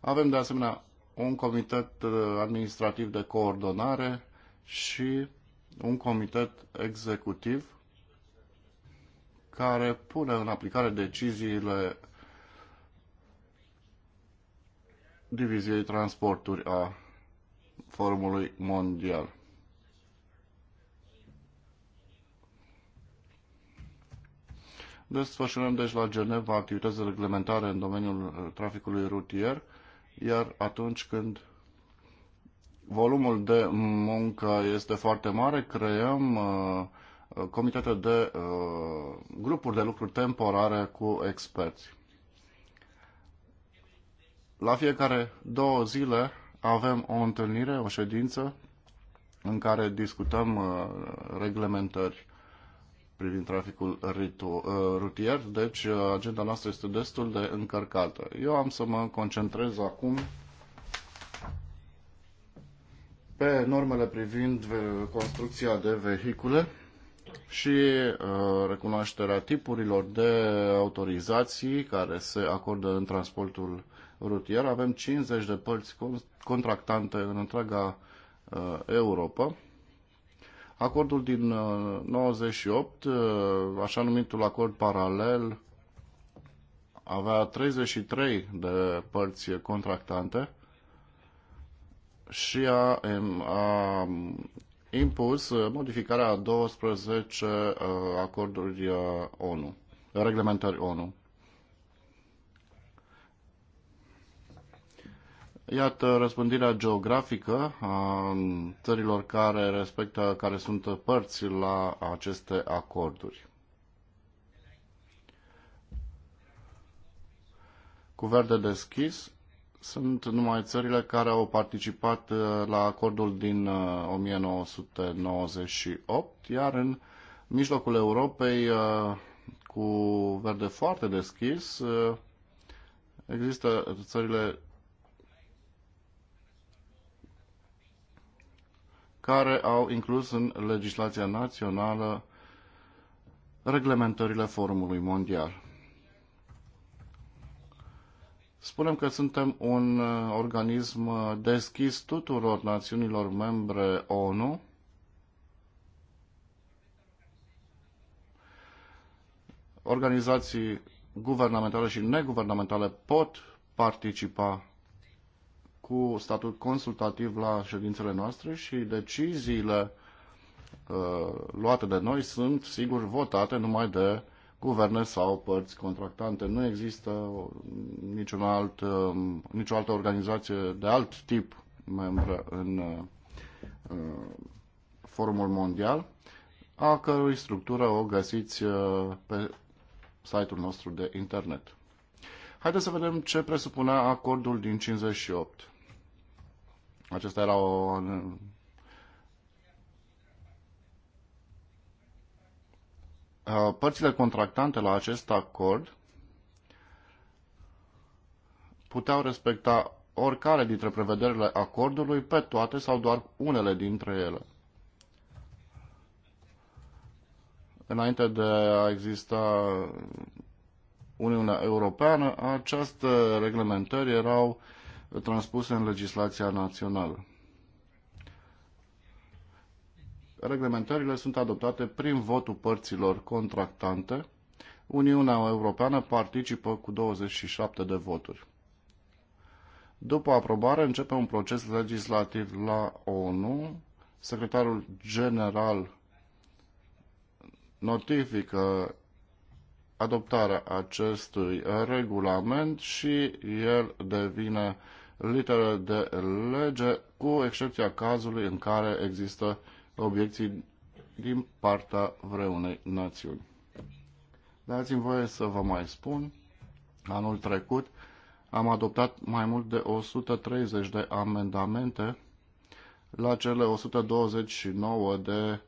Avem de asemenea un comitet uh, administrativ de coordonare și un comitet executiv care pune în aplicare deciziile Diviziei Transporturi a Forumului Mondial. Desfășurăm deci la Geneva activități de reglementare în domeniul uh, traficului rutier, iar atunci când volumul de muncă este foarte mare, creăm uh, uh, comitete de grupuri de lucru temporare cu experți. La fiecare două zile avem o întâlnire, o ședință în care discutăm reglementări privind traficul uh, rutier, deci uh, agenda noastră este destul de încărcată. Eu am să mă concentrez acum pe normele privind uh, construcția de vehicule și recunoașterea tipurilor de autorizații care se acordă în transportul rutier. Avem 50 de părți contractante în întreaga Europa. Acordul din 98, uh, uh, așa numitul acord paralel, avea 33 de părți contractante și a, a impus uh, modificarea a 12 acorduri ONU, reglementări ONU. Iată răspândirea geografică a țărilor care respectă, care sunt părți la aceste acorduri. Cu verde deschis sunt numai țările care au participat uh, la acordul din 1998, uh, iar în mijlocul Europei, uh, cu verde foarte deschis, există țările care au inclus în legislația națională reglementările Forumului Mondial. Spunem că suntem un uh, organism uh, deschis tuturor națiunilor membre ONU. Organizații guvernamentale și neguvernamentale pot participa cu statut consultativ la ședințele noastre și deciziile uh, luate de noi sunt, sigur, votate numai de guverne sau părți contractante. Nu există niciun alt, uh, nicio altă organizație de alt tip membră în uh, uh forumul mondial, a cărui structură o găsiți uh, pe site-ul nostru de internet. Haideți să vedem ce presupunea acordul din 58. Acesta era o uh, părțile contractante la acest acord puteau respecta oricare dintre prevederile acordului pe toate sau doar unele dintre ele. Înainte de a exista Uniunea Europeană, aceste reglementări erau uh, transpuse în legislația națională. Reglementările sunt adoptate prin votul părților contractante. Uniunea Europeană participă cu 27 de voturi. După aprobare începe un proces legislativ la ONU. Secretarul general notifică adoptarea acestui regulament și el devine literă de lege, cu excepția cazului în care există obiecții din partea vreunei națiuni. Dați-mi voie să vă mai spun, anul trecut am adoptat mai mult de 130 de amendamente la cele 129 de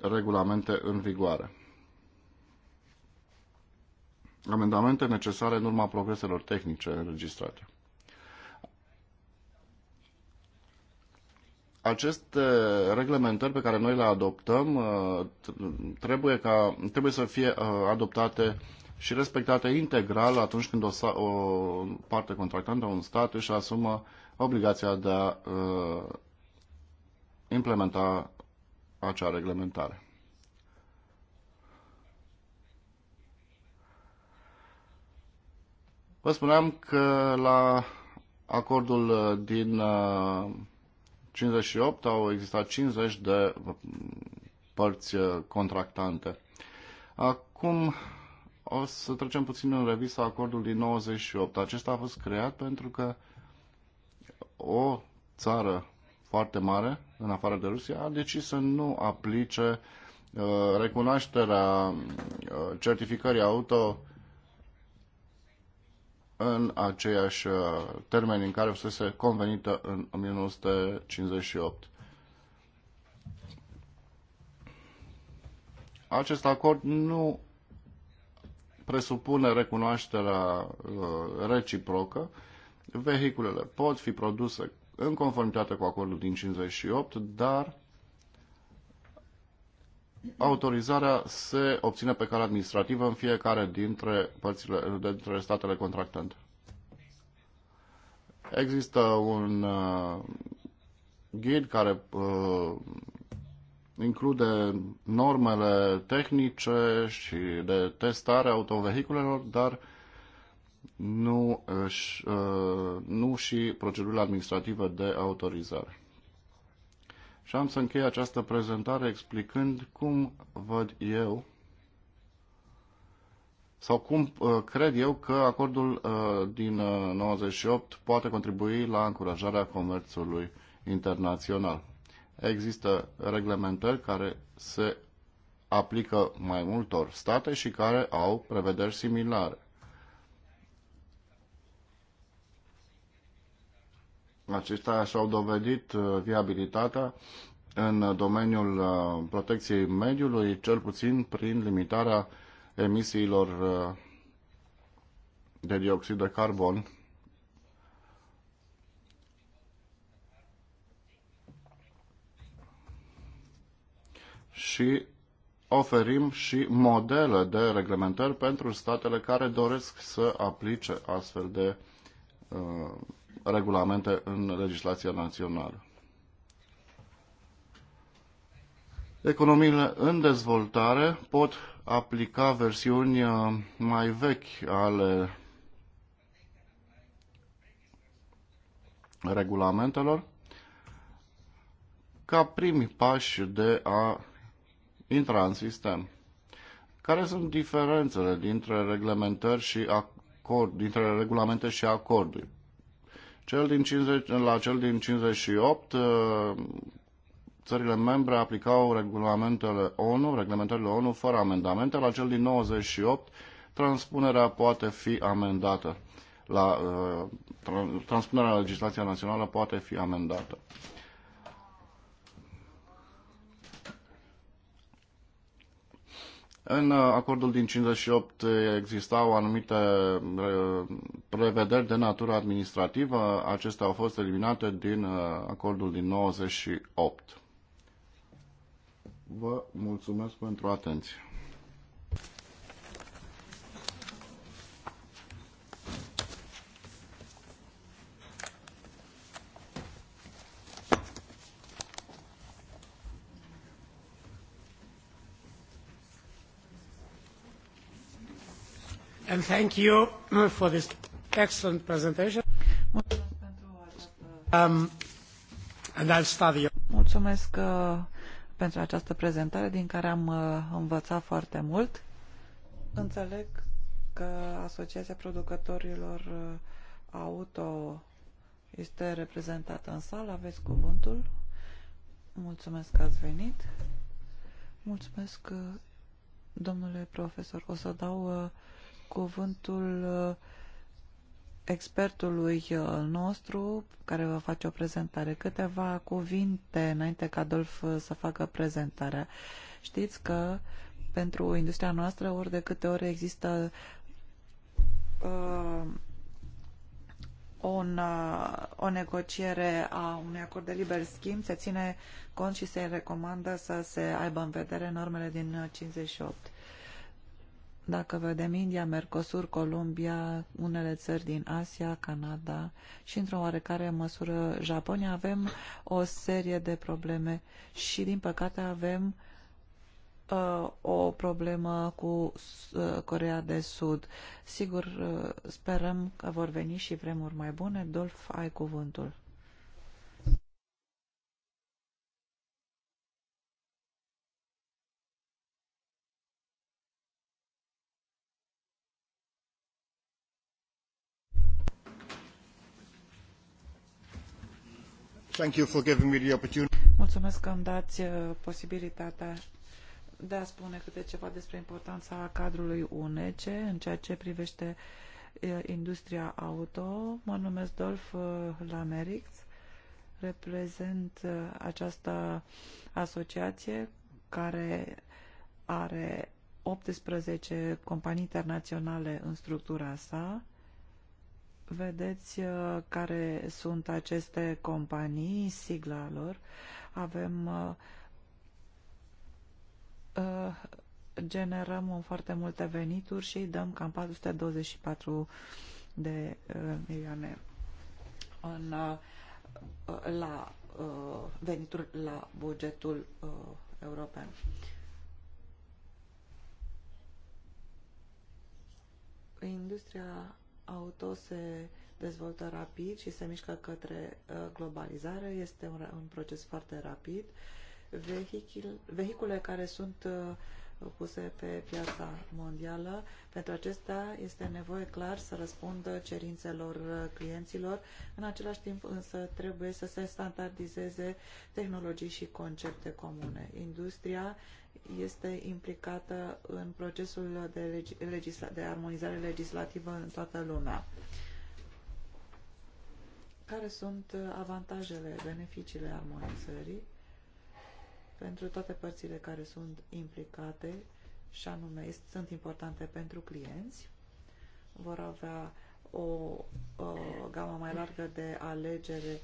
regulamente în vigoare. Amendamente necesare în urma progreselor tehnice înregistrate. aceste uh, reglementări pe care noi le adoptăm uh, trebuie, ca, trebuie să fie uh, adoptate și respectate integral atunci când o, o parte contractantă, un stat, își asumă obligația de a implementa acea reglementare. Vă spuneam că la acordul din 58 au existat 50 de mm, părți uh, contractante. Acum o să trecem puțin în revistă acordul din 98. Acesta a fost creat pentru că o țară foarte mare, în afară de Rusia, a decis să nu aplice uh, recunoașterea uh, certificării auto în aceiași uh, termeni în care fusese convenită în 1958. Acest acord nu presupune recunoașterea uh, reciprocă. Vehiculele pot fi produse în conformitate cu acordul din 58, dar autorizarea se obține pe cale administrativă în fiecare dintre, părțile, dintre statele contractante. Există un uh, ghid care uh, include normele tehnice și de testare autovehiculelor, dar nu, uh, nu și procedurile administrative de autorizare. Și am să închei această prezentare explicând cum văd eu sau cum uh, cred eu că acordul uh, din 98 uh, poate contribui la încurajarea comerțului internațional. Există reglementări care se aplică mai multor state și care au prevederi similare. acestea și-au dovedit uh, viabilitatea în domeniul uh, protecției mediului, cel puțin prin limitarea emisiilor uh, de dioxid de carbon. Și oferim și modele de reglementări pentru statele care doresc să aplice astfel de uh, regulamente în legislația națională. Economiile în dezvoltare pot aplica versiuni uh, mai vechi ale regulamentelor ca primi pași de a intra în sistem. Care sunt diferențele dintre reglementări și acord, dintre regulamente și acorduri? Cel din 50, la cel din 58, uh, țările membre aplicau regulamentele ONU, reglementările ONU fără amendamente. La cel din 98, transpunerea poate fi amendată. La, uh, transpunerea legislației națională poate fi amendată. În uh, acordul din 58 uh, existau anumite uh, prevederi de natură administrativă, acestea au fost eliminate din acordul din 98. Vă mulțumesc pentru atenție. And thank you for this excellent presentation. Um, and I'll study. Mulțumesc uh, pentru această prezentare din care am uh, învățat foarte mult. Înțeleg că Asociația Producătorilor uh, Auto este reprezentată în sală. Aveți cuvântul. Mulțumesc că ați venit. Mulțumesc, uh, domnule profesor. O să dau uh, cuvântul uh, expertului uh, nostru care va face o prezentare. Câteva cuvinte înainte ca Adolf uh, să facă prezentarea. Știți că pentru industria noastră ori de câte ori există uh, un, uh, o negociere a unui acord de liber schimb, se ține cont și se recomandă să se aibă în vedere normele din 58. Dacă vedem India, Mercosur, Columbia, unele țări din Asia, Canada și într-o oarecare măsură Japonia, avem o serie de probleme și din păcate avem uh, o problemă cu uh, Corea de Sud. Sigur, uh, sperăm că vor veni și vremuri mai bune. Dolf, ai cuvântul. Mulțumesc că îmi dați uh, posibilitatea de a spune câte ceva despre importanța cadrului UNEC în ceea ce privește uh, industria auto. Mă numesc Dolf uh, Lamerix, reprezent această asociație care are 18 companii internaționale în structura sa vedeți uh, care sunt aceste companii, sigla lor. Avem uh, uh, generăm foarte multe venituri și dăm cam 424 de milioane în, la venituri la bugetul european. Industria auto se dezvoltă rapid și se mișcă către uh, globalizare. Este un, un proces foarte rapid. Vehicul, vehicule care sunt uh, puse pe piața mondială. Pentru acestea este nevoie clar să răspundă cerințelor uh, clienților. În același timp însă trebuie să se standardizeze tehnologii și concepte comune. Industria este implicată în procesul de, leg legisla de armonizare legislativă în toată lumea. Care sunt avantajele, beneficiile armonizării pentru toate părțile care sunt implicate și anume sunt importante pentru clienți, vor avea o, o gamă mai largă de alegere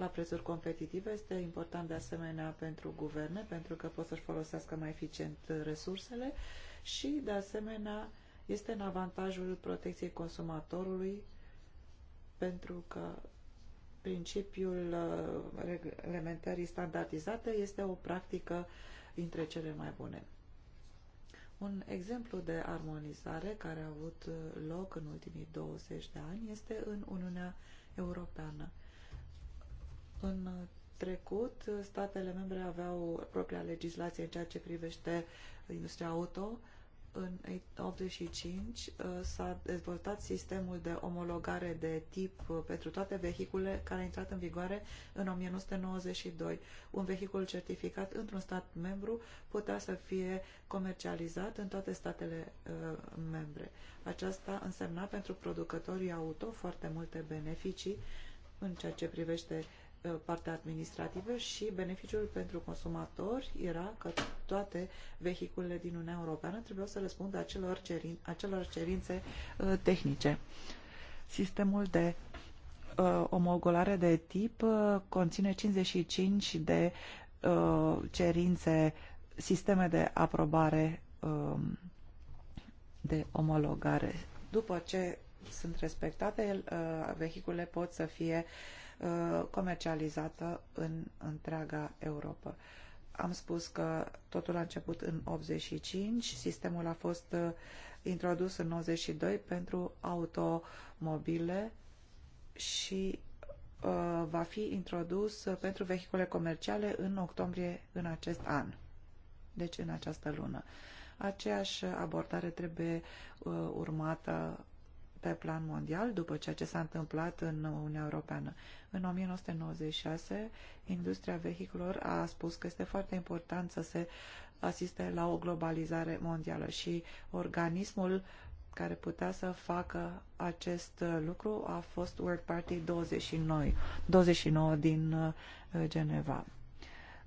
la prețuri competitive. Este important de asemenea pentru guverne, pentru că pot să-și folosească mai eficient resursele și, de asemenea, este în avantajul protecției consumatorului pentru că principiul uh, reglementării standardizate este o practică dintre cele mai bune. Un exemplu de armonizare care a avut uh, loc în ultimii 20 de ani este în Uniunea Europeană. În trecut, statele membre aveau propria legislație în ceea ce privește industria auto. În 85 uh, s-a dezvoltat sistemul de omologare de tip uh, pentru toate vehiculele care a intrat în vigoare în 1992. Un vehicul certificat într-un stat membru putea să fie comercializat în toate statele uh, membre. Aceasta însemna pentru producătorii auto foarte multe beneficii în ceea ce privește Uh, partea administrativă și beneficiul pentru consumatori era că toate vehiculele din Uniunea Europeană trebuiau să răspundă acelor, cerin, acelor cerințe uh, tehnice. Sistemul de uh, omologare de tip uh, conține 55 de uh, cerințe, sisteme de aprobare uh, de omologare. După ce sunt respectate, uh, vehiculele pot să fie uh, Uh, comercializată în întreaga Europa. Am spus că totul a început în 85, sistemul a fost uh, introdus în 92 pentru automobile și uh, va fi introdus pentru vehicule comerciale în octombrie în acest an, deci în această lună. Aceeași abordare trebuie urmată pe plan mondial după ceea ce s-a întâmplat în Uniunea Europeană. În 1996, industria vehiculor a spus că este foarte important să se asiste la o globalizare mondială și organismul care putea să facă acest lucru a fost World Party 29, 29 din uh, Geneva.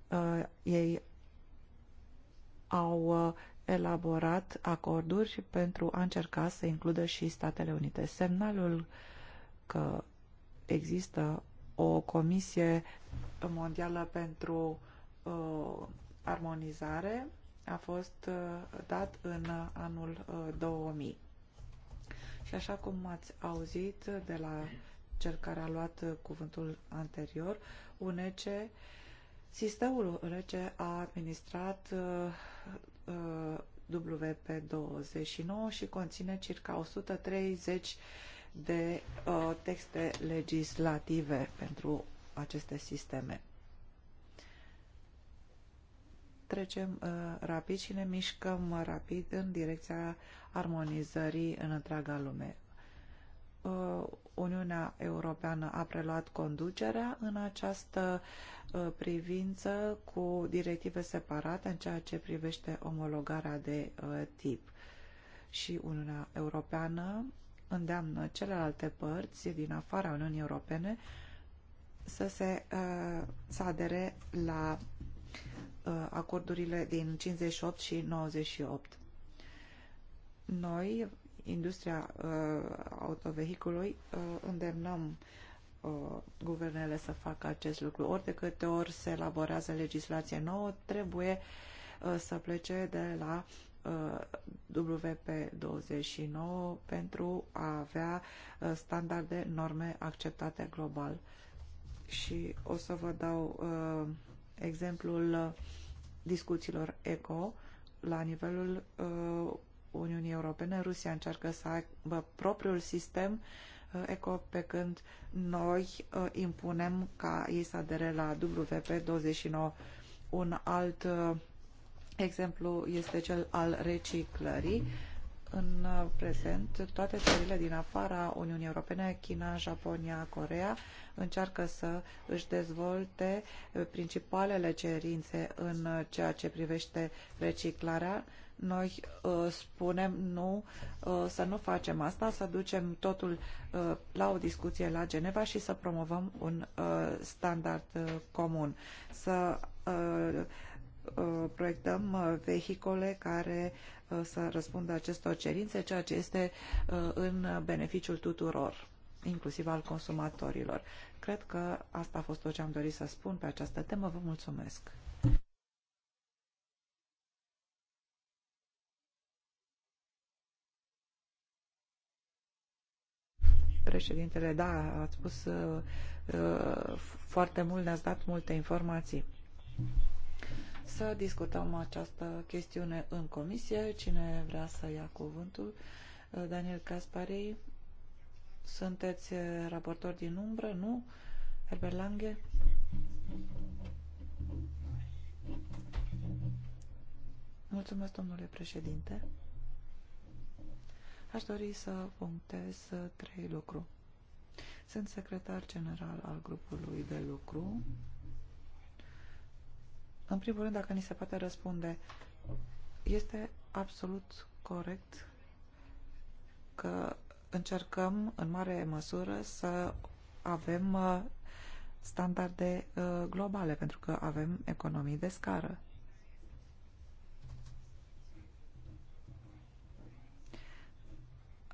Uh, ei au uh, elaborat acorduri pentru a încerca să includă și Statele Unite. Semnalul că există o comisie mondială pentru uh, armonizare a fost uh, dat în uh, anul uh, 2000. Și așa cum ați auzit de la cel care a luat uh, cuvântul anterior, UNECE, sistemul UNECE a administrat uh, WP29 și conține circa 130 de uh, texte legislative pentru aceste sisteme. Trecem uh, rapid și ne mișcăm rapid în direcția armonizării în întreaga lume. Uh, Uniunea Europeană a preluat conducerea în această uh, privință cu directive separate în ceea ce privește omologarea de uh, tip. Și Uniunea Europeană îndeamnă celelalte părți din afara Uniunii Europene să se să adere la acordurile din 58 și 98. Noi industria uh, autovehicului, uh, îndemnăm uh, guvernele să facă acest lucru. Ori de câte ori se elaborează legislație nouă, trebuie să plece de la WP29 pentru a avea standarde, norme acceptate global. Și o să vă dau uh, exemplul discuțiilor ECO la nivelul uh, Uniunii Europene. Rusia încearcă să aibă propriul sistem uh, ECO, pe când noi uh, impunem ca ei să adere la WP29. Un alt uh, exemplu este cel al reciclării. În prezent, toate țările din afara Uniunii Europene, China, Japonia, Corea, încearcă să își dezvolte principalele cerințe în ceea ce privește reciclarea, noi uh, spunem nu, uh, să nu facem asta, să ducem totul uh, la o discuție la Geneva și să promovăm un uh, standard uh, comun. Să uh, proiectăm vehicole care să răspundă acestor cerințe, ceea ce este în beneficiul tuturor, inclusiv al consumatorilor. Cred că asta a fost tot ce am dorit să spun pe această temă. Vă mulțumesc! președintele. Da, ați spus uh, uh, foarte mult, ne-ați dat multe informații. Să discutăm această chestiune în comisie. Cine vrea să ia cuvântul? Uh, Daniel Casparei, sunteți raportor din umbră, nu? Herbert Lange? Mulțumesc, domnule președinte. Aș dori să punctez uh, trei lucruri. Sunt secretar general al grupului de lucru. În primul rând, dacă ni se poate răspunde, este absolut corect că încercăm în mare măsură să avem uh, standarde uh, globale, pentru că avem economii de scară.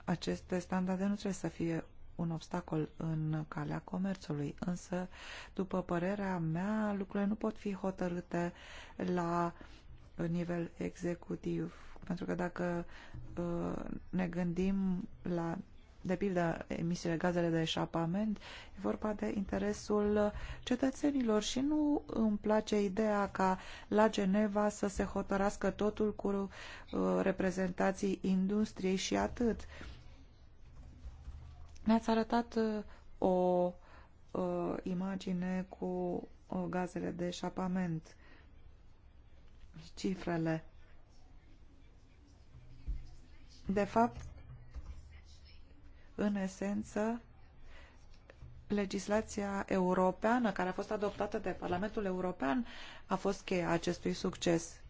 Aceste standarde nu trebuie să fie un obstacol în calea comerțului, însă, după părerea mea, lucrurile nu pot fi hotărâte la nivel executiv. Pentru că dacă uh, ne gândim la de pildă emisiile gazele de eșapament, e vorba de interesul cetățenilor și nu îmi place ideea ca la Geneva să se hotărască totul cu uh, reprezentații industriei și atât. Uh, ne-ați arătat uh, o uh, imagine cu uh, gazele de eșapament cifrele. De fapt, în esență, legislația europeană care a fost adoptată de Parlamentul European a fost cheia acestui succes.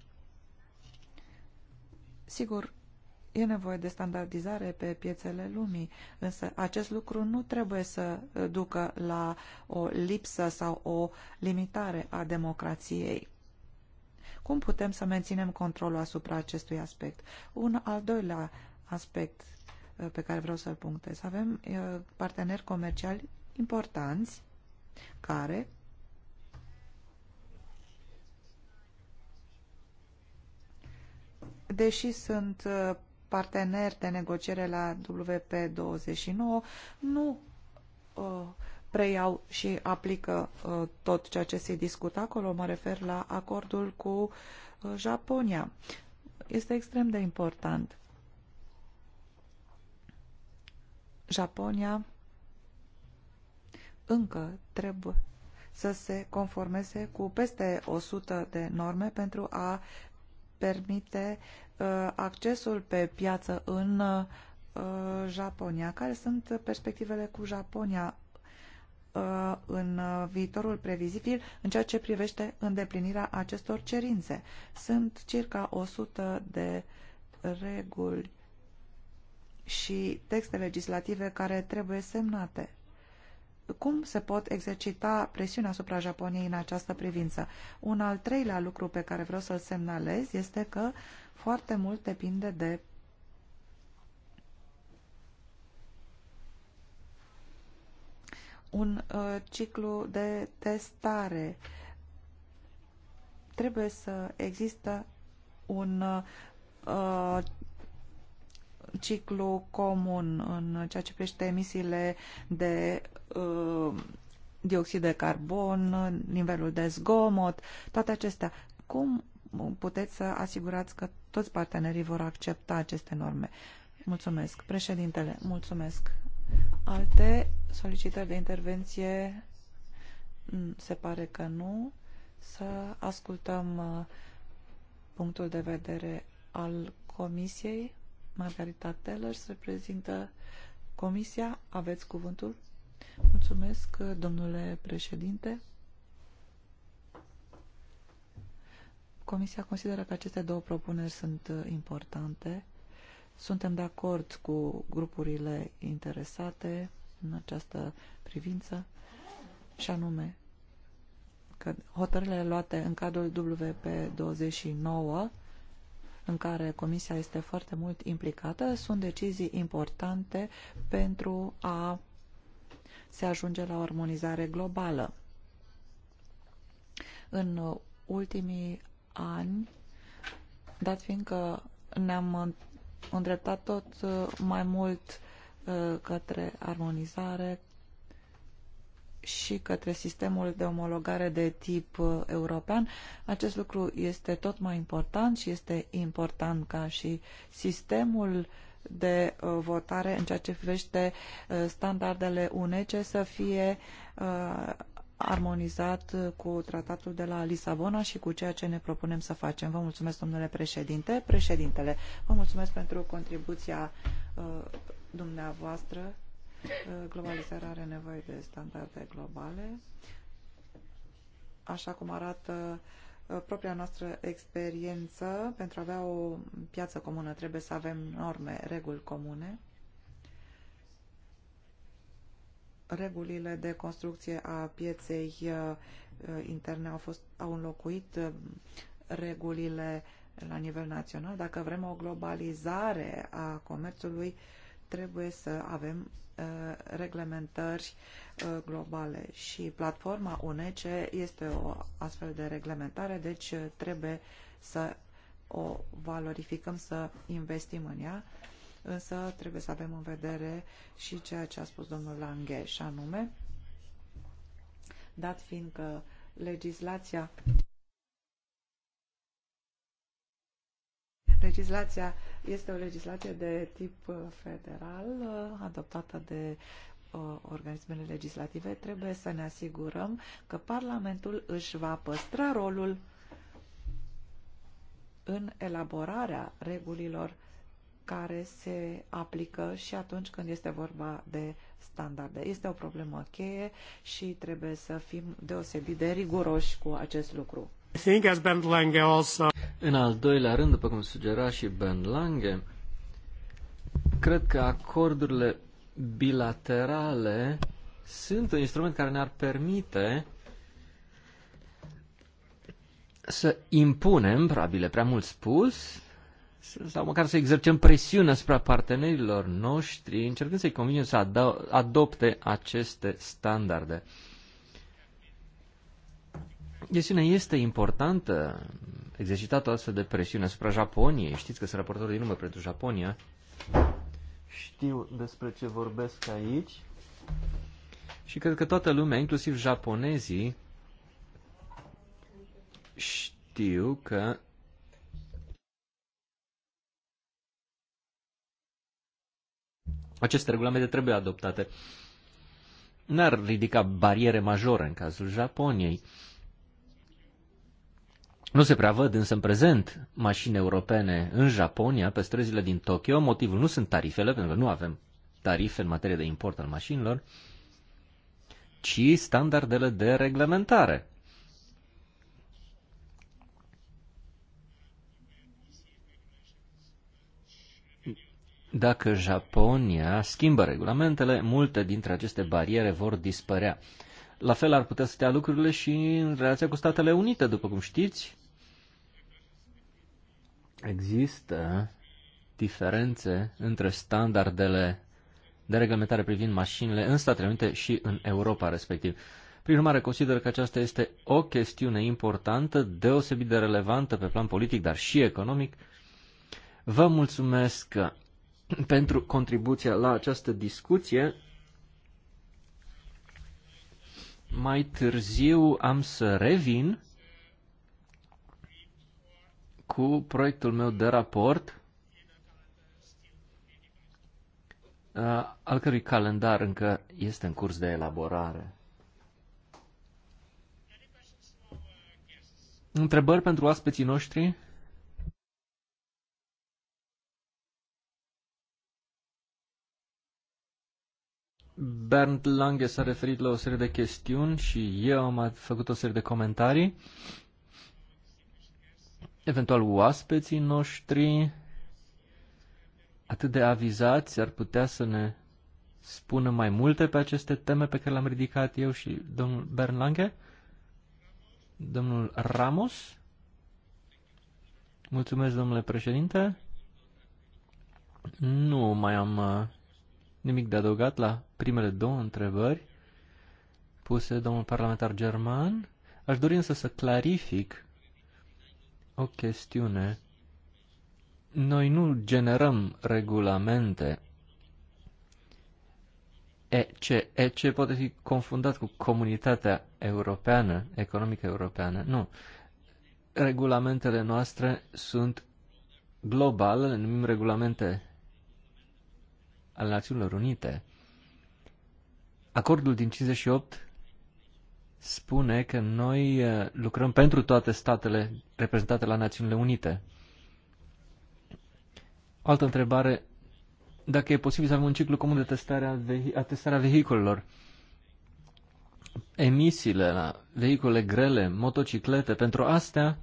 Sigur, E nevoie de standardizare pe piețele lumii, însă acest lucru nu trebuie să uh, ducă la o lipsă sau o limitare a democrației. Cum putem să menținem controlul asupra acestui aspect? Un al doilea aspect uh, pe care vreau să-l punctez. Avem uh, parteneri comerciali importanți care deși sunt partener de negociere la WP29 nu uh, preiau și aplică uh, tot ceea ce se discută acolo. Mă refer la acordul cu uh, Japonia. Este extrem de important. Japonia încă trebuie să se conformeze cu peste 100 de norme pentru a permite uh, accesul pe piață în uh, Japonia. Care sunt perspectivele cu Japonia uh, în viitorul previzibil în ceea ce privește îndeplinirea acestor cerințe? Sunt circa 100 de reguli și texte legislative care trebuie semnate cum se pot exercita presiunea asupra Japoniei în această privință. Un al treilea lucru pe care vreau să-l semnalez este că foarte mult depinde de un uh, ciclu de testare. Trebuie să există un uh, uh ciclu comun în ceea ce privește emisiile de uh, dioxid de carbon, nivelul de zgomot, toate acestea. Cum puteți să asigurați că toți partenerii vor accepta aceste norme? Mulțumesc. Președintele, mulțumesc. Alte solicitări de intervenție? Mm, se pare că nu. Să ascultăm uh, punctul de vedere al Comisiei. Margarita Tellers reprezintă Comisia. Aveți cuvântul? Mulțumesc, domnule președinte. Comisia consideră că aceste două propuneri sunt uh, importante. Suntem de acord cu grupurile interesate în această privință și anume că hotărârile luate în cadrul WP29 în care Comisia este foarte mult implicată, sunt decizii importante pentru a se ajunge la o armonizare globală. În ultimii ani, dat fiindcă ne-am îndreptat tot uh, mai mult uh, către armonizare, și către sistemul de omologare de tip uh, european. Acest lucru este tot mai important și este important ca și sistemul de uh, votare în ceea ce privește uh, standardele UNECE să fie armonizat cu tratatul de la Lisabona și cu ceea ce ne propunem să facem. Vă mulțumesc, domnule președinte. Președintele, vă mulțumesc pentru contribuția dumneavoastră Uh, globalizarea are nevoie de standarde globale, așa cum arată uh, propria noastră experiență, pentru a avea o piață comună trebuie să avem norme, reguli comune. Regulile de construcție a pieței uh, interne au, fost, au înlocuit regulile la nivel național. Dacă vrem o globalizare a comerțului, uh, trebuie să avem uh, reglementări uh, globale și platforma UNEC este o astfel de reglementare, deci uh, trebuie să o valorificăm, să investim în ea, însă trebuie să avem în vedere și ceea ce a spus domnul Lange și anume, dat fiindcă legislația Legislația este o legislație de tip uh, federal uh, adoptată de uh, organismele legislative. Trebuie să ne asigurăm că Parlamentul își va păstra rolul în elaborarea regulilor care se aplică și atunci când este vorba de standarde. Este o problemă cheie și trebuie să fim deosebit de riguroși cu acest lucru. În al doilea rând, după cum sugera și Ben Lange, cred că acordurile bilaterale sunt un instrument care ne-ar permite să impunem, probabil prea mult spus, sau măcar să exercem presiune asupra partenerilor noștri, încercând să-i convingem să adopte aceste standarde. Chestiunea este importantă, exercitat o astfel de presiune asupra Japoniei, știți că sunt raportorul din nume pentru Japonia, știu despre ce vorbesc aici și cred că toată lumea, inclusiv japonezii, știu că aceste regulamente trebuie adoptate. N-ar ridica bariere majore în cazul Japoniei. Nu se prea văd însă în prezent mașini europene în Japonia, pe străzile din Tokyo. Motivul nu sunt tarifele, pentru că nu avem tarife în materie de import al mașinilor, ci standardele de reglementare. Dacă Japonia schimbă regulamentele, multe dintre aceste bariere vor dispărea. La fel ar putea să stea lucrurile și în relația cu Statele Unite, după cum știți. Există diferențe între standardele de reglementare privind mașinile în Statele Unite și în Europa respectiv. Prin urmare, consider că aceasta este o chestiune importantă, deosebit de relevantă pe plan politic, dar și economic. Vă mulțumesc *clears throat* pentru contribuția la această discuție. Mai târziu am să revin cu proiectul meu de raport, al cărui calendar încă este în curs de elaborare. Întrebări pentru aspeții noștri? Bernd Lange s-a referit la o serie de chestiuni și eu am făcut o serie de comentarii. Uh, eventual oaspeții noștri atât de avizați ar putea să ne spună mai multe pe aceste teme pe care le-am ridicat eu și domnul Bernlange? Domnul Ramos? Mulțumesc, domnule președinte. Nu mai am uh, nimic de adăugat la primele două întrebări puse domnul parlamentar german. Aș dori însă să clarific o chestiune. Noi nu generăm regulamente. e ce poate fi confundat cu comunitatea europeană, economică europeană. Nu. Regulamentele noastre sunt globale, le numim regulamente ale Națiunilor Unite. Acordul din 58 spune că noi uh, lucrăm pentru toate statele reprezentate la Națiunile Unite. O altă întrebare, dacă e posibil să avem un ciclu comun de testare a, vehi- a testarea vehiculelor. Emisiile la vehicule grele, motociclete, pentru astea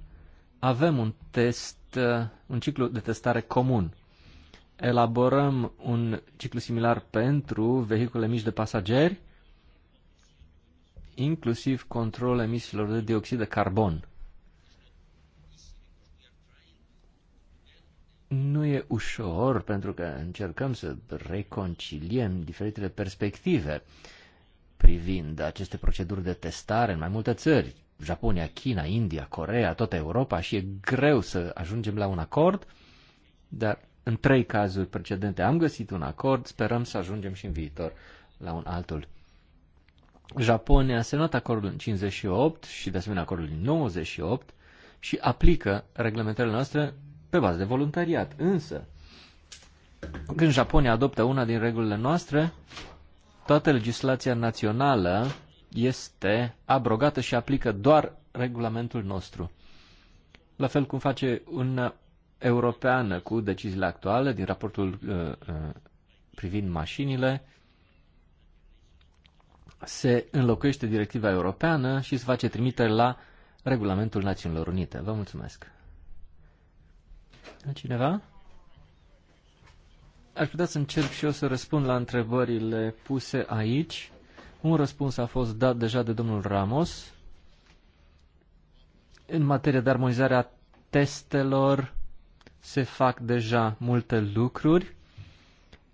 avem un test, uh, un ciclu de testare comun. Elaborăm un ciclu similar pentru vehicule mici de pasageri inclusiv control emisiilor de dioxid de carbon. Nu e ușor pentru că încercăm să reconciliem diferitele perspective privind aceste proceduri de testare în mai multe țări, Japonia, China, India, Corea, toată Europa și e greu să ajungem la un acord, dar în trei cazuri precedente am găsit un acord, sperăm să ajungem și în viitor la un altul. Japonia a semnat acordul în 58 și de asemenea acordul din 98 și aplică reglementările noastre pe bază de voluntariat. Însă, când Japonia adoptă una din regulile noastre, toată legislația națională este abrogată și aplică doar regulamentul nostru. La fel cum face un europeană cu deciziile actuale din raportul uh, uh, privind mașinile, se înlocuiește directiva europeană și se face trimitere la regulamentul Națiunilor Unite. Vă mulțumesc. Cineva? Aș putea să încerc și eu să răspund la întrebările puse aici. Un răspuns a fost dat deja de domnul Ramos. În materie de armonizare a testelor se fac deja multe lucruri.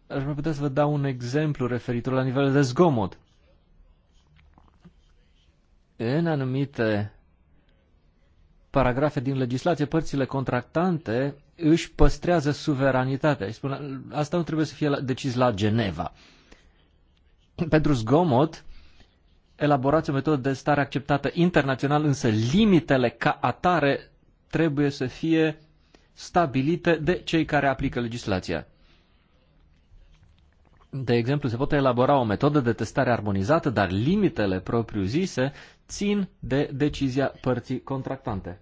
Aș mai putea să vă dau un exemplu referitor la nivel de zgomot. În anumite paragrafe din legislație, părțile contractante își păstrează suveranitatea. spun, asta nu trebuie să fie decis la Geneva. Pentru zgomot, elaborați o metodă de stare acceptată internațional, însă limitele ca atare trebuie să fie stabilite de cei care aplică legislația. De exemplu, se poate elabora o metodă de testare armonizată, dar limitele propriu-zise țin de decizia părții contractante.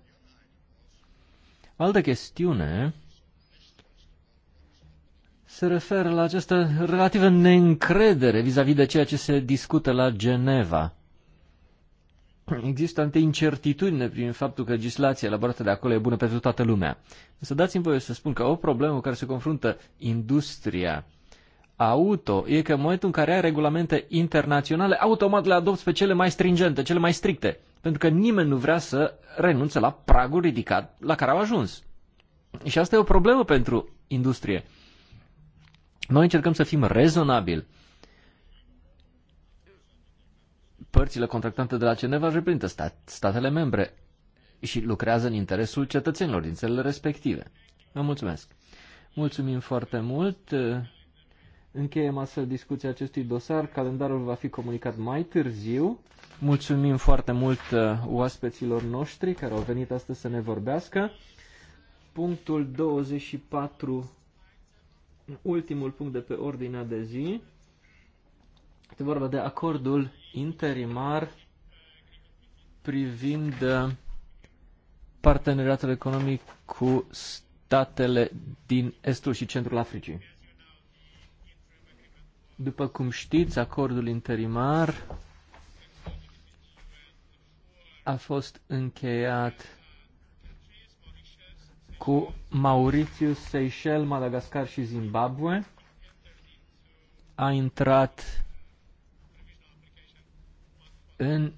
Altă chestiune se referă la această relativă neîncredere vis-a-vis -vis de ceea ce se discută la Geneva. Există anumite incertitudine prin faptul că legislația elaborată de acolo e bună pentru toată lumea. Însă dați-mi voie să spun că o problemă cu care se confruntă industria auto e că în momentul în care ai regulamente internaționale, automat le adopți pe cele mai stringente, cele mai stricte, pentru că nimeni nu vrea să renunțe la pragul ridicat la care au ajuns. Și asta e o problemă pentru industrie. Noi încercăm să fim rezonabili. Părțile contractante de la Geneva reprezintă stat, statele membre și lucrează în interesul cetățenilor din țările respective. Vă mulțumesc! Mulțumim foarte mult! Încheiem astfel discuția acestui dosar. Calendarul va fi comunicat mai târziu. Mulțumim foarte mult uh, oaspeților noștri care au venit astăzi să ne vorbească. Punctul 24, ultimul punct de pe ordinea de zi, este vorba de acordul interimar privind uh, parteneriatul economic cu statele din estul și centrul Africii. După cum știți, acordul interimar a fost încheiat cu Mauritius, Seychelles, Madagascar și Zimbabwe. A intrat în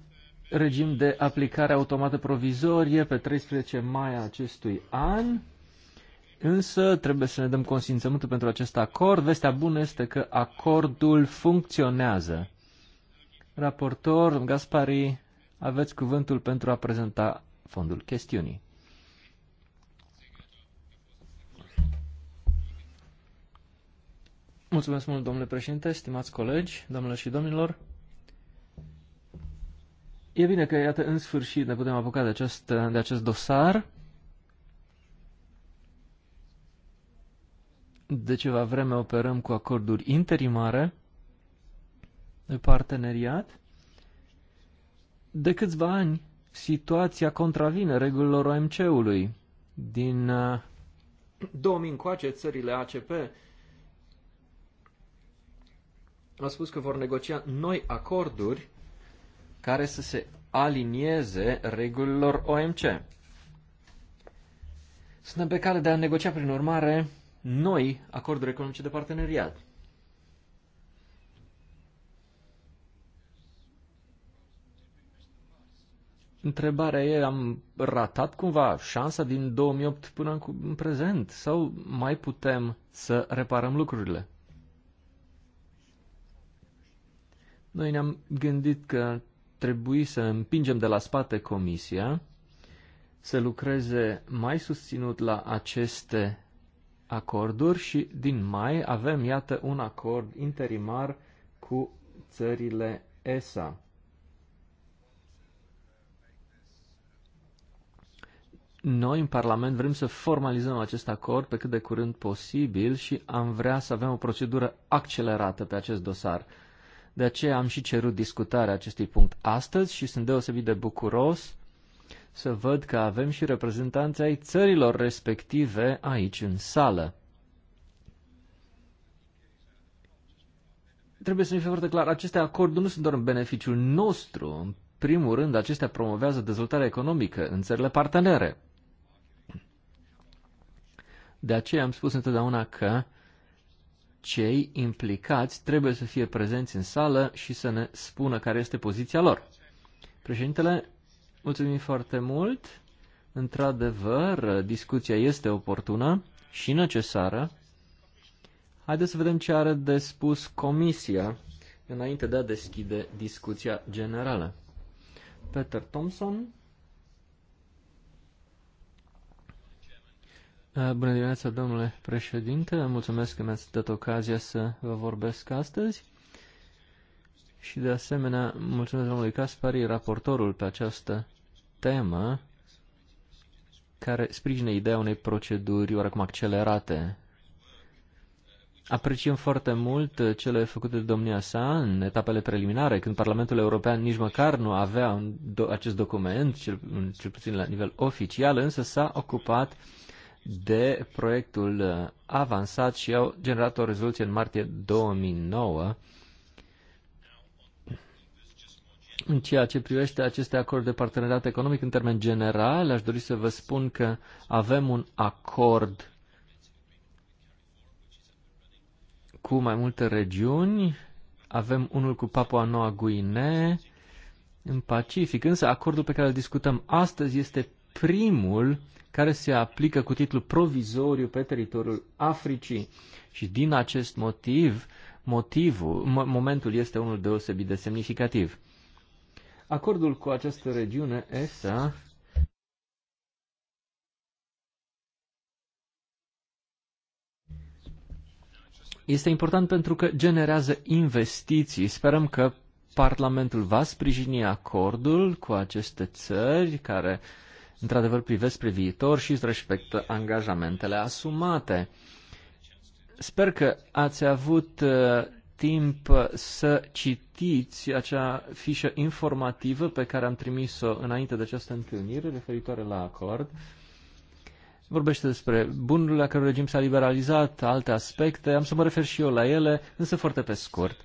regim de aplicare automată provizorie pe 13 mai acestui an Însă trebuie să ne dăm consimțământul pentru acest acord. Vestea bună este că acordul funcționează. Raportor Gaspari, aveți cuvântul pentru a prezenta fondul chestiunii. Mulțumesc mult, domnule președinte, stimați colegi, domnilor și domnilor. E bine că, iată, în sfârșit ne putem apuca de acest, de acest dosar. de ceva vreme operăm cu acorduri interimare de parteneriat. De câțiva ani, situația contravine regulilor OMC-ului. Din 2000 uh, încoace, țările ACP au spus că vor negocia noi acorduri care să se alinieze regulilor OMC. Suntem pe cale de a negocia, prin urmare, noi acorduri economice de parteneriat. Întrebarea e, am ratat cumva șansa din 2008 până în prezent sau mai putem să reparăm lucrurile? Noi ne-am gândit că trebuie să împingem de la spate comisia, să lucreze mai susținut la aceste acorduri și din mai avem, iată, un acord interimar cu țările ESA. Noi în Parlament vrem să formalizăm acest acord pe cât de curând posibil și am vrea să avem o procedură accelerată pe acest dosar. De aceea am și cerut discutarea acestui punct astăzi și sunt deosebit de bucuros să văd că avem și reprezentanți ai țărilor respective aici în sală. Trebuie să mi fie foarte clar, aceste acorduri nu sunt doar în beneficiul nostru. În primul rând, acestea promovează dezvoltarea economică în țările partenere. De aceea am spus întotdeauna că cei implicați trebuie să fie prezenți în sală și să ne spună care este poziția lor. Președintele, Mulțumim foarte mult. Într-adevăr, discuția este oportună și necesară. Haideți să vedem ce are de spus comisia înainte de a deschide discuția generală. Peter Thompson. Uh, bună dimineața, domnule președinte. Mulțumesc că mi-ați dat ocazia să vă vorbesc astăzi. Și de asemenea, mulțumesc domnului Caspari, raportorul pe această sistemă care sprijină ideea unei proceduri oarecum accelerate. Apreciem foarte mult uh, cele făcute de domnia sa în etapele preliminare, când Parlamentul European nici măcar nu avea un do- acest document, cel, cel puțin la nivel oficial, însă s-a ocupat de proiectul uh, avansat și au generat o rezoluție în martie 2009 În ceea ce privește aceste acorduri de parteneriat economic, în termen general, aș dori să vă spun că avem un acord cu mai multe regiuni, avem unul cu Papua Noua Guinee, în Pacific, însă acordul pe care îl discutăm astăzi este primul care se aplică cu titlu provizoriu pe teritoriul Africii și din acest motiv, motivul, momentul este unul deosebit de semnificativ. Acordul cu această regiune, ESA, este important pentru că generează investiții. Sperăm că Parlamentul va sprijini acordul cu aceste țări care, într-adevăr, privesc spre viitor și își respectă angajamentele asumate. Sper că ați avut uh, timp să citiți acea fișă informativă pe care am trimis-o înainte de această întâlnire referitoare la acord. Vorbește despre bunurile la care regim s-a liberalizat, alte aspecte, am să mă refer și eu la ele, însă foarte pe scurt.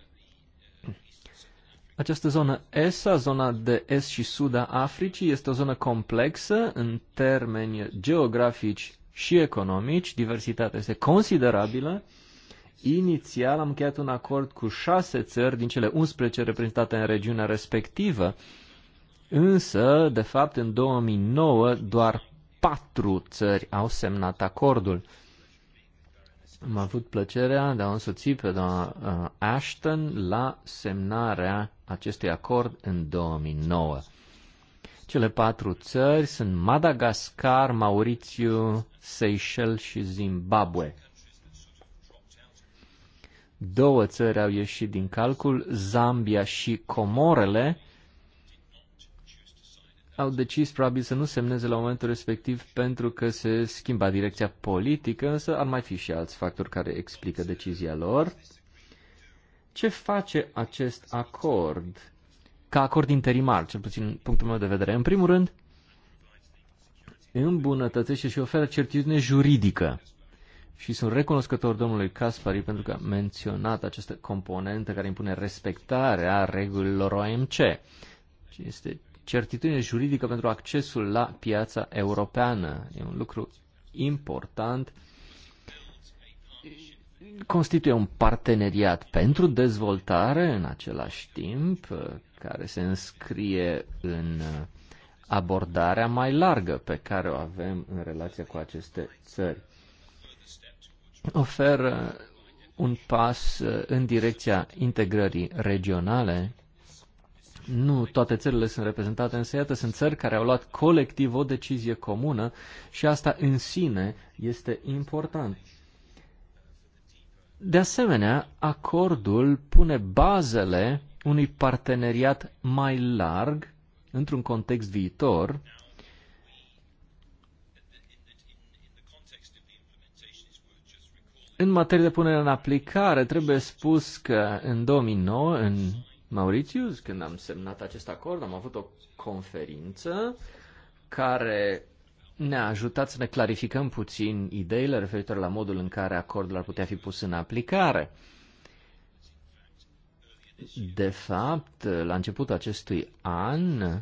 Această zonă ESA, zona de est și sud a Africii, este o zonă complexă în termeni geografici și economici, diversitatea este considerabilă, inițial am încheiat un acord cu șase țări din cele 11 reprezentate în regiunea respectivă, însă, de fapt, în 2009 doar patru țări au semnat acordul. Am avut plăcerea de a însoți pe doamna uh, Ashton la semnarea acestui acord în 2009. Cele patru țări sunt Madagascar, Mauritiu, Seychelles și Zimbabwe. Două țări au ieșit din calcul, Zambia și Comorele au decis probabil să nu semneze la momentul respectiv pentru că se schimba direcția politică, însă ar mai fi și alți factori care explică decizia lor. Ce face acest acord ca acord interimar, cel puțin punctul meu de vedere? În primul rând, îmbunătățește și oferă certitudine juridică și sunt recunoscător domnului Caspari pentru că a menționat această componentă care impune respectarea regulilor OMC. Este certitudine juridică pentru accesul la piața europeană. E un lucru important. Constituie un parteneriat pentru dezvoltare în același timp, care se înscrie în abordarea mai largă pe care o avem în relația cu aceste țări oferă un pas uh, în direcția integrării regionale. Nu toate țările sunt reprezentate, însă iată, sunt țări care au luat colectiv o decizie comună și asta în sine este important. De asemenea, acordul pune bazele unui parteneriat mai larg într-un context viitor În materie de punere în aplicare, trebuie spus că în 2009, în Mauritius, când am semnat acest acord, am avut o conferință care ne-a ajutat să ne clarificăm puțin ideile referitor la modul în care acordul ar putea fi pus în aplicare. De fapt, la începutul acestui an,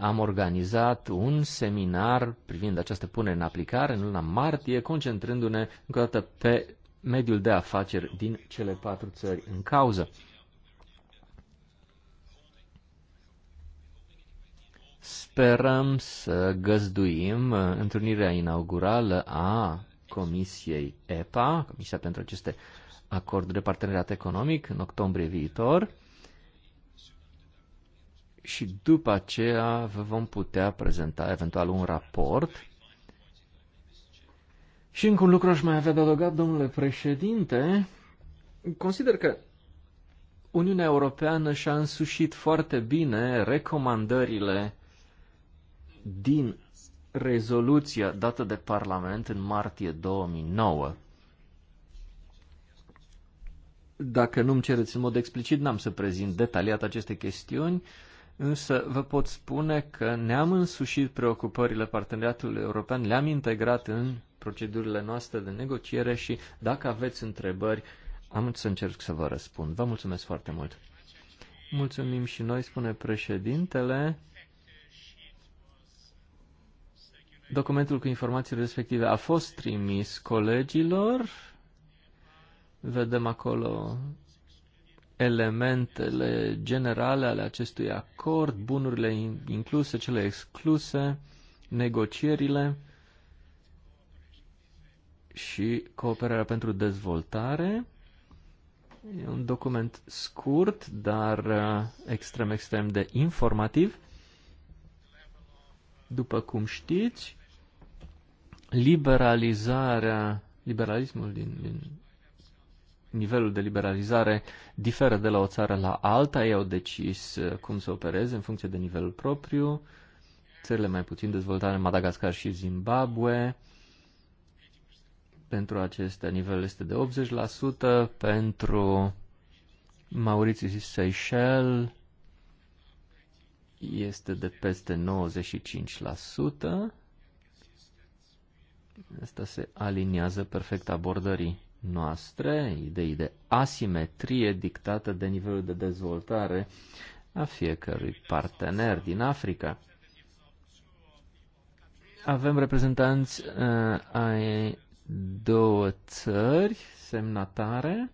am organizat un seminar privind această punere în aplicare în luna martie, concentrându-ne încă o dată pe mediul de afaceri din cele patru țări în cauză. Sperăm să găzduim întâlnirea inaugurală a Comisiei EPA, Comisia pentru aceste acorduri de parteneriat economic, în octombrie viitor și după aceea vă vom putea prezenta eventual un raport. Și încă un lucru aș mai avea de adăugat, domnule președinte. Consider că Uniunea Europeană și-a însușit foarte bine recomandările din rezoluția dată de Parlament în martie 2009. Dacă nu-mi cereți în mod explicit, n-am să prezint detaliat aceste chestiuni, însă vă pot spune că ne-am însușit preocupările parteneriatului european, le-am integrat în procedurile noastre de negociere și dacă aveți întrebări, am să încerc să vă răspund. Vă mulțumesc foarte mult! Mulțumim și noi, spune președintele. Documentul cu informațiile respective a fost trimis colegilor. Vedem acolo elementele generale ale acestui acord, bunurile incluse, cele excluse, negocierile și cooperarea pentru dezvoltare. E un document scurt, dar uh, extrem, extrem de informativ. După cum știți, liberalizarea, liberalismul din, din nivelul de liberalizare diferă de la o țară la alta, ei au decis uh, cum să opereze în funcție de nivelul propriu, țările mai puțin dezvoltate, Madagascar și Zimbabwe, pentru acestea nivelul este de 80%, pentru Mauritius și Seychelles este de peste 95%. Asta se aliniază perfect abordării noastre, idei de asimetrie dictată de nivelul de dezvoltare a fiecărui partener din Africa. Avem reprezentanți uh, ai două țări semnatare.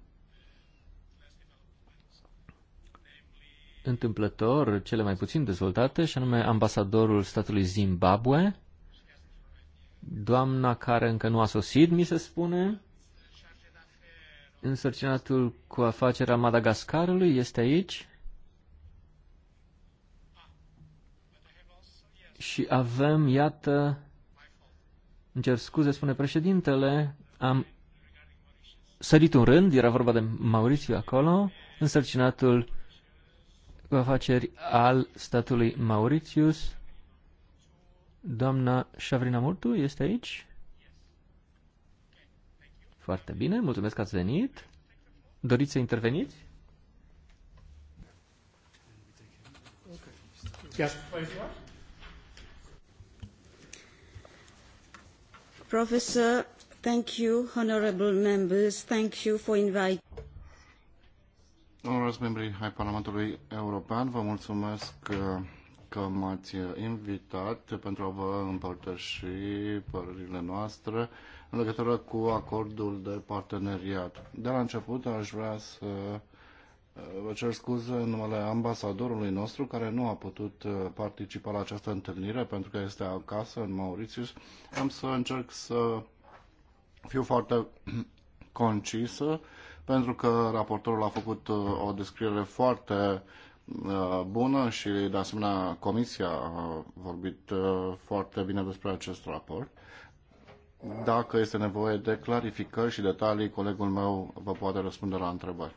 Întâmplător, cele mai puțin dezvoltate, și anume ambasadorul statului Zimbabwe, doamna care încă nu a sosit, mi se spune, însărcinatul cu afacerea Madagascarului este aici. Și avem, iată, îmi cer scuze, spune președintele, am sărit un rând, era vorba de Maurițiu acolo, însărcinatul cu afaceri al statului Mauritius. Doamna Șavrina Murtu este aici? Foarte bine, mulțumesc că ați venit. Doriți să interveniți? Professor, thank you, honorable members, thank you for inviting. Onorați membrii ai Parlamentului European, vă mulțumesc că, că m-ați invitat pentru a vă împărtăși părerile noastre în legătură cu acordul de parteneriat. De la început aș vrea să uh, vă cer scuze în numele ambasadorului nostru care nu a putut uh, participa la această întâlnire pentru că este acasă în Mauritius. Am să încerc să fiu foarte *clears throat* concisă pentru că raportorul a făcut uh, o descriere foarte bună și de asemenea comisia a vorbit foarte bine despre acest raport. Dacă este nevoie de clarificări și detalii, colegul meu vă poate răspunde la întrebări.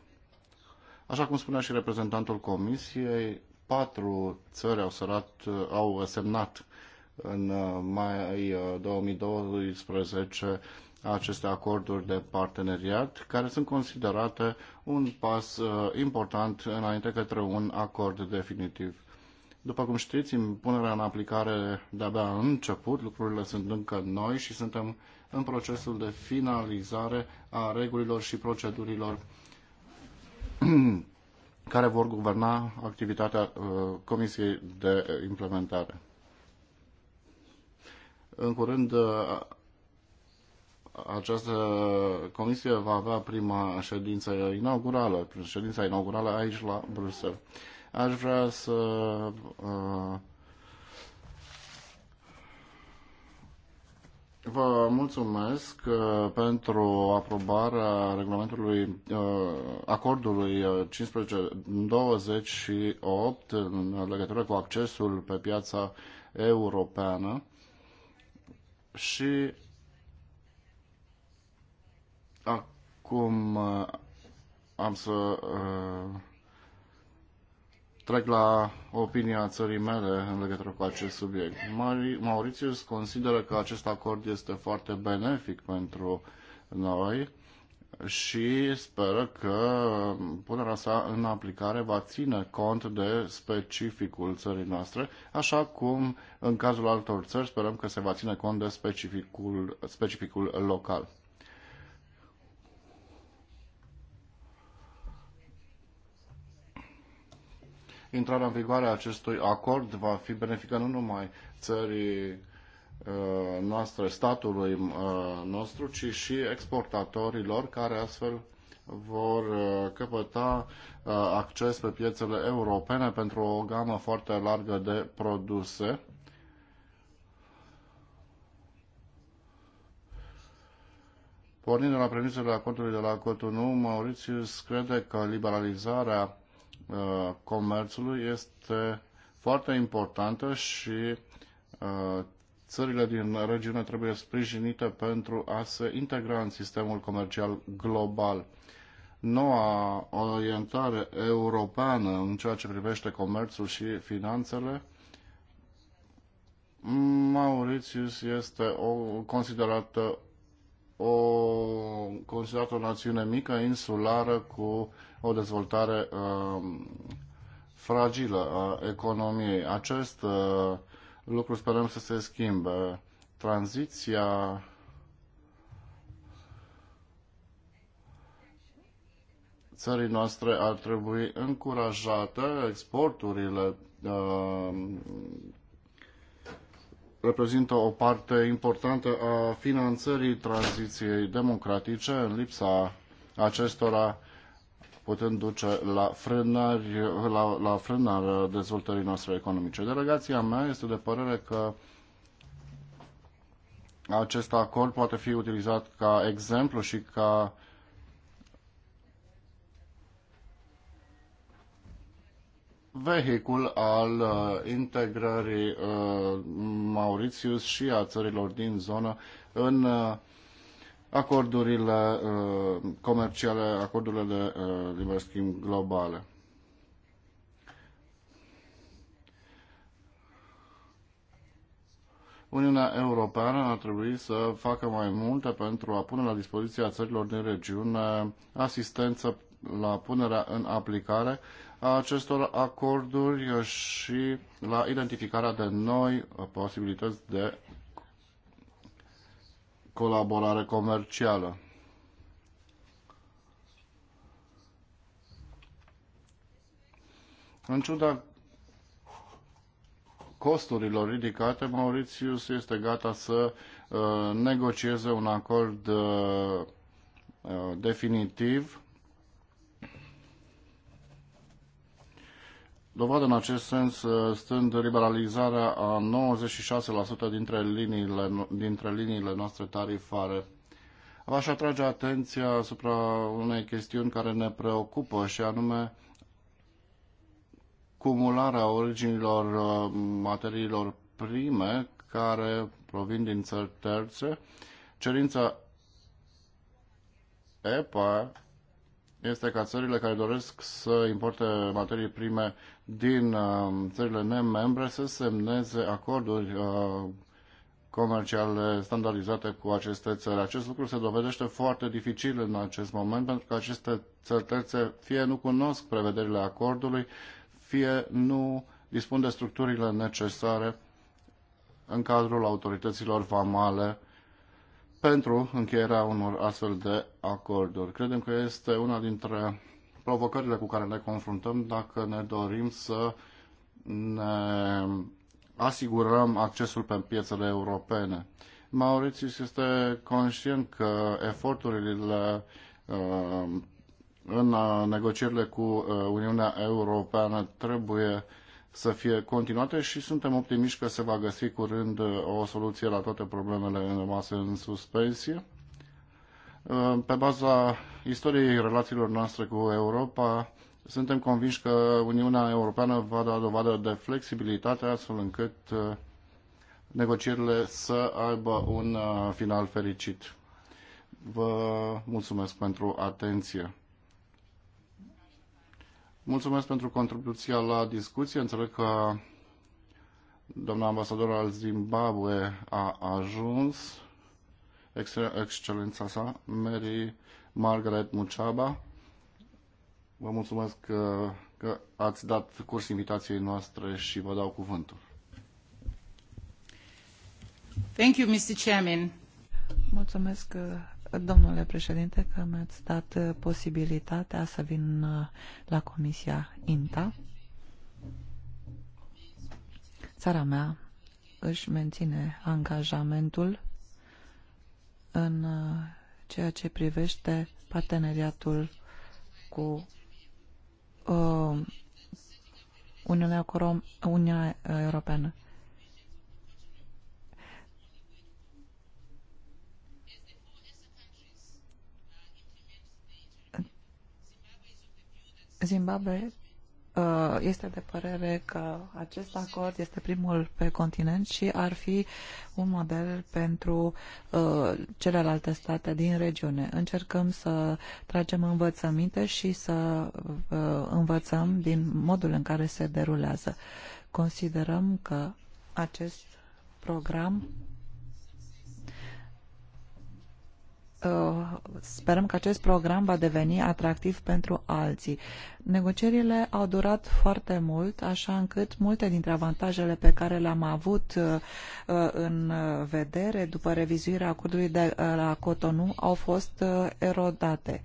Așa cum spunea și reprezentantul Comisiei, patru țări au, sărat, au semnat în mai 2012 uh, aceste acorduri de parteneriat, care sunt considerate un pas uh, important înainte către un acord definitiv. După cum știți, punerea în aplicare de-abia a început, lucrurile sunt încă noi și suntem în procesul de finalizare a regulilor și procedurilor *clears throat* care vor guverna activitatea uh, Comisiei de Implementare. În curând, uh, această comisie va avea prima ședință inaugurală, ședința inaugurală aici la Bruxelles. Aș vrea să uh, Vă mulțumesc uh, pentru aprobarea regulamentului uh, acordului 1528 uh, în legătură cu accesul pe piața europeană și acum am să trec la opinia țării mele în legătură cu acest subiect. Mauritius consideră că acest acord este foarte benefic pentru noi și speră că punerea sa în aplicare va ține cont de specificul țării noastre, așa cum în cazul altor țări sperăm că se va ține cont de specificul, specificul local. Intrarea în vigoare a acestui acord va fi benefică nu numai țării uh, noastre, statului uh, nostru, ci și exportatorilor care astfel vor uh, căpăta acces pe piețele europene pentru o gamă foarte largă de produse. Pornind de la premisele acordului de la Cotonou, Mauritius crede că liberalizarea Uh, comerțului este foarte importantă și uh, țările din regiune trebuie sprijinite pentru a se integra în sistemul comercial global. Noua orientare europeană în ceea ce privește comerțul și finanțele Mauritius este o, considerată o considerată o națiune mică, insulară, cu o dezvoltare uh, fragilă a economiei. Acest uh, lucru sperăm să se schimbe. Tranziția țării noastre ar trebui încurajată, exporturile uh, reprezintă o parte importantă a finanțării tranziției democratice, în lipsa acestora putând duce la, frânări, la, la frânarea dezvoltării noastre economice. Delegația mea este de părere că acest acord poate fi utilizat ca exemplu și ca vehicul al uh, integrării uh, Mauritius și a țărilor din zonă în uh, acordurile comerciale, acordurile de liber schimb globale. Uniunea Europeană ar trebui să facă mai multe pentru a pune la dispoziția țărilor din regiune asistență la punerea în aplicare a acestor acorduri și la identificarea de noi posibilități de colaborare comercială. În ciuda costurilor ridicate, Mauritius este gata să uh, negocieze un acord uh, uh, definitiv Dovadă în acest sens uh, stând liberalizarea a 96% dintre liniile, dintre liniile noastre tarifare. V-aș atrage atenția asupra unei chestiuni care ne preocupă și anume cumularea originilor uh, materiilor prime care provin din țări terțe. Cerința EPA este ca țările care doresc să importe materii prime din uh, țările nemembre să semneze acorduri uh, comerciale standardizate cu aceste țări. Acest lucru se dovedește foarte dificil în acest moment pentru că aceste țări terțe fie nu cunosc prevederile acordului, fie nu dispun de structurile necesare în cadrul autorităților vamale pentru încheierea unor astfel de acorduri. Credem că este una dintre provocările cu care ne confruntăm dacă ne dorim să ne asigurăm accesul pe piețele europene. Mauritius este conștient că eforturile uh, în uh, negocierile cu uh, Uniunea Europeană trebuie să fie continuate și suntem optimiști că se va găsi curând o soluție la toate problemele rămase în suspensie. Pe baza istoriei relațiilor noastre cu Europa, suntem convinși că Uniunea Europeană va da dovadă de flexibilitate astfel încât uh, negocierile să aibă un uh, final fericit. Vă mulțumesc pentru atenție. Mulțumesc pentru contribuția la discuție. Înțeleg că doamna ambasador al Zimbabwe a ajuns excelența sa, Mary Margaret Muchaba. Vă mulțumesc că, că ați dat curs invitației noastre și vă dau cuvântul. Thank you, Mr. Chairman. Mulțumesc, domnule președinte, că mi-ați dat posibilitatea să vin la Comisia INTA. Țara mea își menține angajamentul în uh, ceea ce privește parteneriatul cu uh, Uniunea, Corom, Uniunea Europeană. Zimbabwe Uh, este de părere că acest acord este primul pe continent și ar fi un model pentru uh, celelalte state din regiune. Încercăm să tragem învățăminte și să uh, învățăm din modul în care se derulează. Considerăm că acest program Uh, sperăm că acest program va deveni atractiv pentru alții. Negocierile au durat foarte mult, așa încât multe dintre avantajele pe care le-am avut uh, uh, în vedere după revizuirea acordului de la Cotonou au fost erodate.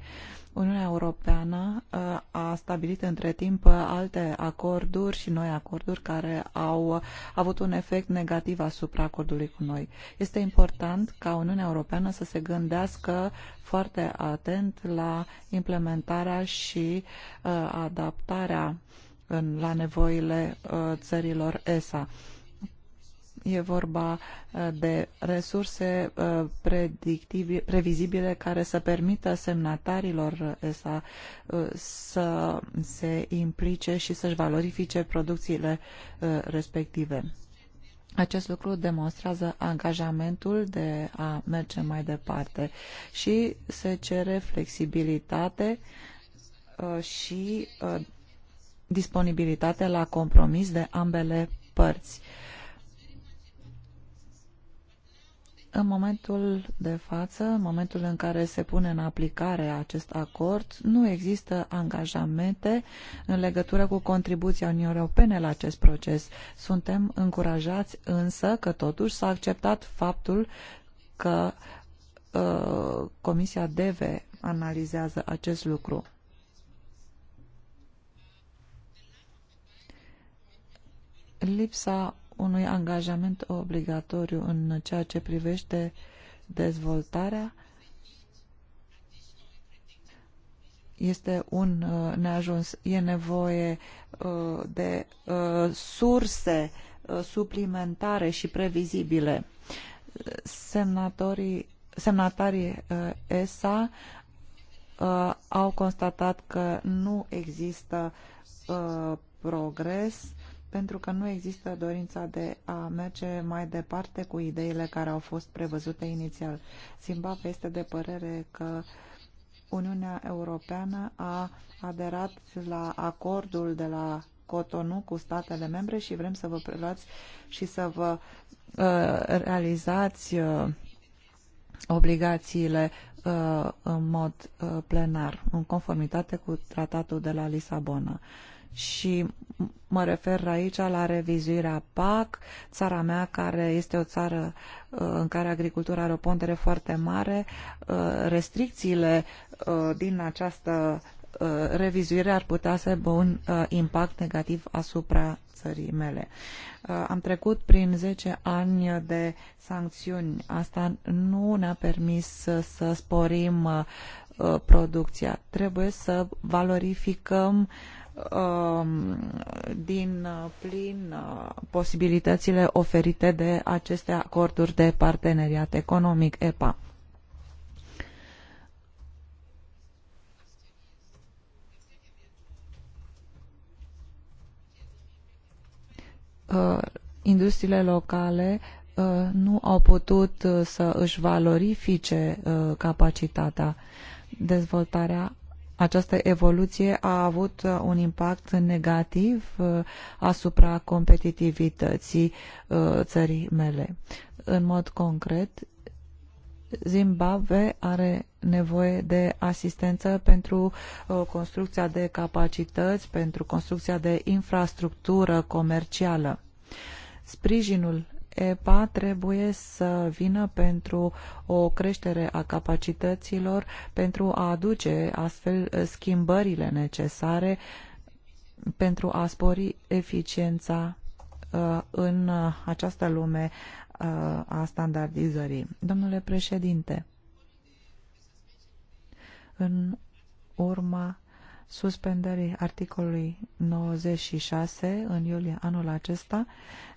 Uniunea Europeană uh, a stabilit între timp uh, alte acorduri și noi acorduri care au uh, avut un efect negativ asupra acordului cu noi. Este important ca Uniunea Europeană să se gândească foarte atent la implementarea și adaptarea la nevoile țărilor ESA. E vorba uh, de resurse uh, previzibile care să permită semnatarilor ESA uh, să se implice și să-și valorifice producțiile respective. Acest lucru demonstrează angajamentul de a merge mai departe și se cere flexibilitate și disponibilitate la compromis de ambele părți. Uh, În momentul de față, în momentul în care se pune în aplicare acest acord, nu există angajamente în legătură cu contribuția Uniunii Europene la acest proces. Suntem încurajați însă că totuși s-a acceptat faptul că uh, Comisia DEVE analizează acest lucru. Lipsa unui angajament obligatoriu în ceea ce privește dezvoltarea este un uh, neajuns. E nevoie uh, de uh, surse suplimentare și previzibile. Semnatorii, semnatarii ESA au constatat că nu există progres pentru că nu există dorința de a merge mai departe cu ideile care au fost prevăzute inițial. Zimbabwe este de părere că Uniunea Europeană a aderat la acordul de la Cotonou cu statele membre și vrem să vă preluați și să vă uh, realizați uh, obligațiile uh, în mod uh, plenar, în conformitate cu tratatul de la Lisabona. Uh, și mă refer aici la revizuirea PAC, țara mea care este o țară uh, în care agricultura are o pondere foarte mare, uh, restricțiile uh, din această revizuire ar putea să aibă un impact negativ asupra țării mele. Am trecut prin 10 ani de sancțiuni. Asta nu ne-a permis să sporim producția. Trebuie să valorificăm uh, Um, din plin uh, posibilitățile oferite de aceste acorduri de parteneriat economic EPA. Uh, industriile locale uh, nu au putut să își valorifice capacitatea. Dezvoltarea această evoluție a avut uh, un impact negativ uh, asupra competitivității uh, țării mele. În mod concret, Zimbabwe are nevoie de asistență pentru construcția de capacități, pentru construcția de infrastructură comercială. Sprijinul EPA trebuie să vină pentru o creștere a capacităților, pentru a aduce astfel uh, schimbările necesare pentru a spori eficiența uh, în uh, această lume a standardizării. Domnule președinte, în urma suspendării articolului 96 în iulie anul acesta,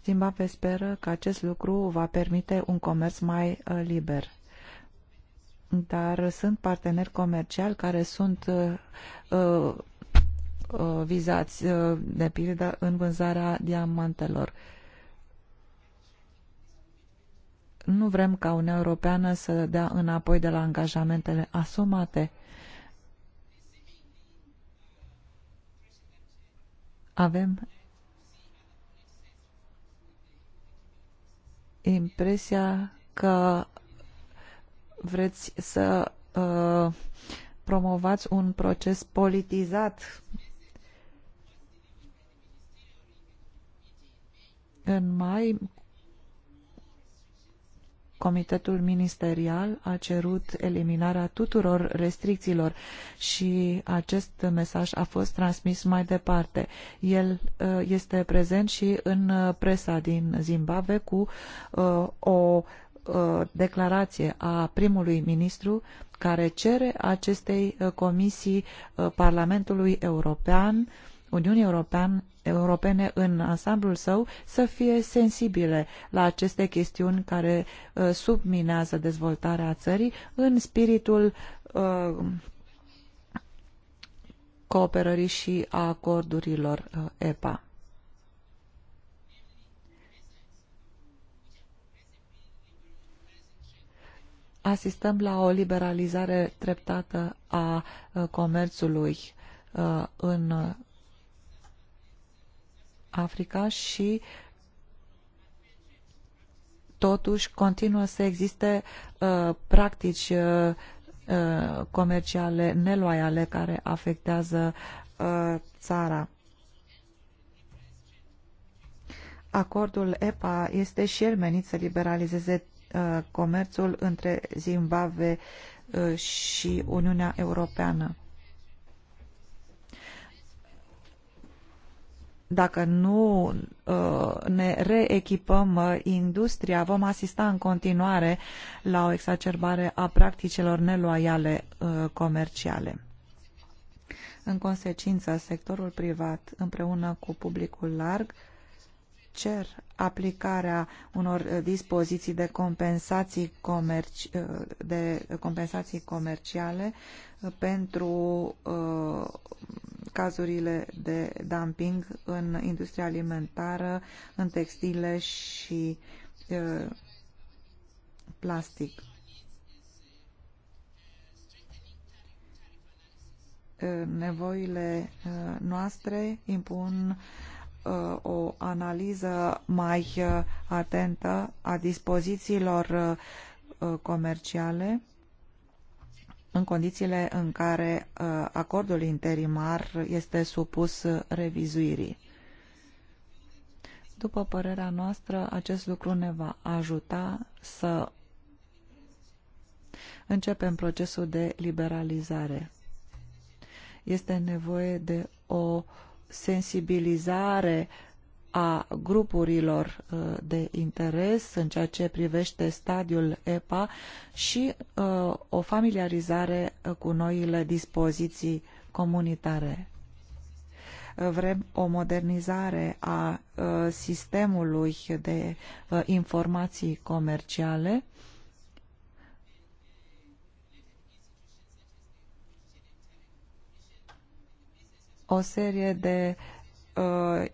Zimbabwe speră că acest lucru va permite un comerț mai uh, liber. Dar sunt parteneri comerciali care sunt uh, uh, uh, vizați, uh, de pildă, în vânzarea diamantelor. Nu vrem ca Uniunea Europeană să dea înapoi de la angajamentele asumate. avem impresia că vreți să uh, promovați un proces politizat în mai Comitetul Ministerial a cerut eliminarea tuturor restricțiilor și acest mesaj a fost transmis mai departe. El uh, este prezent și în presa din Zimbabwe cu uh, o uh, declarație a primului ministru care cere acestei comisii Parlamentului European Uniunii Europeană europene în ansamblul său să fie sensibile la aceste chestiuni care uh, subminează dezvoltarea țării în spiritul uh, cooperării și a acordurilor uh, EPA. Asistăm la o liberalizare treptată a uh, comerțului uh, în Africa și totuși continuă să existe uh, practici uh, uh, comerciale neloiale care afectează uh, țara. Acordul EPA este și el menit să liberalizeze uh, comerțul între Zimbabwe uh, și Uniunea Europeană. dacă nu uh, ne reechipăm uh, industria, vom asista în continuare la o exacerbare a practicilor neloiale uh, comerciale. În consecință, sectorul privat, împreună cu publicul larg, cer aplicarea unor dispoziții de compensații, comerci, de compensații comerciale pentru cazurile de dumping în industria alimentară, în textile și plastic. nevoile noastre impun o analiză mai atentă a dispozițiilor comerciale în condițiile în care uh, acordul interimar este supus revizuirii. După părerea noastră, acest lucru ne va ajuta să începem procesul de liberalizare. Este nevoie de o sensibilizare a grupurilor uh, de interes în ceea ce privește stadiul EPA și uh, o familiarizare uh, cu noile dispoziții comunitare. Vrem o modernizare a sistemului de informații comerciale o serie de uh,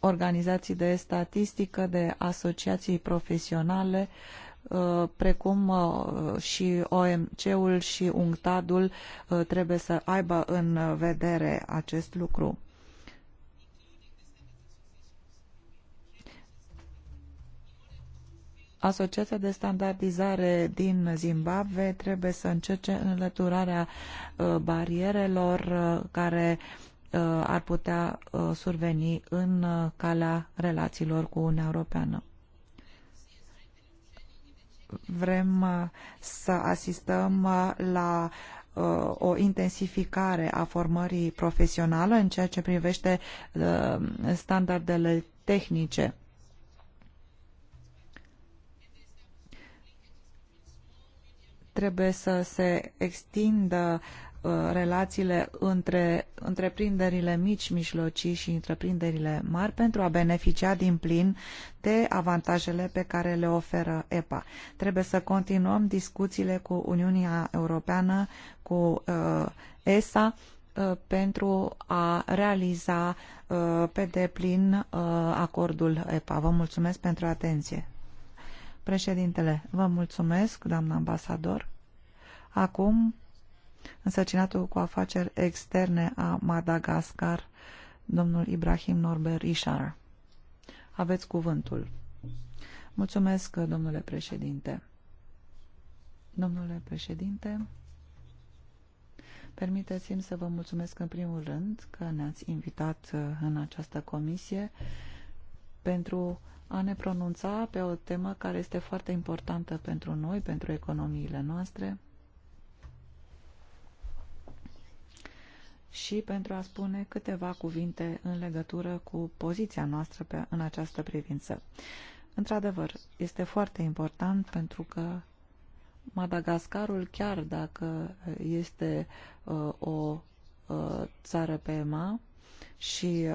organizații de statistică, de asociații profesionale, uh, precum uh, și OMC-ul și UNCTAD-ul uh, trebuie să aibă în vedere acest lucru. Asociația de standardizare din Zimbabwe trebuie să încerce înlăturarea barierelor care uh, Uh, ar putea uh, surveni în uh, calea relațiilor cu Uniunea Europeană. Vrem să asistăm la o intensificare a formării profesionale în ceea ce privește standardele tehnice. Trebuie să se extindă uh, Uh, relațiile între întreprinderile mici, mijlocii și întreprinderile mari pentru a beneficia din plin de avantajele pe care le oferă EPA. Trebuie să continuăm discuțiile cu Uniunea Europeană, cu uh, ESA, uh, pentru a realiza uh, pe deplin uh, acordul EPA. Vă mulțumesc pentru atenție. Președintele, vă mulțumesc, doamna ambasador. Acum însărcinatul cu afaceri externe a Madagascar, domnul Ibrahim Norber Ishar. Aveți cuvântul. Mulțumesc, domnule președinte. Domnule președinte, permiteți-mi să vă mulțumesc în primul rând că ne-ați invitat uh, în această comisie pentru a ne pronunța pe o temă care este foarte importantă pentru noi, pentru economiile noastre, și pentru a spune câteva cuvinte în legătură cu poziția noastră pe, în această privință. Într-adevăr, este foarte important pentru că Madagascarul, chiar dacă este uh, o uh, țară pe EMA și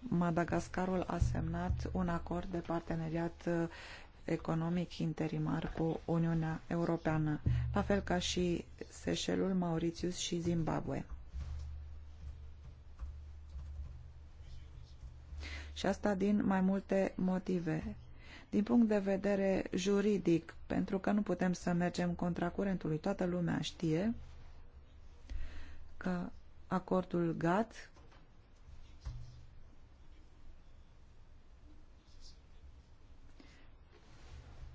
Madagascarul a semnat un acord de parteneriat uh, economic interimar cu Uniunea Europeană, la fel ca și Seșelul, Mauritius și Zimbabwe. Și asta din mai multe motive. Din punct de vedere juridic, pentru că nu putem să mergem contra curentului, toată lumea știe că acordul GATT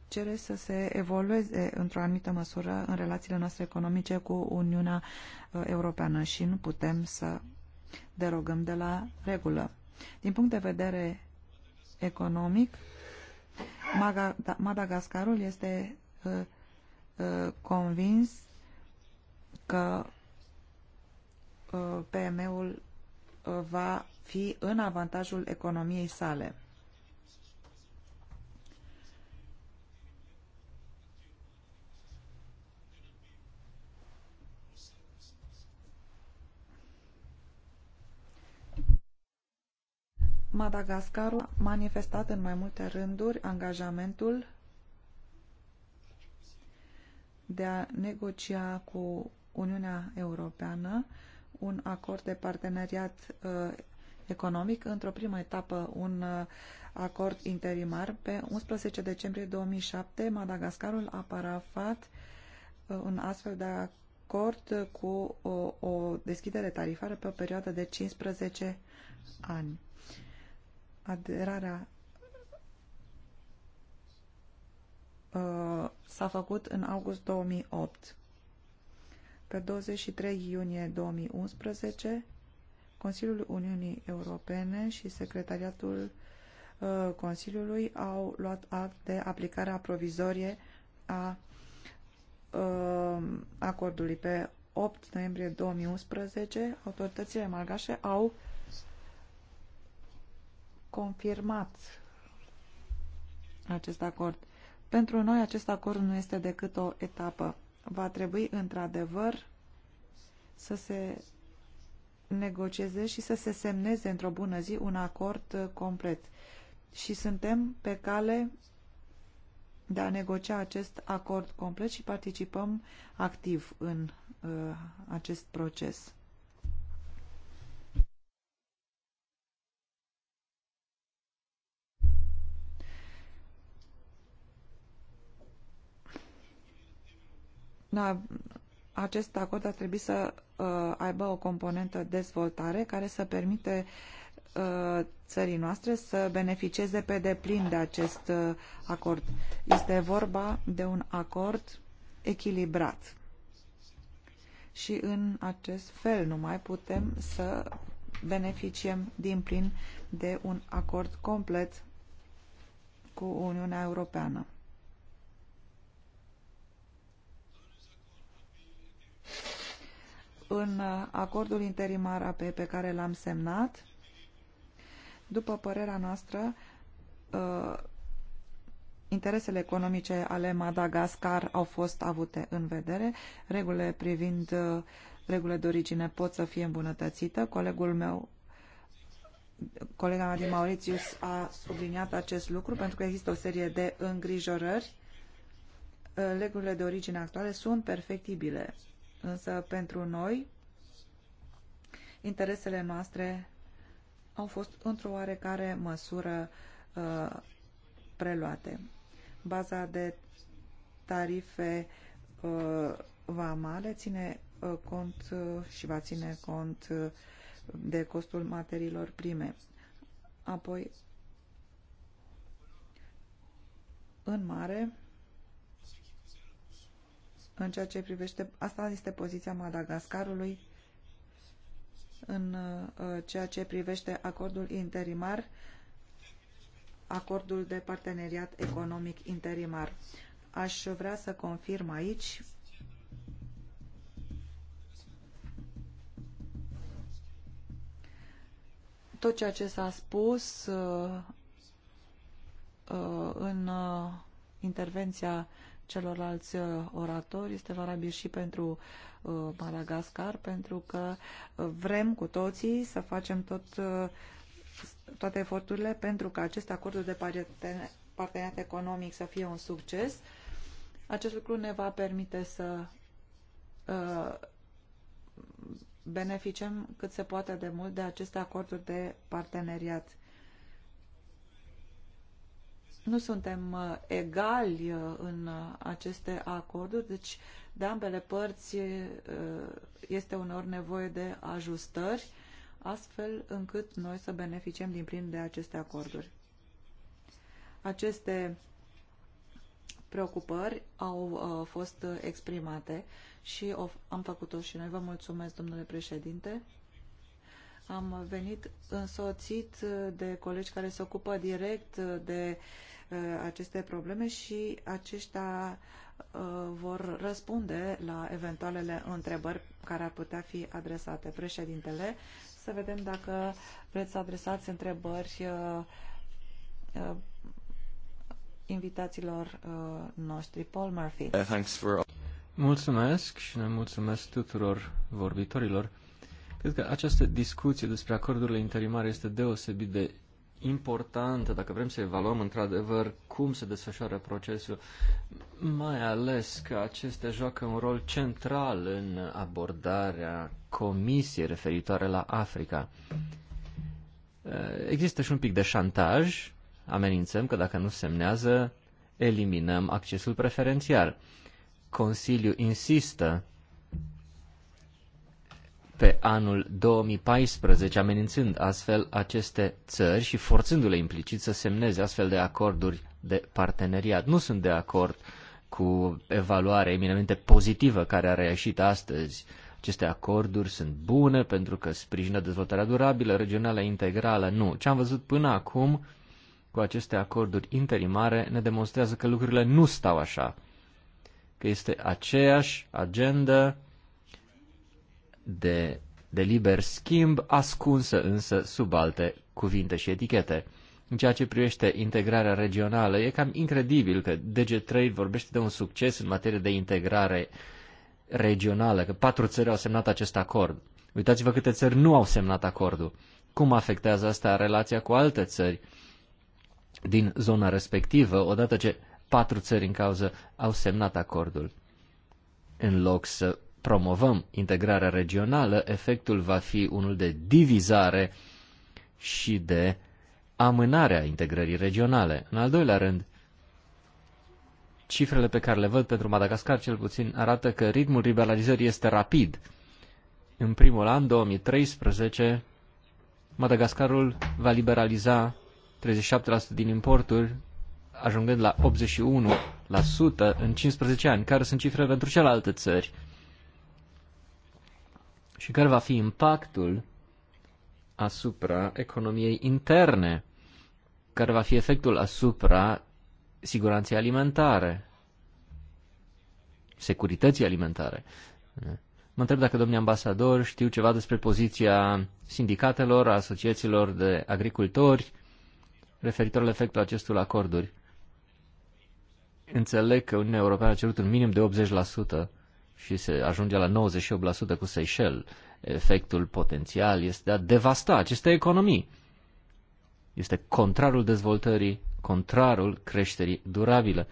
cere să se evolueze într-o anumită măsură în relațiile noastre economice cu Uniunea uh, Europeană și nu putem să derogăm de la regulă. Din punct de vedere economic, da, Madagascarul este uh, uh, convins că uh, PM-ul va fi în avantajul economiei sale. Madagascarul a manifestat în mai multe rânduri angajamentul de a negocia cu Uniunea Europeană un acord de parteneriat uh, economic, într-o primă etapă un uh, acord interimar. Pe 11 decembrie 2007, Madagascarul a parafat uh, un astfel de acord cu o, o deschidere tarifară pe o perioadă de 15 ani aderarea uh, s-a făcut în august 2008. Pe 23 iunie 2011, Consiliul Uniunii Europene și Secretariatul uh, Consiliului au luat act de aplicarea provizorie a uh, acordului. Pe 8 noiembrie 2011, autoritățile malgașe au confirmat acest acord. Pentru noi acest acord nu este decât o etapă. Va trebui într-adevăr să se negocieze și să se semneze într-o bună zi un acord uh, complet. Și suntem pe cale de a negocia acest acord complet și participăm activ în uh, acest proces. Da, acest acord ar trebui să uh, aibă o componentă dezvoltare care să permite uh, țării noastre să beneficieze pe deplin de acest uh, acord. Este vorba de un acord echilibrat. Și în acest fel numai putem să beneficiem din plin de un acord complet cu Uniunea Europeană. în acordul interimar AP pe care l-am semnat, după părerea noastră, uh, interesele economice ale Madagascar au fost avute în vedere, regulile privind uh, regulile de origine pot să fie îmbunătățite. Colegul meu, colega mea din Mauritius a subliniat acest lucru pentru că există o serie de îngrijorări. Uh, regulile de origine actuale sunt perfectibile. Însă pentru noi, interesele noastre au fost într-o oarecare măsură uh, preluate. Baza de tarife uh, vamale ține uh, cont uh, și va ține cont uh, de costul materiilor prime. Apoi, în mare, în ceea ce privește, asta este poziția Madagascarului în uh, ceea ce privește acordul interimar, acordul de parteneriat economic interimar. Aș vrea să confirm aici tot ceea ce s-a spus uh, uh, în intervenția celorlalți uh, oratori este valabil și pentru uh, Madagascar, pentru că uh, vrem cu toții să facem tot, toate eforturile pentru că acest acord de parteneriat economic să fie un succes. Acest lucru ne va permite să beneficiem cât se poate de mult de aceste acorduri de parteneriat nu suntem uh, egali uh, în uh, aceste acorduri, deci de ambele părți este uneori nevoie de ajustări, astfel încât noi să beneficiem din plin de aceste acorduri. Aceste preocupări au fost exprimate și am făcut-o și noi. Vă mulțumesc, domnule președinte. Am venit însoțit de colegi care se ocupă direct de uh, aceste probleme și aceștia uh, vor răspunde la eventualele întrebări care ar putea fi adresate. Președintele, să vedem dacă vreți să adresați întrebări uh, invitațiilor noștri. Paul Murphy. Mulțumesc și ne mulțumesc tuturor vorbitorilor. Cred că această discuție despre acordurile interimare este deosebit de importantă dacă vrem să evaluăm într-adevăr cum se desfășoară procesul, mai ales că acestea joacă un rol central în abordarea comisiei referitoare la Africa. Eh, există și un pic de șantaj, amenințăm că dacă nu semnează, eliminăm accesul preferențial. Consiliul insistă pe anul 2014, amenințând astfel aceste țări și forțându-le implicit să semneze astfel de acorduri de parteneriat. Nu sunt de acord cu evaluarea eminamente pozitivă care a reieșit astăzi. Aceste acorduri sunt bune pentru că sprijină dezvoltarea durabilă, regională, integrală. Nu. Ce am văzut până acum cu aceste acorduri interimare ne demonstrează că lucrurile nu stau așa. Că este aceeași agendă de, de liber schimb, ascunsă însă sub alte cuvinte și etichete. În ceea ce privește integrarea regională, e cam incredibil că DG3 vorbește de un succes în materie de integrare regională, că patru țări au semnat acest acord. Uitați-vă câte țări nu au semnat acordul. Cum afectează asta relația cu alte țări din zona respectivă, odată ce patru țări în cauză au semnat acordul? În loc să promovăm integrarea regională, efectul va fi unul de divizare și de a integrării regionale. În al doilea rând, cifrele pe care le văd pentru Madagascar cel puțin arată că ritmul liberalizării este rapid. În primul an, 2013, Madagascarul va liberaliza 37% din importuri, ajungând la 81% în 15 ani, care sunt cifre pentru celelalte țări și care va fi impactul asupra economiei interne, care va fi efectul asupra siguranței alimentare, securității alimentare. Mă întreb dacă domnii ambasador știu ceva despre poziția sindicatelor, asociațiilor de agricultori referitor la efectul acestor acorduri. Înțeleg că Uniunea Europeană a cerut un minim de 80% și se ajunge la 98% cu Seychelles. Efectul potențial este de a devasta aceste economii. Este contrarul dezvoltării, contrarul creșterii durabile.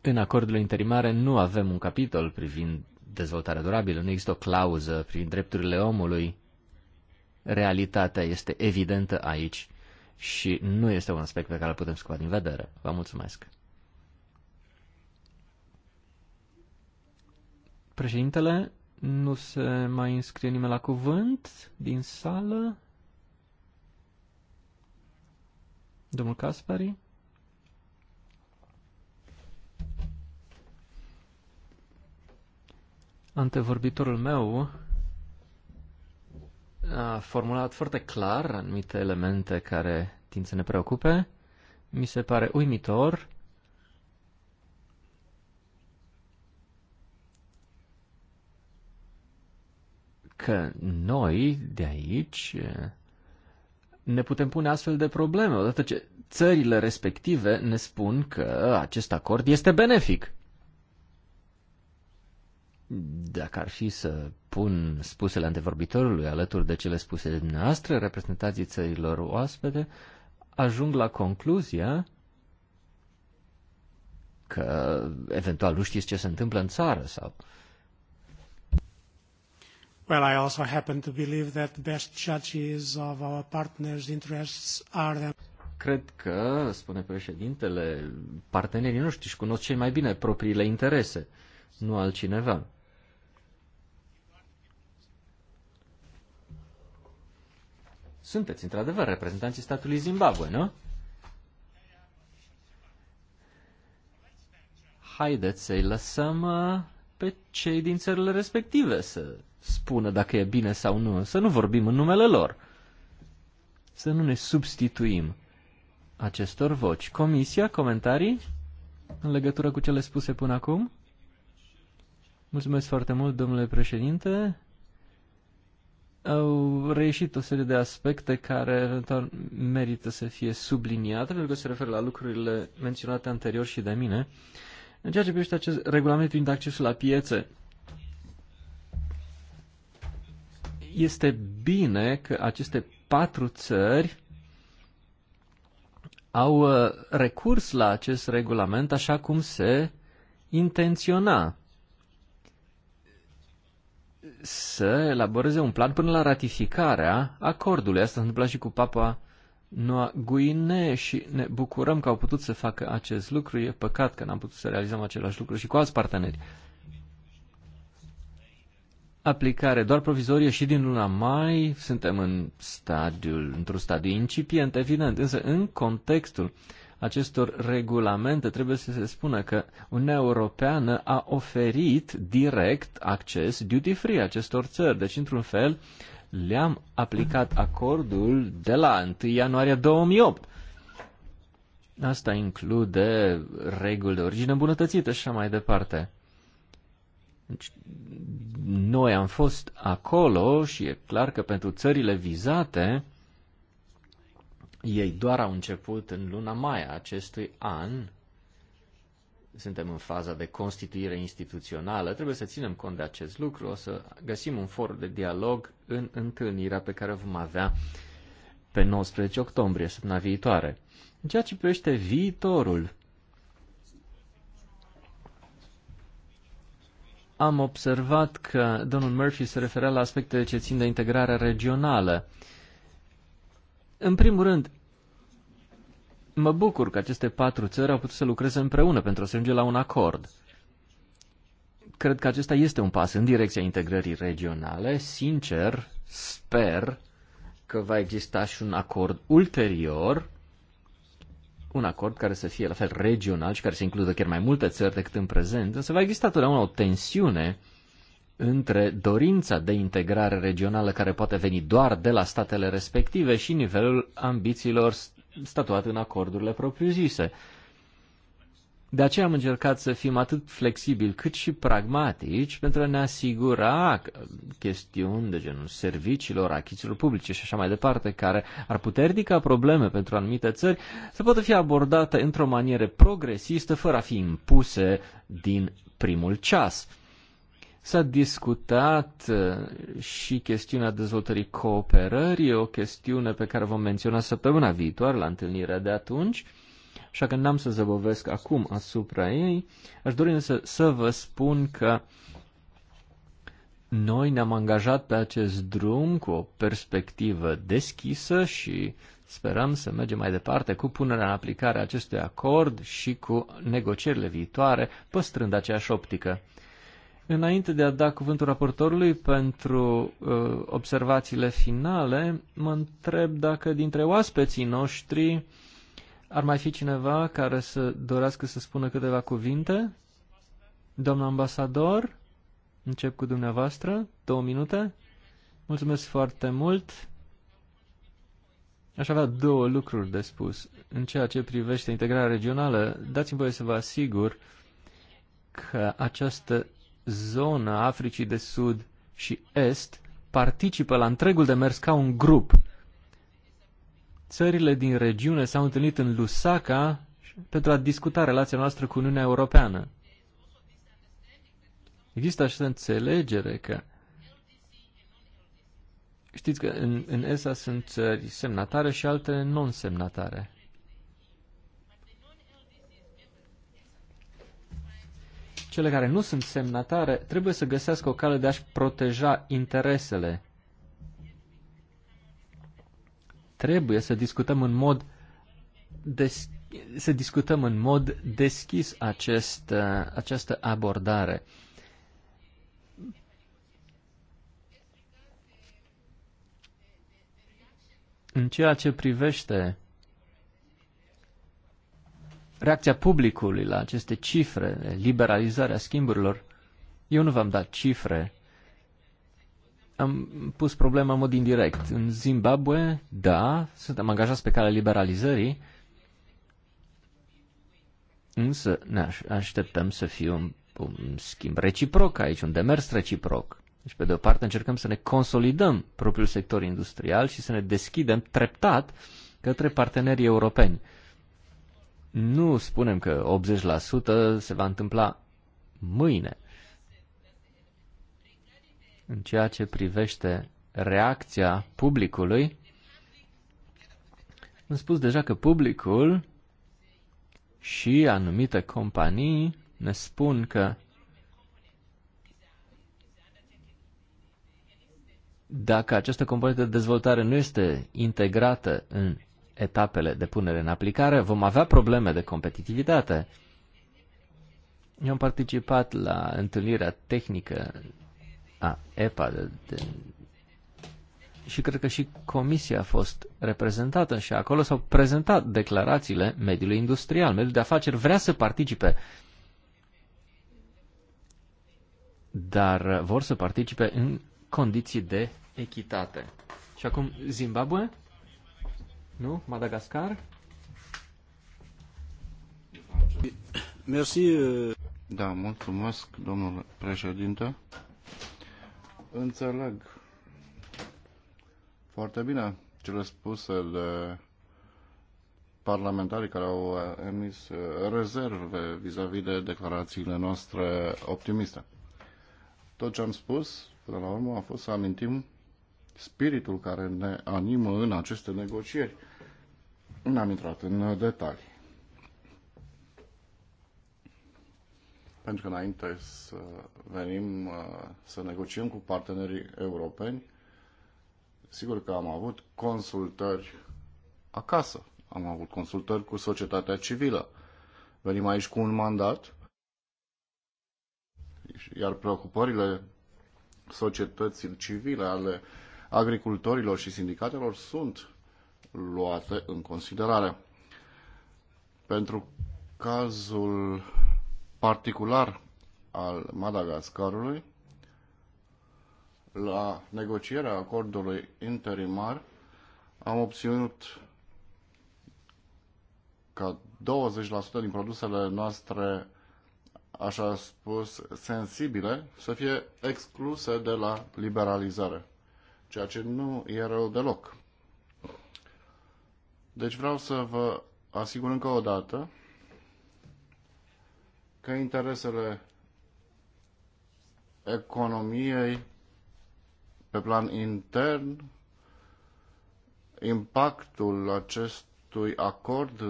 În acordurile interimare nu avem un capitol privind dezvoltarea durabilă, nu există o clauză privind drepturile omului. Realitatea este evidentă aici și nu este un aspect pe care îl putem scoate din vedere. Vă mulțumesc! Președintele, nu se mai înscrie nimeni la cuvânt din sală. Domnul Caspari. Antevorbitorul meu a formulat foarte clar anumite elemente care tind să ne preocupe. Mi se pare uimitor că noi de aici ne putem pune astfel de probleme, odată ce țările respective ne spun că acest acord este benefic. Dacă ar fi să pun spusele antevorbitorului alături de cele spuse de dumneavoastră, reprezentații țărilor oaspete, ajung la concluzia că eventual nu știți ce se întâmplă în țară sau uh, Well, I also happen to believe that the best judges of our partners' interests are them. Cred că, spune președintele, partenerii noștri își cunosc cei mai bine propriile interese, nu altcineva. Sunteți, într-adevăr, reprezentanții statului Zimbabwe, nu? Haideți să-i lăsăm uh, pe cei din țările respective să spună dacă e bine sau nu, să nu vorbim în numele lor, să nu ne substituim acestor voci. Comisia, comentarii în legătură cu cele spuse până acum? Mulțumesc foarte mult, domnule președinte. Au reieșit o serie de aspecte care eventual merită să fie subliniate, pentru că se referă la lucrurile menționate anterior și de mine. În ceea ce privește acest regulament privind accesul la piețe, Este bine că aceste patru țări au uh, recurs la acest regulament așa cum se intenționa să elaboreze un plan până la ratificarea acordului. Asta s-a întâmplat și cu Papa Noa Guine și ne bucurăm că au putut să facă acest lucru. E păcat că n-am putut să realizăm același lucru și cu alți parteneri aplicare doar provizorie și din luna mai. Suntem în stadiul, într-un stadiu incipient, evident, însă în contextul acestor regulamente trebuie să se spună că Uniunea Europeană a oferit direct acces duty-free acestor țări. Deci, într-un fel, le-am aplicat acordul de la 1 ianuarie 2008. Asta include reguli de origine îmbunătățită și așa mai departe. Deci, noi am fost acolo și e clar că pentru țările vizate, ei doar au început în luna mai a acestui an. Suntem în faza de constituire instituțională. Trebuie să ținem cont de acest lucru. O să găsim un for de dialog în întâlnirea pe care o vom avea pe 19 octombrie, săptămâna viitoare. În ceea ce privește viitorul, Am observat că domnul Murphy se referea la aspecte ce țin de integrarea regională. În primul rând, mă bucur că aceste patru țări au putut să lucreze împreună pentru a se ajunge la un acord. Cred că acesta este un pas în direcția integrării regionale. Sincer, sper că va exista și un acord ulterior un acord care să fie la fel regional și care să includă chiar mai multe țări decât în prezent, însă va exista totdeauna o tensiune între dorința de integrare regională care poate veni doar de la statele respective și nivelul ambițiilor statuate în acordurile propriu-zise. De aceea am încercat să fim atât flexibili cât și pragmatici pentru a ne asigura uh, chestiuni de genul serviciilor, achizițiilor publice și așa mai departe, care ar putea ridica probleme pentru anumite țări, să poată fi abordate într-o manieră progresistă, fără a fi impuse din primul ceas. S-a discutat uh, și chestiunea dezvoltării cooperării, o chestiune pe care vom menționa săptămâna viitoare la întâlnirea de atunci așa că n-am să zăbovesc acum asupra ei. Aș dori însă să vă spun că noi ne-am angajat pe acest drum cu o perspectivă deschisă și sperăm să mergem mai departe cu punerea în aplicare a acestui acord și cu negocierile viitoare, păstrând aceeași optică. Înainte de a da cuvântul raportorului pentru uh, observațiile finale, mă întreb dacă dintre oaspeții noștri ar mai fi cineva care să dorească să spună câteva cuvinte? domnul ambasador, încep cu dumneavoastră, două minute. Mulțumesc foarte mult. Aș avea două lucruri de spus. În ceea ce privește integrarea regională, dați-mi voie să vă asigur că această zonă Africii de Sud și Est participă la întregul demers ca un grup țările din regiune s-au întâlnit în Lusaka pentru a discuta relația noastră cu Uniunea Europeană. Există așa înțelegere că știți că în, în ESA sunt țări semnatare și alte non-semnatare. Cele care nu sunt semnatare trebuie să găsească o cale de a-și proteja interesele trebuie să discutăm în mod des, să discutăm în mod deschis acest, uh, această abordare. În ceea ce privește reacția publicului la aceste cifre, liberalizarea schimburilor, eu nu v-am dat cifre am pus problema în mod indirect. În Zimbabwe, da, suntem angajați pe calea liberalizării, însă ne așteptăm să fie un, un schimb reciproc aici, un demers reciproc. Deci, pe de o parte, încercăm să ne consolidăm propriul sector industrial și să ne deschidem treptat către partenerii europeni. Nu spunem că 80% se va întâmpla mâine, în ceea ce privește reacția publicului, am spus deja că publicul și anumite companii ne spun că dacă această componentă de dezvoltare nu este integrată în etapele de punere în aplicare, vom avea probleme de competitivitate. Eu am participat la întâlnirea tehnică a EPA. De, de, și cred că și comisia a fost reprezentată și acolo s-au prezentat declarațiile mediului industrial. Mediul de afaceri vrea să participe, dar vor să participe în condiții de echitate. Și acum Zimbabwe? Nu? Madagascar? Merci. Da, mulțumesc, domnule președinte. Înțeleg foarte bine cele spuse de parlamentarii care au uh, emis uh, rezerve vis-a-vis -vis de declarațiile noastre optimiste. Tot ce am spus, până la urmă, a fost să amintim spiritul care ne animă în aceste negocieri. N-am intrat în detalii. pentru că înainte să venim uh, să negociem cu partenerii europeni, sigur că am avut consultări acasă, am avut consultări cu societatea civilă. Venim aici cu un mandat, iar preocupările societății civile, ale agricultorilor și sindicatelor sunt luate în considerare. Pentru cazul particular al Madagascarului la negocierea acordului interimar am obținut ca 20% din produsele noastre, așa spus, sensibile, să fie excluse de la liberalizare, ceea ce nu e rău deloc. Deci vreau să vă asigur încă o dată că interesele economiei pe plan intern, impactul acestui acord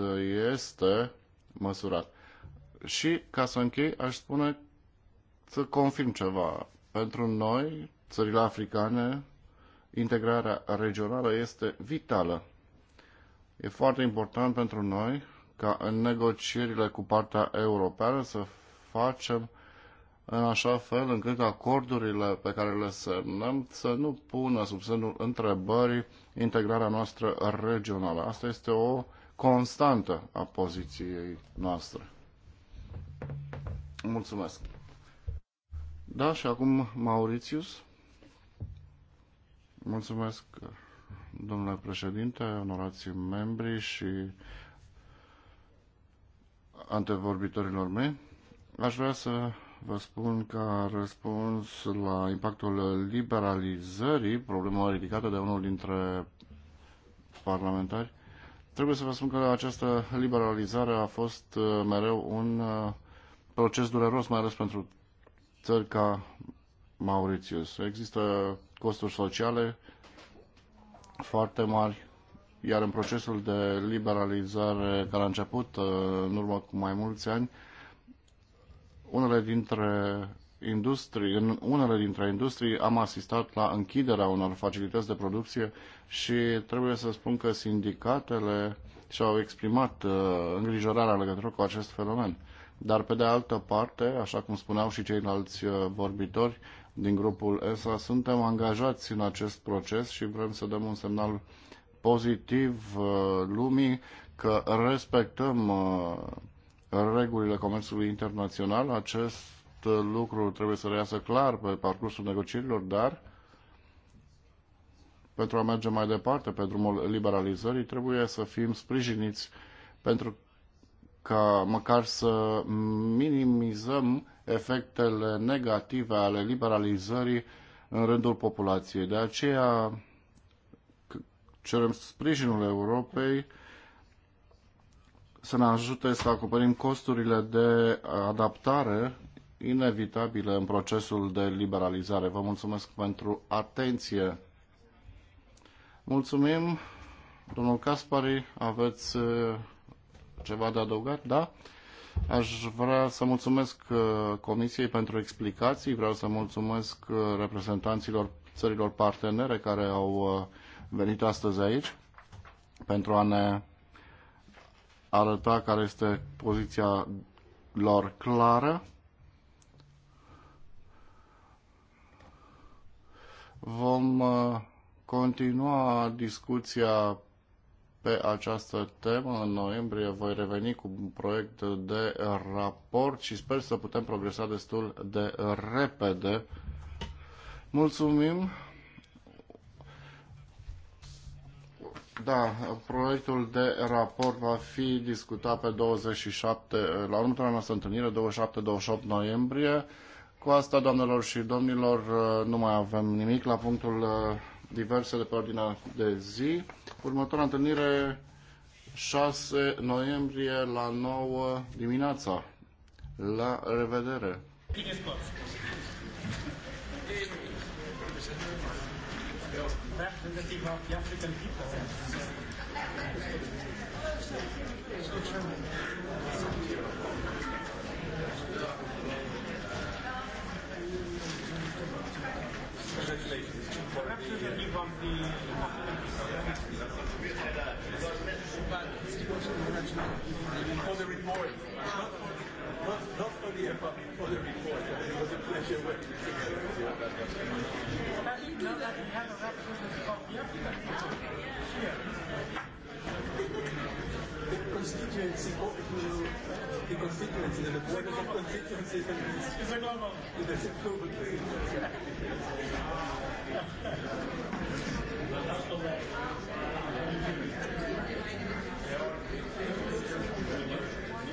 este măsurat. Și, ca să închei, aș spune să confirm ceva. Pentru noi, țările africane, integrarea regională este vitală. E foarte important pentru noi ca în negocierile cu partea europeană să facem în așa fel încât acordurile pe care le semnăm să nu pună sub semnul întrebării integrarea noastră regională. Asta este o constantă a poziției noastre. Mulțumesc. Da, și acum Mauritius. Mulțumesc, domnule președinte, onorații membri și antevorbitorilor mei. Aș vrea să vă spun că răspuns la impactul liberalizării, problema ridicată de unul dintre parlamentari, trebuie să vă spun că această liberalizare a fost uh, mereu un uh, proces dureros, mai ales pentru țări ca Mauritius. Există costuri sociale foarte mari iar în procesul de liberalizare care a început uh, în urmă cu mai mulți ani, unele dintre industrii, în unele dintre industrii am asistat la închiderea unor facilități de producție și trebuie să spun că sindicatele și-au exprimat uh, îngrijorarea în legătură cu acest fenomen. Dar pe de altă parte, așa cum spuneau și ceilalți uh, vorbitori din grupul ESA, suntem angajați în acest proces și vrem să dăm un semnal pozitiv uh, lumii că respectăm uh, regulile comerțului internațional. Acest uh, lucru trebuie să reiasă clar pe parcursul negocierilor, dar pentru a merge mai departe pe drumul liberalizării trebuie să fim sprijiniți pentru ca măcar să minimizăm efectele negative ale liberalizării în rândul populației. De aceea cerem sprijinul Europei să ne ajute să acoperim costurile de adaptare inevitabile în procesul de liberalizare. Vă mulțumesc pentru atenție. Mulțumim. Domnul Caspari, aveți uh, ceva de adăugat? Da? Aș vrea să mulțumesc uh, Comisiei pentru explicații, vreau să mulțumesc uh, reprezentanților țărilor partenere care au venit astăzi aici pentru a ne arăta care este poziția lor clară. Vom uh, continua discuția pe această temă. În noiembrie voi reveni cu un proiect de raport și sper să putem progresa destul de repede. Mulțumim! Da, proiectul de raport va fi discutat pe 27, la următoarea noastră întâlnire, 27-28 noiembrie. Cu asta, doamnelor și domnilor, nu mai avem nimic la punctul uh, diverse de pe ordinea de zi. Următoarea întâlnire 6 noiembrie la 9 dimineața. La revedere! Bine representative of the African people. le bois de leur côté qui ne s'est pas mis. Excusez-moi, Il était plus au bout de